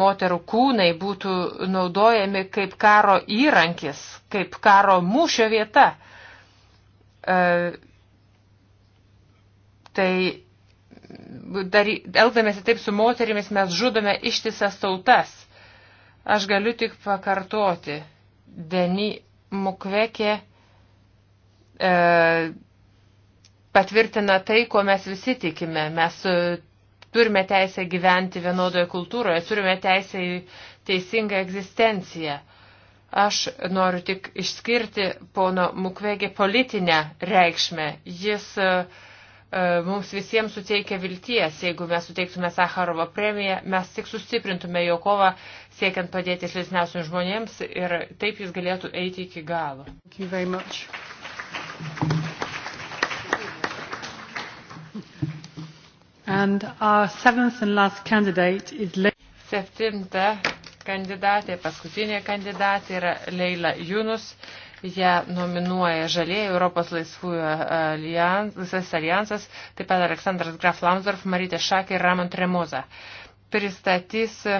moterų kūnai būtų naudojami kaip karo įrankis, kaip karo mūšio vieta. E, tai elgdamėsi taip su moterimis mes žudome ištisas tautas. Aš galiu tik pakartoti Deni Mukvekė e, patvirtina tai, ko mes visi tikime. Mes e, turime teisę gyventi vienodoje kultūroje, turime teisę į teisingą egzistenciją. Aš noriu tik išskirti pono Mukvegė politinę reikšmę. Jis uh, e, E, mums visiems suteikia vilties. Jeigu mes suteiktume Sakarovo premiją, mes tik sustiprintume jo kovą, siekiant padėti silpniausiams žmonėms ir taip jis galėtų eiti iki galo. And our seventh and last candidate is Le Septinta kandidatė, paskutinė kandidatė yra Leila Junus. Uh, ją nominuoja Žalieji Europos laisvųjų alijansas, alijansas, taip pat Aleksandras Graf Lamsdorf, Marytė Šakė ir Ramon Tremoza. Pristatys e,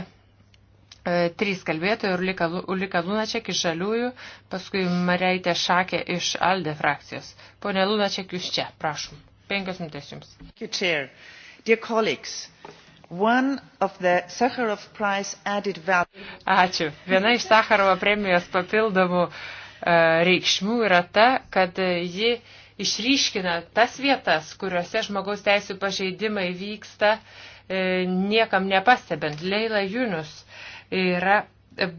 trys kalbėtojai, Ulika, Ulika Lunaček iš Žaliųjų, paskui Marytė Šakė iš Alde frakcijos. Pone Lunaček, jūs čia, prašom. Penkios minutės jums. Dear colleagues, One of the Sakharov prize added value. Ačiū. Viena iš Sakharovo premijos papildomų uh, E, reikšmių yra ta, kad ji išryškina tas vietas, kuriuose žmogaus teisų pažeidimai vyksta e, niekam nepastebint. Leila Junus yra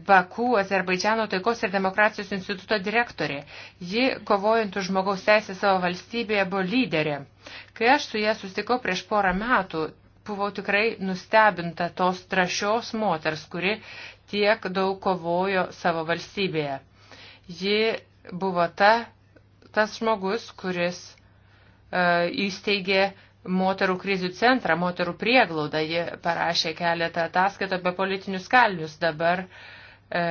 Baku Azerbaidžiano taikos ir demokracijos instituto direktorė. Ji, kovojant už žmogaus teisę savo valstybėje, buvo lyderė. Kai aš su ja susitikau prieš porą metų, buvau tikrai nustebinta tos trašios moters, kuri tiek daug kovojo savo valstybėje. Ji buvo ta, tas žmogus, kuris e, įsteigė moterų krizių centrą, moterų prieglaudą. Ji parašė keletą ataskaitų apie politinius kalnius. Dabar e,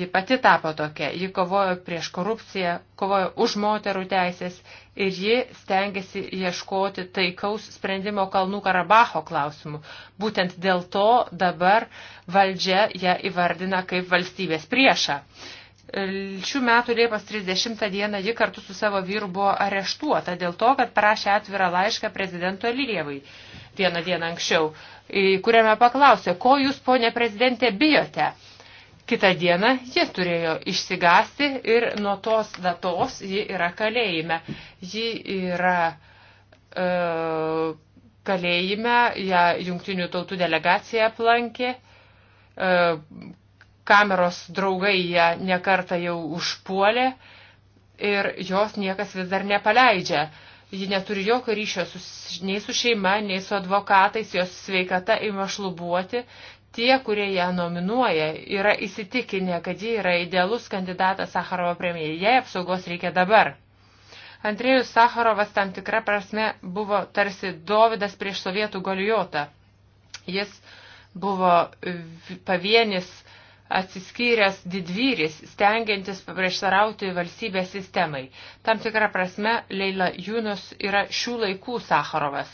ji pati tapo tokia. Ji kovojo prieš korupciją, kovojo už moterų teisės ir ji stengiasi ieškoti taikaus sprendimo Kalnų Karabaho klausimų. Būtent dėl to dabar valdžia ją įvardina kaip valstybės priešą. E, Šių metų Liepos 30 dieną ji kartu su savo vyru buvo areštuota dėl to, kad parašė atvirą laišką prezidento Lievai vieną dieną anksčiau, kuriame paklausė, ko jūs, ponė prezidentė, bijote. Kita diena ji turėjo išsigasti ir nuo tos datos ji yra kalėjime. Ji yra e, kalėjime, ją jungtinių tautų delegacija aplankė. E, kameros draugai ją nekartą jau užpuolė ir jos niekas vis dar nepaleidžia. Ji neturi jokio ryšio su, nei su šeima, nei su advokatais, jos sveikata ima šlubuoti. Tie, kurie ją nominuoja, yra įsitikinę, kad ji yra idealus kandidatas Sakarovo premijai. Jei apsaugos reikia dabar. Andrėjus Sakarovas tam tikra prasme buvo tarsi Dovydas prieš sovietų galiotą. Jis buvo pavienis atsiskyręs didvyris, stengiantis paprieštarauti valstybės sistemai. Tam tikrą prasme Leila Junus yra šių laikų Saharovas.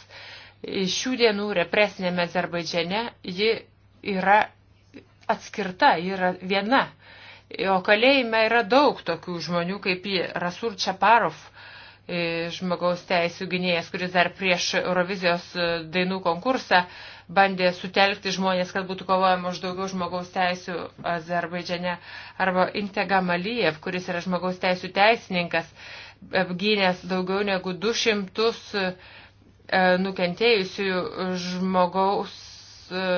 Šių dienų represinėme Azerbaidžiane ji yra atskirta, ji yra viena. O kalėjime yra daug tokių žmonių kaip ji, Rasur Čaparov, e, žmogaus teisų gynėjas, kuris dar prieš Eurovizijos e, dainų konkursą uh, bandė sutelkti žmonės, kad būtų kovojama už daugiau žmogaus teisų Azerbaidžiane, arba Intega Malijev, kuris yra žmogaus teisų teisininkas, apgynęs daugiau negu 200 e, nukentėjusių žmogaus e,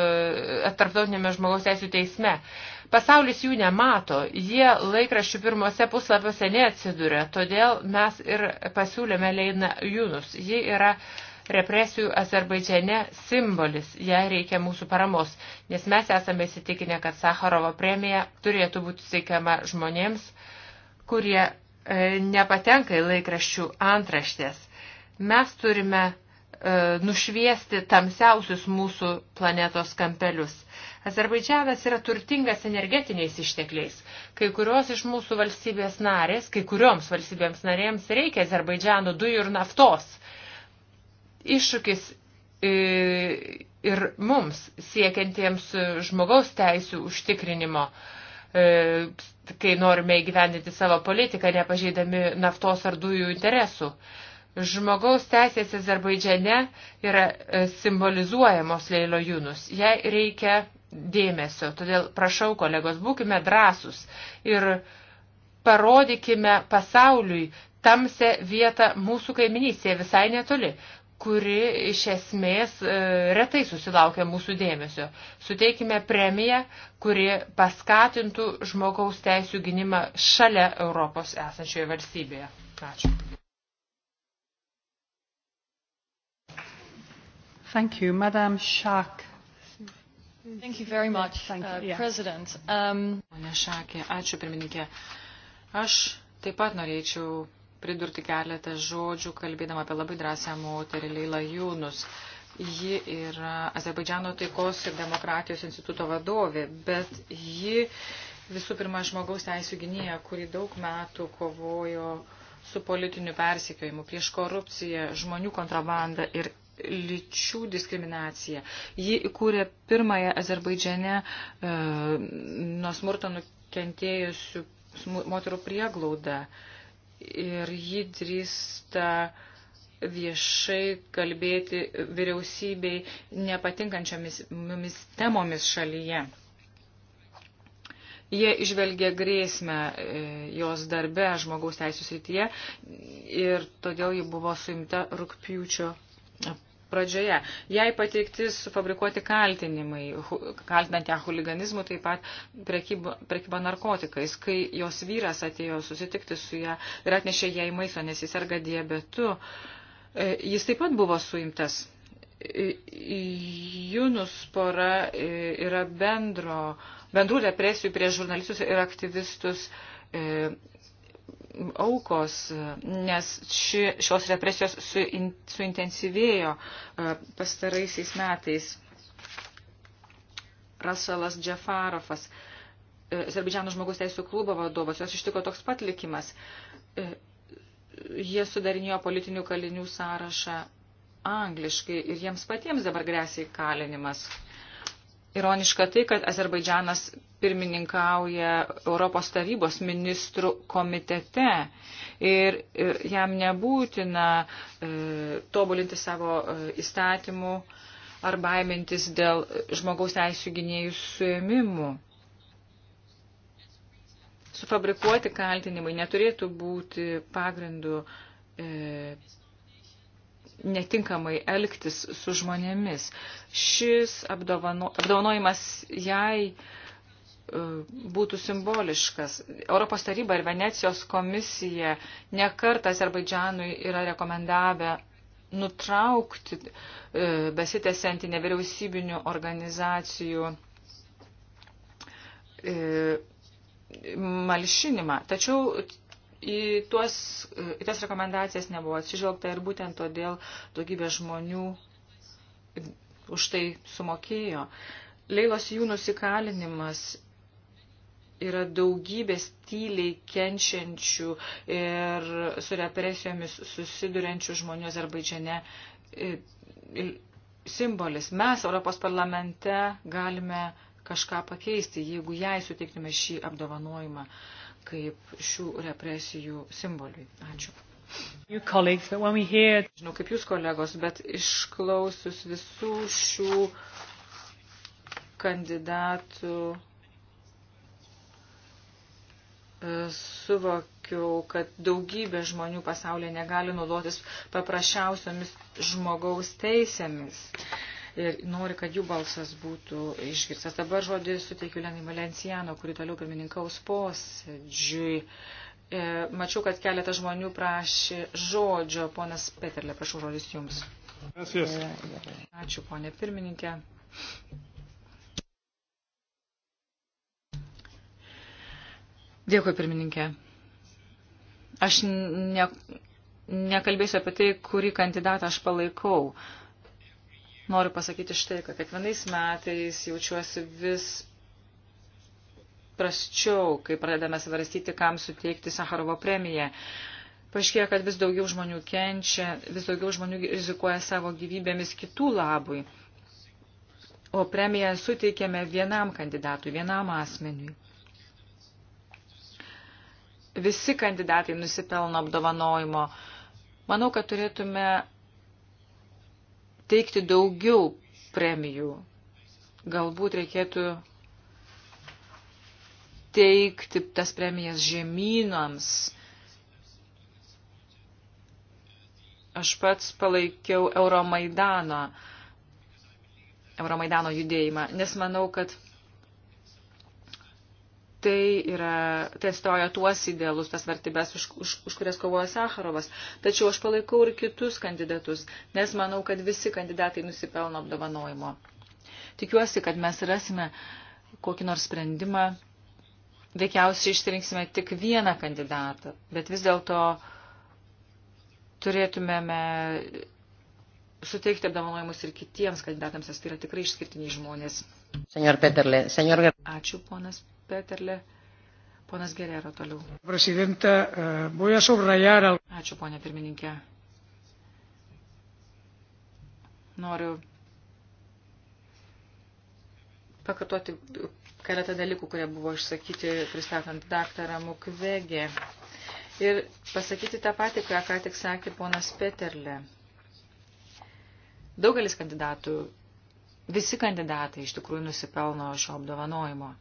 tarptautinėme žmogaus teisų teisme. Pasaulis jų nemato, jie laikraščių pirmose puslapiuose neatsiduria, todėl mes ir pasiūlėme Leina Junus. Ji yra uh, represijų Azerbaidžiane simbolis, jai reikia mūsų paramos, nes mes esame įsitikinę, kad Sakarovo premija turėtų būti siekiama žmonėms, kurie e, nepatenka į laikraščių antraštės. Mes turime e, nušviesti tamsiausius mūsų planetos kampelius. Azerbaidžianas yra turtingas energetiniais ištekliais. Kai kurios iš mūsų valstybės narės, kai kurioms valstybėms narėms reikia Azerbaidžiano dujų ir naftos. Iššūkis e, ir mums siekiantiems žmogaus teisų užtikrinimo, e, kai norime įgyvendinti savo politiką, nepažeidami naftos ar dujų interesų. Žmogaus teisės Azerbaidžiane yra e, simbolizuojamos Leilo Junus. Jai reikia dėmesio, todėl prašau, kolegos, būkime drąsus ir parodykime pasauliui tamsę vietą mūsų kaiminystėje visai netoli kuri iš esmės e, retai susilaukia mūsų dėmesio. Suteikime premiją, kuri paskatintų žmogaus teisų gynimą šalia Europos esančioje valstybėje. Ačiū. Thank you, Madam Shark. Thank you very much, Thank you. Uh, yeah. President. Um... Mane Šakė, ačiū pirmininkė. Aš taip pat norėčiau pridurti keletą žodžių, kalbėdama apie labai drąsią moterį Leila Jūnus. Ji yra Azerbaidžiano taikos ir demokratijos instituto vadovė, bet ji visų pirma žmogaus teisų gynėja, kuri daug metų kovojo su politiniu persikiojimu prieš korupciją, žmonių kontrabandą ir lyčių diskriminacija. Ji įkūrė pirmąją Azerbaidžiane e, nuo smurto nukentėjusių moterų prieglaudą. E, ir ji drįsta viešai kalbėti vyriausybei nepatinkančiomis temomis šalyje. Jie išvelgia grėsmę e, jos darbe žmogaus teisų srityje ir todėl ji buvo suimta rūpjūčio pradžioje. Jai pateikti sufabrikuoti kaltinimai, kaltinant ją huliganizmu, taip pat prekyba, prekyba narkotikais, kai jos vyras atėjo susitikti su ją ir atnešė jai maisto, nes jis serga diabetu. E, jis taip pat buvo suimtas. Junus e, pora e, yra bendro, bendrų represijų prieš žurnalistus ir aktyvistus aukos, nes ši, šios represijos su, in, suintensyvėjo e, pastaraisiais metais. Rasalas Džefarofas, e, Azerbaidžiano žmogus teisų klubo vadovas, jos ištiko toks pat likimas. E, jie sudarinėjo politinių kalinių sąrašą angliškai ir jiems patiems dabar grėsia įkalinimas ironiška tai, kad Azerbaidžianas pirmininkauja Europos tarybos ministrų komitete ir jam nebūtina e, tobulinti savo e, įstatymų ar baimintis dėl žmogaus teisų gynėjų suėmimų. Sufabrikuoti kaltinimai neturėtų būti pagrindu e, netinkamai elgtis su žmonėmis. Šis apdovano, apdovanojimas jai e, būtų simboliškas. Europos taryba ir Venecijos komisija nekart Azerbaidžanui yra rekomendavę nutraukti e, besitėsianti nevyriausybinių organizacijų e, malšinimą. Tačiau į, tuos, į tas rekomendacijas nebuvo atsižvelgta ir būtent todėl daugybė žmonių už tai sumokėjo. Leilos jų nusikalinimas yra daugybės tyliai kenčiančių ir su represijomis susiduriančių žmonių Azerbaidžiane e, simbolis. Mes Europos parlamente galime kažką pakeisti, jeigu jai suteiktume šį apdovanojimą. Uh, kaip šių represijų simboliui. Ačiū. Hear... Žinau, kaip jūs kolegos, bet išklausius visų šių kandidatų e, suvokiau, kad daugybė žmonių pasaulyje negali naudotis paprasčiausiomis žmogaus teisėmis ir nori, kad jų balsas būtų išgirstas. Dabar žodį suteikiu Lenai Valenciano, kuri toliau pirmininkaus posėdžiui. E, mačiau, kad keletas žmonių prašė žodžio. Ponas Peterle, prašau žodis jums. E, Ačiū, ponė pirmininkė. Dėkui, pirmininkė. Aš ne, nekalbėsiu apie tai, kurį kandidatą aš palaikau. Uh, Noriu pasakyti štai, kad kiekvienais metais jaučiuosi vis prasčiau, kai pradedame svarstyti, kam suteikti Sakarovo premiją. Paaiškėjo, kad vis daugiau žmonių kenčia, vis daugiau žmonių rizikuoja savo gyvybėmis kitų labui. O premiją suteikėme vienam kandidatui, vienam asmeniui visi kandidatai nusipelno apdovanojimo. Manau, kad turėtume teikti daugiau premijų. Galbūt reikėtų teikti tas premijas žemynams. Aš pats palaikiau Euromaidano, Euromaidano judėjimą, nes manau, kad tai yra, tai stoja tuos idealus, tas vertybės, už, už, už kurias kovoja Sakarovas. Tačiau aš palaikau ir kitus kandidatus, nes manau, kad visi kandidatai nusipelno apdovanojimo. Tikiuosi, kad mes rasime kokį nors sprendimą. Veikiausiai išsirinksime tik vieną kandidatą, bet vis dėlto turėtumėme suteikti apdovanojimus ir kitiems kandidatams, nes tai yra tikrai išskirtiniai žmonės. Senor Peterle, senor... Ačiū, ponas Peterle. Ponas Gerero toliau. Eh, Ačiū, ponė pirmininkė. Noriu pakartoti keletą dalykų, kurie buvo išsakyti pristatant daktarą Mukvegė. Ir pasakyti tą patį, ką ką tik sakė ponas Peterle. Daugelis kandidatų, visi kandidatai iš tikrųjų nusipelno šio apdovanojimo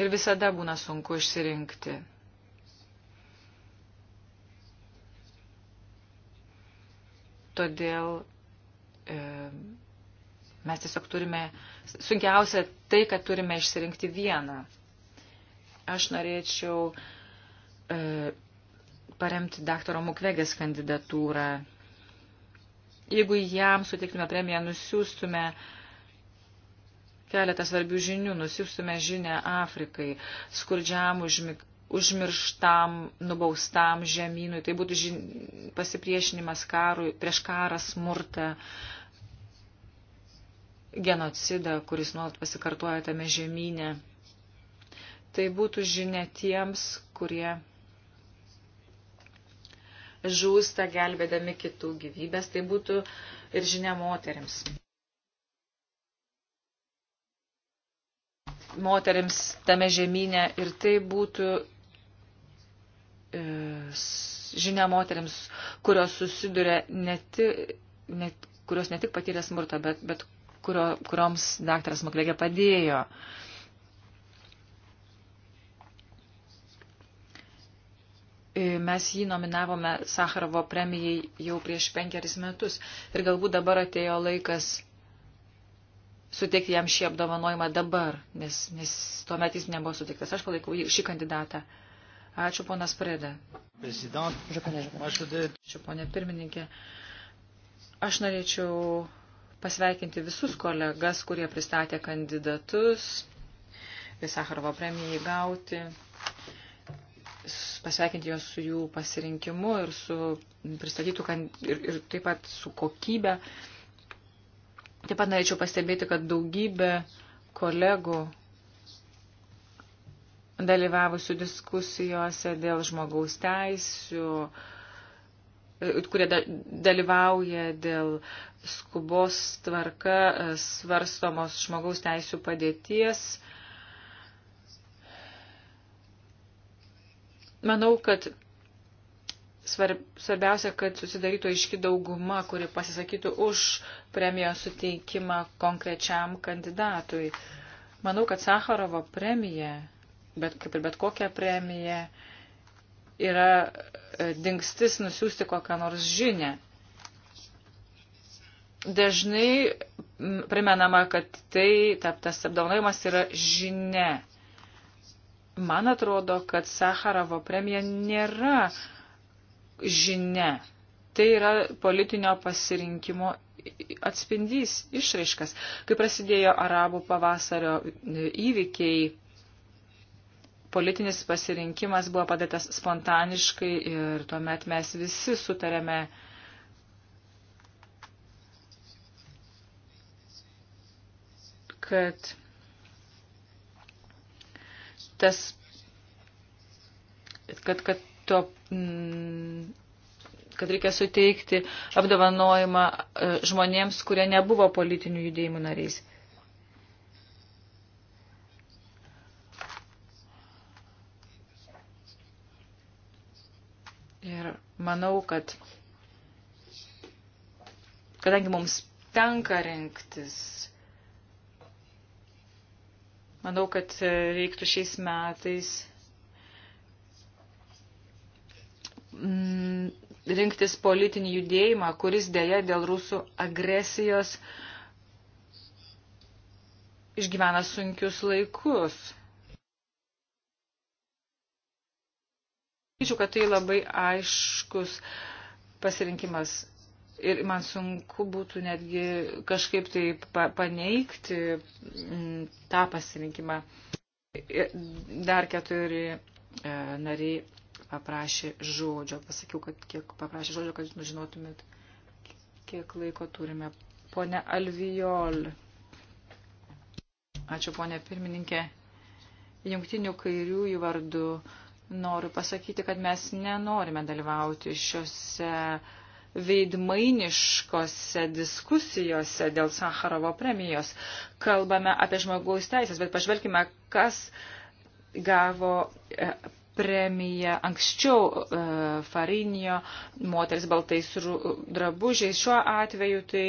ir visada būna sunku išsirinkti. Todėl e, mes tiesiog turime, sunkiausia tai, kad turime išsirinkti vieną. Aš norėčiau e, paremti daktaro Mukvegės kandidatūrą. Jeigu jam suteiktume premiją, nusiųstume e, keletą svarbių žinių. Nusiųstume žinę Afrikai, skurdžiam užmig užmirštam, nubaustam žemynui. Tai būtų žin... pasipriešinimas karui, prieš karą smurtą, genocidą, kuris nuolat pasikartoja tame žemynė. Tai būtų žinia tiems, kurie žūsta gelbėdami kitų gyvybės, tai būtų ir žinia moteriams. moteriams tame žemynė ir tai būtų e, žinia moteriams, kurios susiduria ne tik, ne, kurios ne tik patyrė smurtą, bet, bet kurio, kurioms daktaras Maklėgė padėjo. E, mes jį nominavome Sakarovo premijai jau prieš penkeris metus ir galbūt dabar atėjo laikas suteikti jam šį apdovanojimą dabar, nes, nes tuomet jis nebuvo suteiktas. Aš palaikau šį kandidatą. Ačiū, ponas Preda. Ačiū, ponė pirmininkė. Aš norėčiau pasveikinti visus kolegas, kurie pristatė kandidatus Sacharovo premijai gauti, pasveikinti juos su jų pasirinkimu ir, su pristatytų, ir, ir taip pat su kokybė. Uh, Taip pat norėčiau pastebėti, kad daugybė kolegų dalyvavusių diskusijose dėl žmogaus teisių, kurie dalyvauja dėl skubos tvarka svarstomos žmogaus teisų padėties. Manau, kad Svarbiausia, kad susidarytų aiški dauguma, kuri pasisakytų už premijos suteikimą konkrečiam kandidatui. Manau, kad Sakarovo premija, bet kaip ir bet kokia premija, yra e, dingstis nusiųsti kokią nors žinę. Dažnai primenama, kad tai, tas apdaunojimas yra žinia. Man atrodo, kad Sakarovo premija nėra uh, žinia. Tai yra politinio pasirinkimo atspindys, išraiškas. Kai prasidėjo arabų pavasario įvykiai, politinis pasirinkimas buvo padarytas spontaniškai ir tuomet mes visi sutarėme, kad tas kad, kad to, mm, kad reikia suteikti apdovanojimą e, žmonėms, kurie nebuvo politinių judėjimų nariais. Ir manau, kad kadangi mums tenka rinktis, manau, kad e, reiktų šiais metais mm, rinktis politinį judėjimą, kuris dėja dėl rusų agresijos išgyvena sunkius laikus. Sakyčiau, kad tai labai aiškus pasirinkimas ir man sunku būtų netgi kažkaip tai pa paneigti mm, tą pasirinkimą. Dar keturi e, nariai paprašė žodžio. Pasakiau, kad kiek paprašė žodžio, kad nu, žinotumėt, kiek laiko turime. Pone Alvijol. Ačiū, ponė pirmininkė. Jungtinių kairiųjų vardu noriu pasakyti, kad mes nenorime dalyvauti šiuose veidmainiškose diskusijose dėl Sakharovo premijos. Kalbame apie žmogaus teisės, bet pažvelkime, kas gavo e, premiją anksčiau e, Farinio moteris baltais drabužiais. Šiuo atveju tai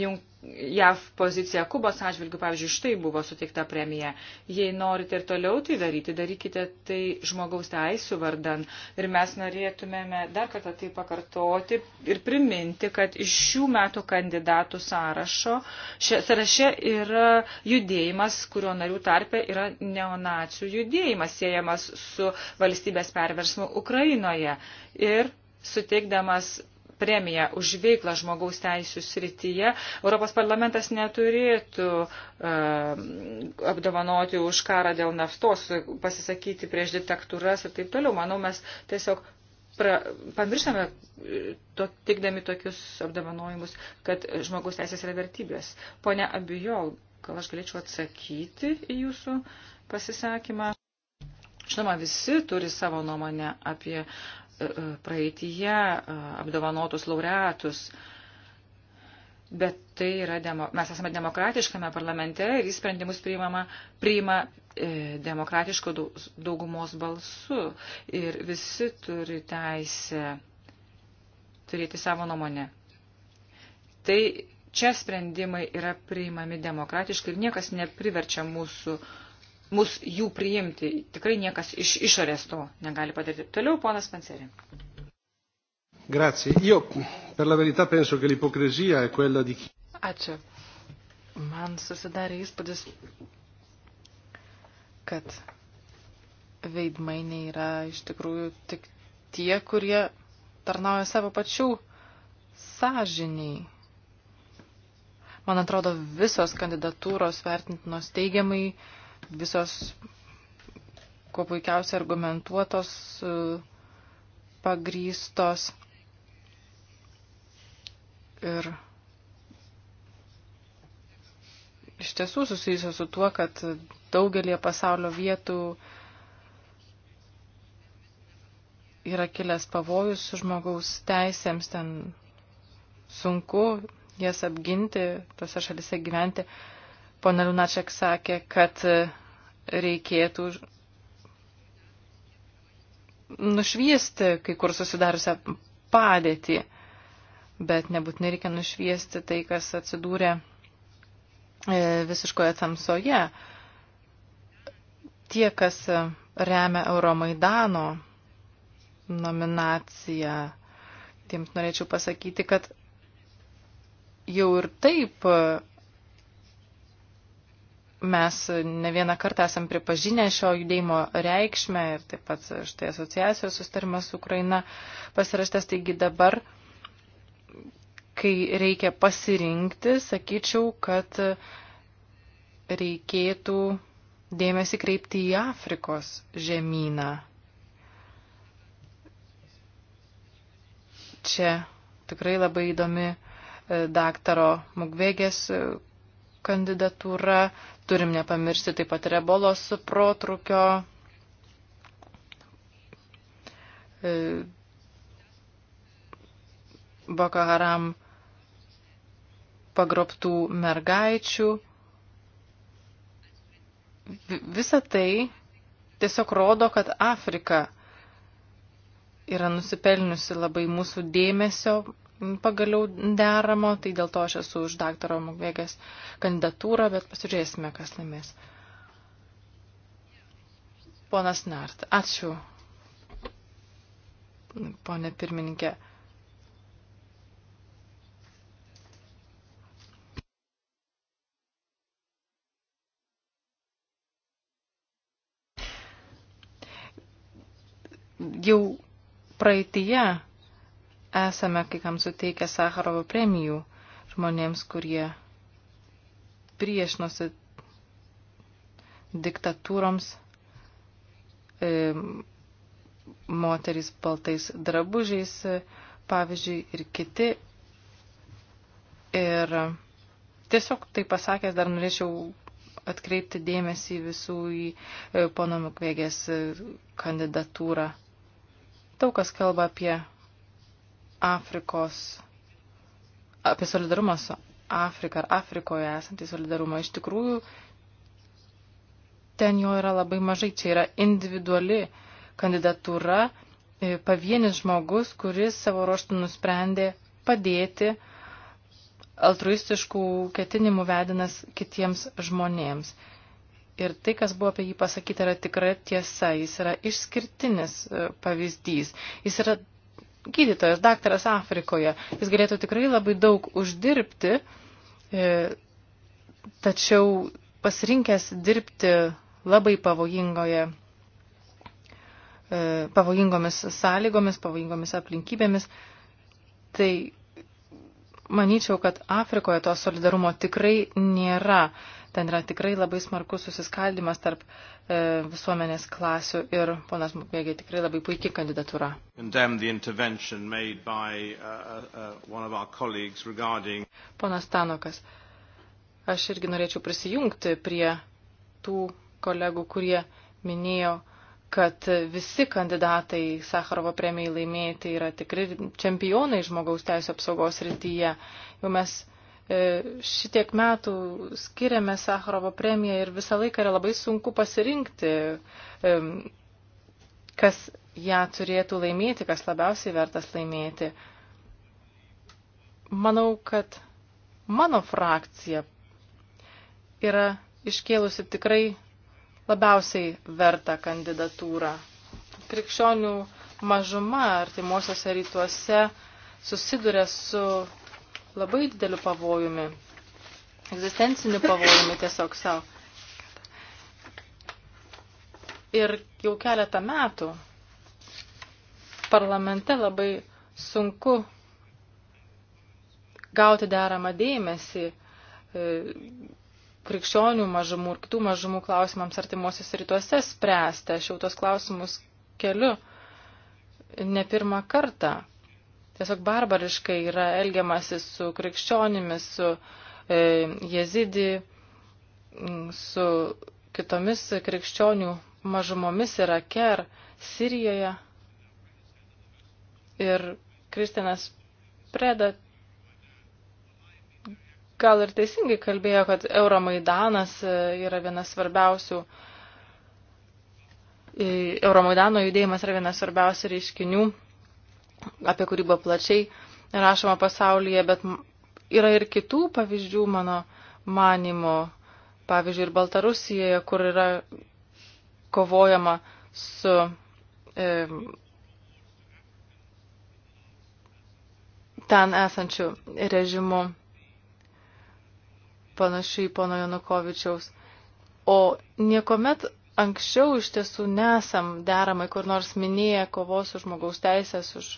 jung, JAV poziciją Kubos atžvilgių, pavyzdžiui, štai buvo suteikta premija. Jei norite ir toliau tai daryti, darykite tai žmogaus teisų vardan. Ir mes norėtumėme dar kartą tai pakartoti ir priminti, kad iš šių metų kandidatų sąrašo šia, sąraše yra judėjimas, kurio narių tarpe yra neonacijų judėjimas, siejamas su valstybės perversmu Ukrainoje. Ir suteikdamas premiją už veiklą žmogaus teisų srityje, Europos parlamentas neturėtų ehm, apdovanoti už karą dėl naftos, pasisakyti prieš diktatūras ir taip toliau. Manau, mes tiesiog pra, pamirštame, e, to, tikdami tokius apdovanojimus, kad žmogaus teisės yra vertybės. Pone Abijol, gal aš galėčiau atsakyti į jūsų pasisakymą? Žinoma, visi turi savo nuomonę apie praeitie apdovanotus laureatus. Bet tai yra, demo, mes esame demokratiškame parlamente ir jis sprendimus priimama, priima e, demokratiško daugumos balsu ir visi turi teisę turėti savo nuomonę. Tai čia sprendimai yra priimami demokratiškai ir niekas nepriverčia mūsų uh, mus jų priimti. Tikrai niekas iš išorės to negali padaryti. Toliau ponas Panceri. Grazie. Io per la verità penso che l'ipocrisia è quella di chi. Ačiū. Man susidarė įspūdis, kad veidmainiai yra iš tikrųjų tik tie, kurie tarnauja savo pačių sąžiniai. Man atrodo, visos kandidatūros vertintinos teigiamai visos kuo puikiausiai argumentuotos, e, pagrystos. Ir iš tiesų susijusios su tuo, kad daugelie pasaulio vietų yra kilęs pavojus žmogaus teisėms, ten sunku jas apginti, tose šalise gyventi. Uh, Pone Lunačiak sakė, kad e, reikėtų nušviesti kai kur susidariusią padėtį, bet nebūtinai reikia nušviesti tai, kas atsidūrė e, visiškoje tamsoje. Tie, kas e, remia Euromaidano nominaciją, tiems norėčiau pasakyti, kad jau ir taip Mes ne vieną kartą esam pripažinę šio judėjimo reikšmę ir taip pat štai asociacijos sustarimas su Ukraina pasiraštas, taigi dabar, kai reikia pasirinkti, sakyčiau, kad reikėtų dėmesį kreipti į Afrikos žemyną. Čia tikrai labai įdomi e, daktaro Mugvėgės kandidatūra. Turim nepamiršti taip pat rebolos protrukio. E, Boko Haram pagrobtų mergaičių. Visa tai tiesiog rodo, kad Afrika yra nusipelniusi labai mūsų dėmesio, pagaliau deramo, tai dėl to aš esu už daktaro Mugvėgės kandidatūrą, bet pasižiūrėsime, kas laimės. Ponas Nart, ačiū, ponė pirmininkė. Jau praeitie esame kai kam suteikę Sakarovo premijų žmonėms, kurie priešinosi diktatūroms e, moterys baltais drabužiais, pavyzdžiui, ir kiti. Ir tiesiog tai pasakęs dar norėčiau atkreipti dėmesį visų į e, pono Mukvėgės kandidatūrą. Daug kas kalba apie Afrikos, apie solidarumą su Afrika ar Afrikoje esantį solidarumą. Iš tikrųjų, ten jo yra labai mažai. Čia yra individuali kandidatūra, e, pavienis žmogus, kuris savo ruoštų nusprendė padėti altruistiškų ketinimų vedinas kitiems žmonėms. Ir tai, kas buvo apie jį pasakyta, yra tikra tiesa. Jis yra išskirtinis e, pavyzdys. Jis yra gydytojas, daktaras Afrikoje. Jis galėtų tikrai labai daug uždirbti, e, tačiau pasirinkęs dirbti labai pavojingoje e, pavojingomis sąlygomis, pavojingomis aplinkybėmis, tai manyčiau, kad Afrikoje to solidarumo tikrai nėra. Ten yra tikrai labai smarkus susiskaldimas tarp e, visuomenės klasių ir ponas Mukbėgė tikrai labai puikiai kandidatūra. Uh, uh, uh, ponas Tanokas, aš irgi norėčiau prisijungti prie tų kolegų, kurie minėjo, kad visi kandidatai Sakarovo premijai laimėti tai yra tikri čempionai žmogaus teisų apsaugos rytyje. Jau mes e, šitiek metų skiriame Sakarovo premiją ir visą laiką yra labai sunku pasirinkti, e, kas ją turėtų laimėti, kas labiausiai vertas laimėti. Manau, kad mano frakcija yra iškėlusi tikrai labiausiai vertą kandidatūrą. Krikščionių mažuma artimuosiuose rytuose susiduria su labai dideliu pavojumi, egzistenciniu pavojumi tiesiog savo. Ir jau keletą metų parlamente labai sunku gauti deramą dėmesį e, krikščionių mažumų ir kitų mažumų klausimams artimuosius rytuose spręsti. Aš jau tos klausimus keliu ne pirmą kartą. Tiesiog barbariškai yra elgiamasi su krikščionimis, su e, jezidį, mm, su kitomis krikščionių mažumomis Irake ir Sirijoje. Ir Kristinas Preda gal ir teisingai kalbėjo, kad Euromaidanas e, yra vienas svarbiausių, e, Euromaidano judėjimas yra vienas svarbiausių reiškinių, apie kurį buvo plačiai rašoma pasaulyje, bet yra ir kitų pavyzdžių mano manimo, pavyzdžiui, ir Baltarusijoje, kur yra kovojama su e, ten esančiu režimu panašiai pono Janukovičiaus. O niekuomet anksčiau iš tiesų nesam deramai kur nors minėję kovos už žmogaus teisės, už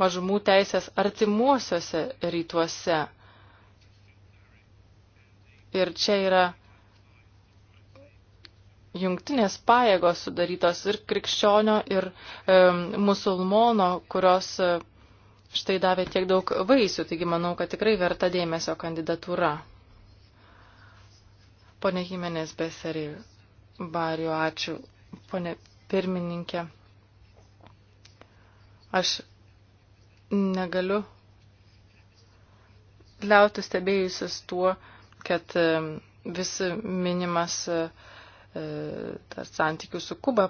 mažumų teisės artimuosiuose rytuose. Ir čia yra jungtinės pajėgos sudarytos ir krikščionio, ir e, musulmono, kurios e, štai davė tiek daug vaisių, taigi manau, kad tikrai verta dėmesio kandidatūra. Pone Jimenez Beserį, Bariu, ačiū. Pone pirmininkė, aš negaliu liauti stebėjusis tuo, kad vis minimas e, tas santykių su Kuba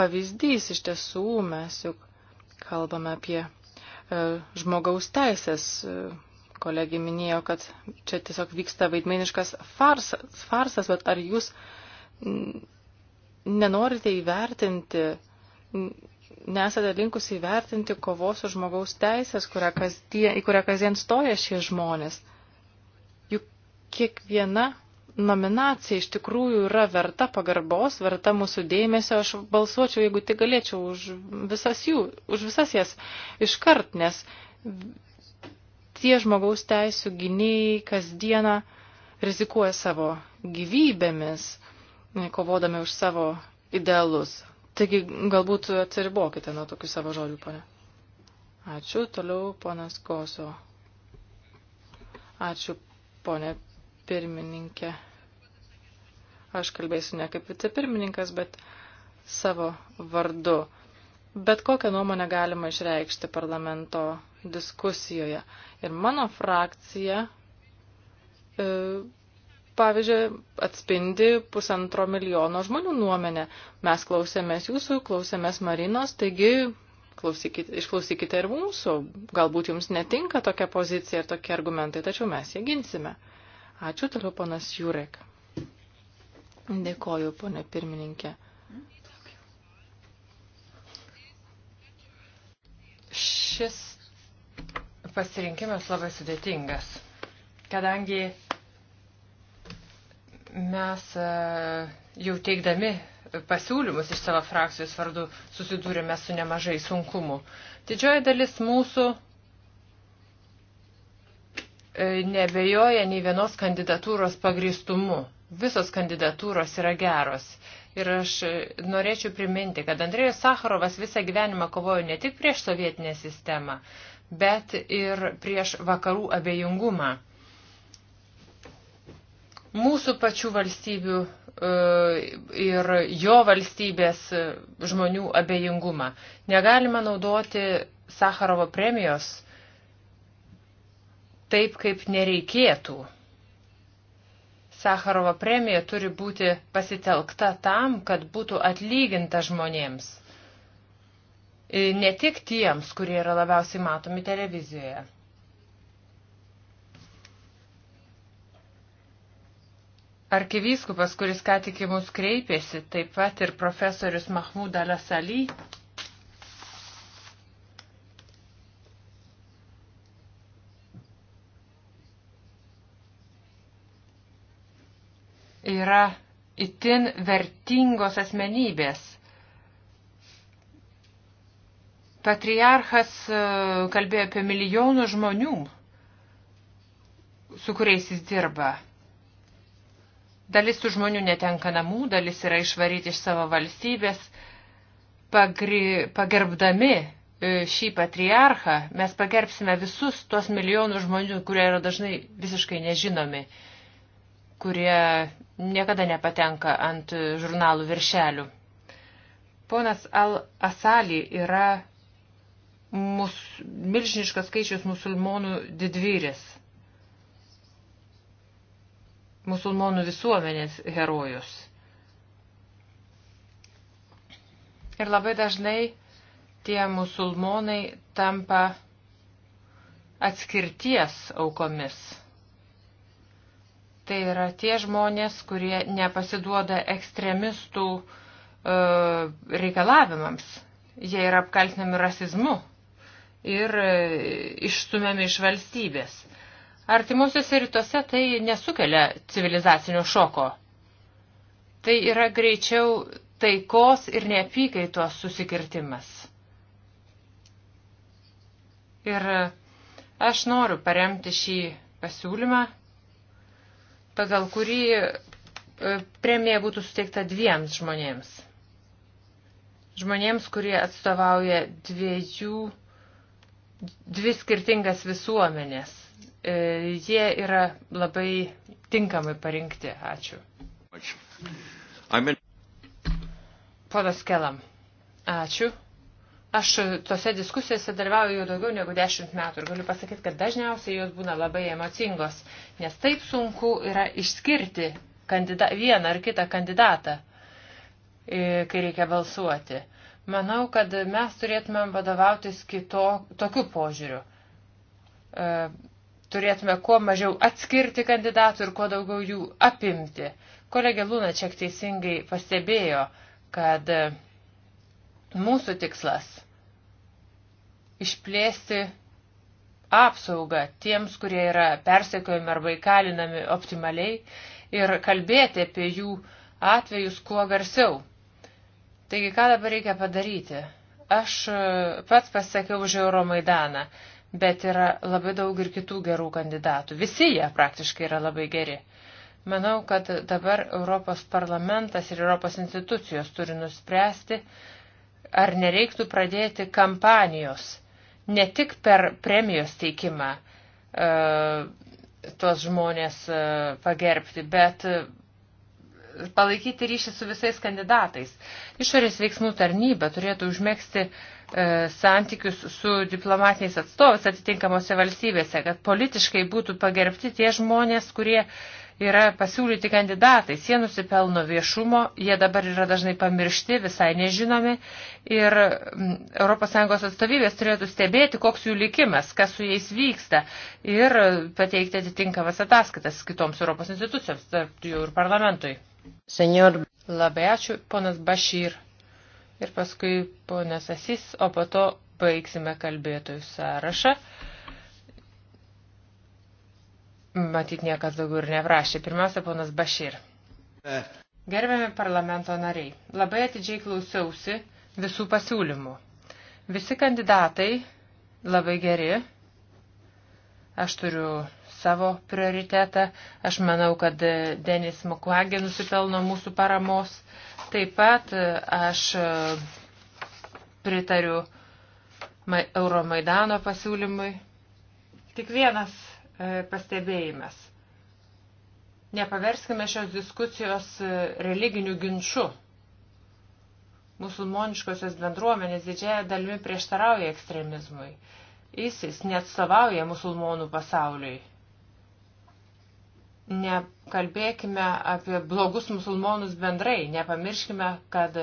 pavyzdys iš tiesų mes juk kalbame apie e, žmogaus teisės Kolegi minėjo, kad čia tiesiog vyksta vaidmeniškas farsas, farsas bet ar jūs nenorite įvertinti, nesate linkusi įvertinti kovos už žmogaus teisės, kurią kasdien, į kurią kasdien stoja šie žmonės. Juk kiekviena nominacija iš tikrųjų yra verta pagarbos, verta mūsų dėmesio. Aš balsuočiau, jeigu tik galėčiau, už visas jų, už visas jas iškart, nes tie žmogaus teisų gynėjai kasdieną rizikuoja savo gyvybėmis, kovodami už savo idealus. Taigi galbūt atsiribokite nuo tokių savo žodžių, ponė. Ačiū, toliau ponas Koso. Ačiū, ponė pirmininkė. Aš kalbėsiu ne kaip vicepirmininkas, bet savo vardu. Bet kokią nuomonę galima išreikšti parlamento diskusijoje. Ir mano frakcija, e, pavyzdžiui, atspindi pusantro milijono žmonių nuomenę. Mes klausėmės jūsų, klausėmės Marinos, taigi klausykite, išklausykite ir mūsų. Galbūt jums netinka tokia pozicija ir tokie argumentai, tačiau mes jie ginsime. Ačiū toliau, ponas Jurek. Dėkoju, ponė pirmininkė. Šis pasirinkimas labai sudėtingas, kadangi mes e, jau teikdami pasiūlymus iš savo frakcijos vardų susidūrėme su nemažai sunkumu. Didžioji dalis mūsų e, nebejoja nei vienos kandidatūros pagristumu. Visos kandidatūros yra geros. Ir aš e, norėčiau priminti, kad Andrėjus Sakharovas visą gyvenimą kovojo ne tik prieš sovietinę sistemą, bet ir prieš vakarų abejingumą. Mūsų pačių valstybių e, ir jo valstybės e, žmonių abejingumą. Negalima naudoti Sakarovo premijos taip, kaip nereikėtų. Sakarovo premija turi būti pasitelkta tam, kad būtų atlyginta žmonėms. E, ne tik tiems, kurie yra labiausiai matomi televizijoje. Arkivyskupas, kuris ką tik į mus kreipėsi, taip pat ir profesorius Mahmud Alasali, yra itin vertingos asmenybės – Patriarchas e, kalbėjo apie milijonų žmonių, su kuriais jis dirba. Dalis tų žmonių netenka namų, dalis yra išvaryti iš savo valstybės. Pagri, pagerbdami e, šį patriarchą mes pagerbsime visus tuos milijonus žmonių, kurie yra dažnai visiškai nežinomi, kurie niekada nepatenka ant žurnalų viršelių. Ponas Al-Asali yra mus, milžiniškas skaičius musulmonų didvyrės, musulmonų visuomenės herojus. Ir labai dažnai tie musulmonai tampa atskirties aukomis. Tai yra tie žmonės, kurie nepasiduoda ekstremistų e, reikalavimams. Jie yra apkaltinami rasizmu ir e, išstumiami iš valstybės. Artimuosiuose rytuose tai nesukelia civilizacinio šoko. Tai yra greičiau taikos ir neapykaitos susikirtimas. Ir e, aš noriu paremti šį pasiūlymą, pagal kurį e, premija būtų suteikta dviems žmonėms. Žmonėms, kurie atstovauja dviejų dvi skirtingas visuomenės. E, jie yra labai tinkamai parinkti. Ačiū. Ponas Kelam, ačiū. Aš tose diskusijose dalyvauju jau daugiau negu dešimt metų ir galiu pasakyti, kad dažniausiai jos būna labai emocingos, nes taip sunku yra išskirti kandida, vieną ar kitą kandidatą, e, kai reikia balsuoti. Manau, kad mes turėtumėm vadovautis kito, tokiu požiūriu. E, turėtume kuo mažiau atskirti kandidatų ir kuo daugiau jų apimti. Kolegė Lūna čia teisingai pastebėjo, kad e, mūsų tikslas išplėsti apsaugą tiems, kurie yra persekiojami arba įkalinami optimaliai ir kalbėti apie jų atvejus kuo garsiau. Taigi, ką dabar reikia padaryti? Aš e, pats pasakiau už Euromaidaną, bet yra labai daug ir kitų gerų kandidatų. Visi jie praktiškai yra labai geri. Manau, kad dabar Europos parlamentas ir Europos institucijos turi nuspręsti, ar nereiktų pradėti kampanijos, ne tik per premijos teikimą e, tos žmonės e, pagerbti, bet palaikyti ryšį su visais kandidatais. Išorės veiksmų tarnyba turėtų užmėgsti e, santykius su diplomatiniais atstovais atitinkamose valstybėse, kad politiškai būtų pagerbti tie žmonės, kurie yra pasiūlyti kandidatais. Jie nusipelno viešumo, jie dabar yra dažnai pamiršti, visai nežinomi ir ES atstovybės turėtų stebėti, koks jų likimas, kas su jais vyksta ir pateikti atitinkamas ataskaitas kitoms Europos institucijoms, tarp jų ir parlamentui. Senior. Labai ačiū, ponas Bašyr. Ir paskui ponas Asis, o po to baigsime kalbėtojų sąrašą. Matyt, niekas daugiau ir nevrašė. Pirmiausia, ponas Bašyr. E. Gerbiami parlamento nariai, labai atidžiai klausiausi visų pasiūlymų. Visi kandidatai labai geri. Aš turiu savo prioritetą. Aš manau, kad Denis Mukwagė nusipelno mūsų paramos. Taip pat e, aš e, pritariu Euromaidano pasiūlymui. Tik vienas e, pastebėjimas. Nepaverskime šios diskusijos religinių ginčių. Musulmoniškosios bendruomenės didžiaja dalimi prieštarauja ekstremizmui. ISIS neatstovauja musulmonų pasauliui nekalbėkime apie blogus musulmonus bendrai, nepamirškime, kad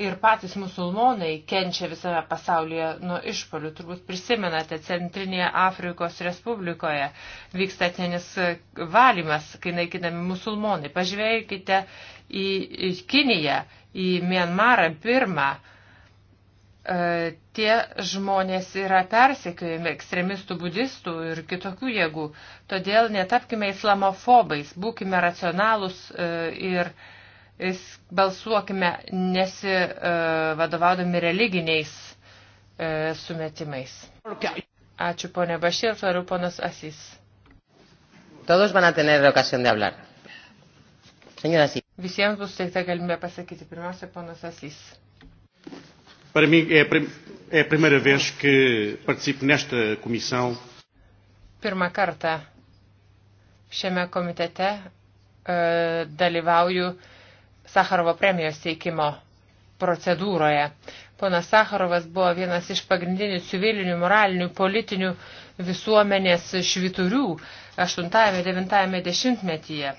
ir patys musulmonai kenčia visame pasaulyje nuo išpolių. Turbūt prisimenate, Centrinėje Afrikos Respublikoje vyksta tenis valymas, kai naikinami musulmonai. Pažvelkite į Kiniją, į Mianmarą, Birmą E, tie žmonės yra persekiojami ekstremistų, budistų ir kitokių jėgų. Todėl netapkime islamofobais, būkime racionalūs e, ir balsuokime nesivadovaudami e, religiniais sumetimais. Ačiū ponė Bašir, toliau ponas Asys. Todos van a tener ocasión de hablar. Señora Asís. Visiems bus teikta galimybė pasakyti. Pirmiausia, ponas Asys. Para mim é a, prim é a primeira vez que participo nesta comissão. Pirmą kartą šiame komitete e, dalyvauju Sakarovo premijos teikimo procedūroje. Ponas Sakarovas buvo vienas iš pagrindinių civilinių, moralinių, politinių visuomenės šviturių 8-9 dešimtmetyje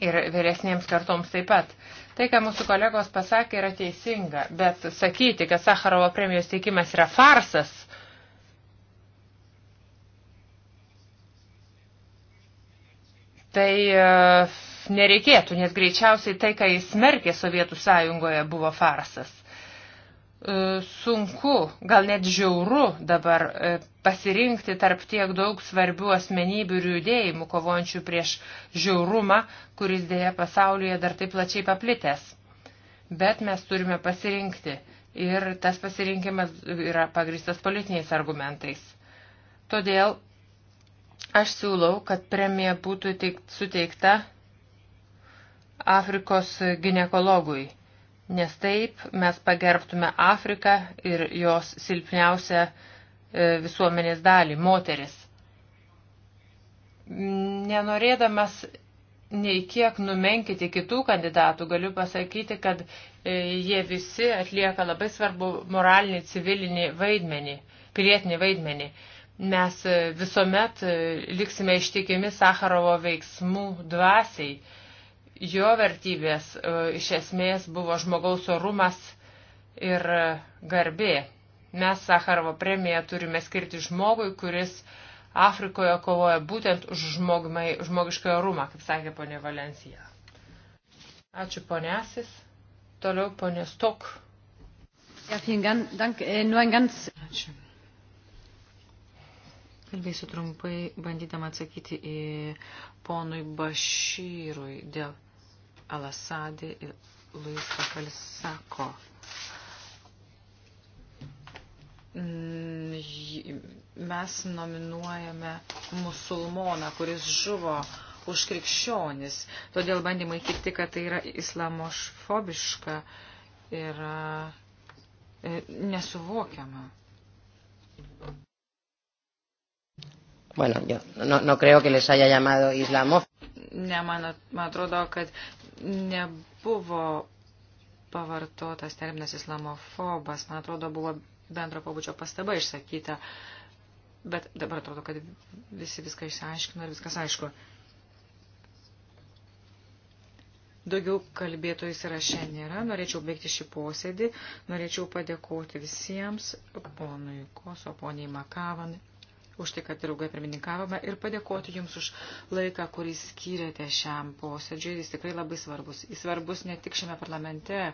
ir vyresniems kartoms taip pat. Tai, ką mūsų kolegos pasakė, yra teisinga, bet sakyti, kad Sakarovo premijos teikimas yra farsas, tai e, nereikėtų, nes greičiausiai tai, ką jis smerkė Sovietų sąjungoje, buvo farsas. E, sunku, gal net žiauru dabar e, pasirinkti tarp tiek daug svarbių asmenybių ir judėjimų, kovojančių prieš žiaurumą, kuris dėja pasaulyje dar taip plačiai paplitęs. Bet mes turime pasirinkti ir tas pasirinkimas yra pagristas politiniais argumentais. Todėl aš siūlau, kad premija būtų teik, suteikta Afrikos ginekologui, nes taip mes pagerbtume Afriką ir jos silpniausią E, visuomenės dalį - moteris. Nenorėdamas nei kiek numenkyti kitų kandidatų, galiu pasakyti, kad e, jie visi atlieka labai svarbu moralinį, civilinį vaidmenį, pilietinį vaidmenį. Mes e, visuomet liksime ištikimi Sakarovo veiksmų dvasiai. Jo vertybės iš esmės buvo žmogaus orumas ir garbė. Mes Sakarovo premiją turime skirti žmogui, kuris Afrikoje kovoja būtent už žmogmai, žmogišką orumą, kaip sakė ponė Valencija. Ačiū ponė Asis. Toliau ponė Stok. Äh, Ačiū. Kalbėsiu trumpai, bandydama atsakyti į ponui Bašyrui dėl Alasadė ir Luis Pakalis sako. Mm, mes nominuojame musulmoną, kuris žuvo už krikščionis. Todėl bandymai tikti, kad tai yra islamošfobiška, yra e, nesuvokiama. Bueno, yo no, no creo que les haya llamado islamo. Ne, man, man atrodo, kad nebuvo pavartotas terminas islamofobas. Man atrodo, buvo bendro pabudžio pastaba išsakyta. Bet dabar atrodo, kad visi viską išsiaiškino ir viskas aišku. Daugiau kalbėtojų sąraše nėra. Norėčiau baigti šį posėdį. Norėčiau padėkoti visiems, ponui Koso, poniai Makavan, už tai, kad draugai pirmininkavome ir padėkoti Jums už laiką, kurį skyrėte šiam posėdžiui. Jis tikrai labai svarbus. Jis svarbus ne tik šiame parlamente,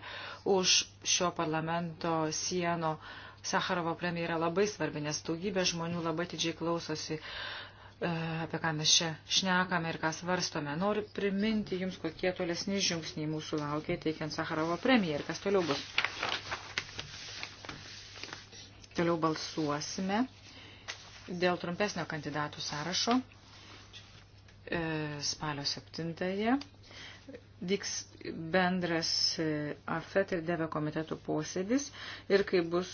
už šio parlamento sieno uh, Sakarovo premija yra labai svarbi, nes daugybė žmonių labai didžiai klausosi e, apie ką mes čia šnekame ir ką svarstome. Noriu priminti Jums, kokie tolesni žingsniai mūsų laukia, teikiant Sakarovo premiją ir kas toliau bus. Toliau balsuosime dėl trumpesnio kandidatų sąrašo e, spalio 7-ąją. Vyks bendras e, AFET ir DEVE komitetų posėdis ir kai bus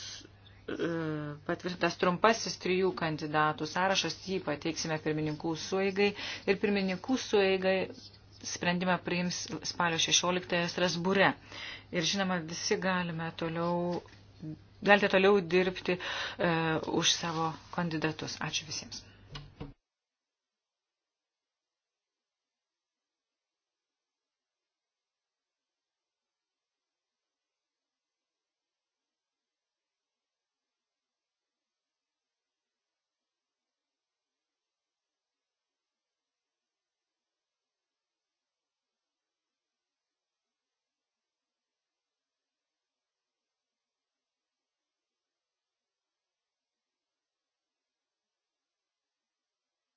patvirtintas trumpasis trijų kandidatų sąrašas, jį pateiksime pirmininkų sueigai ir pirmininkų sueigai sprendimą priims spalio 16 Strasbūre. Ir žinoma, visi galime toliau, galite toliau dirbti e, už savo kandidatus. Ačiū visiems.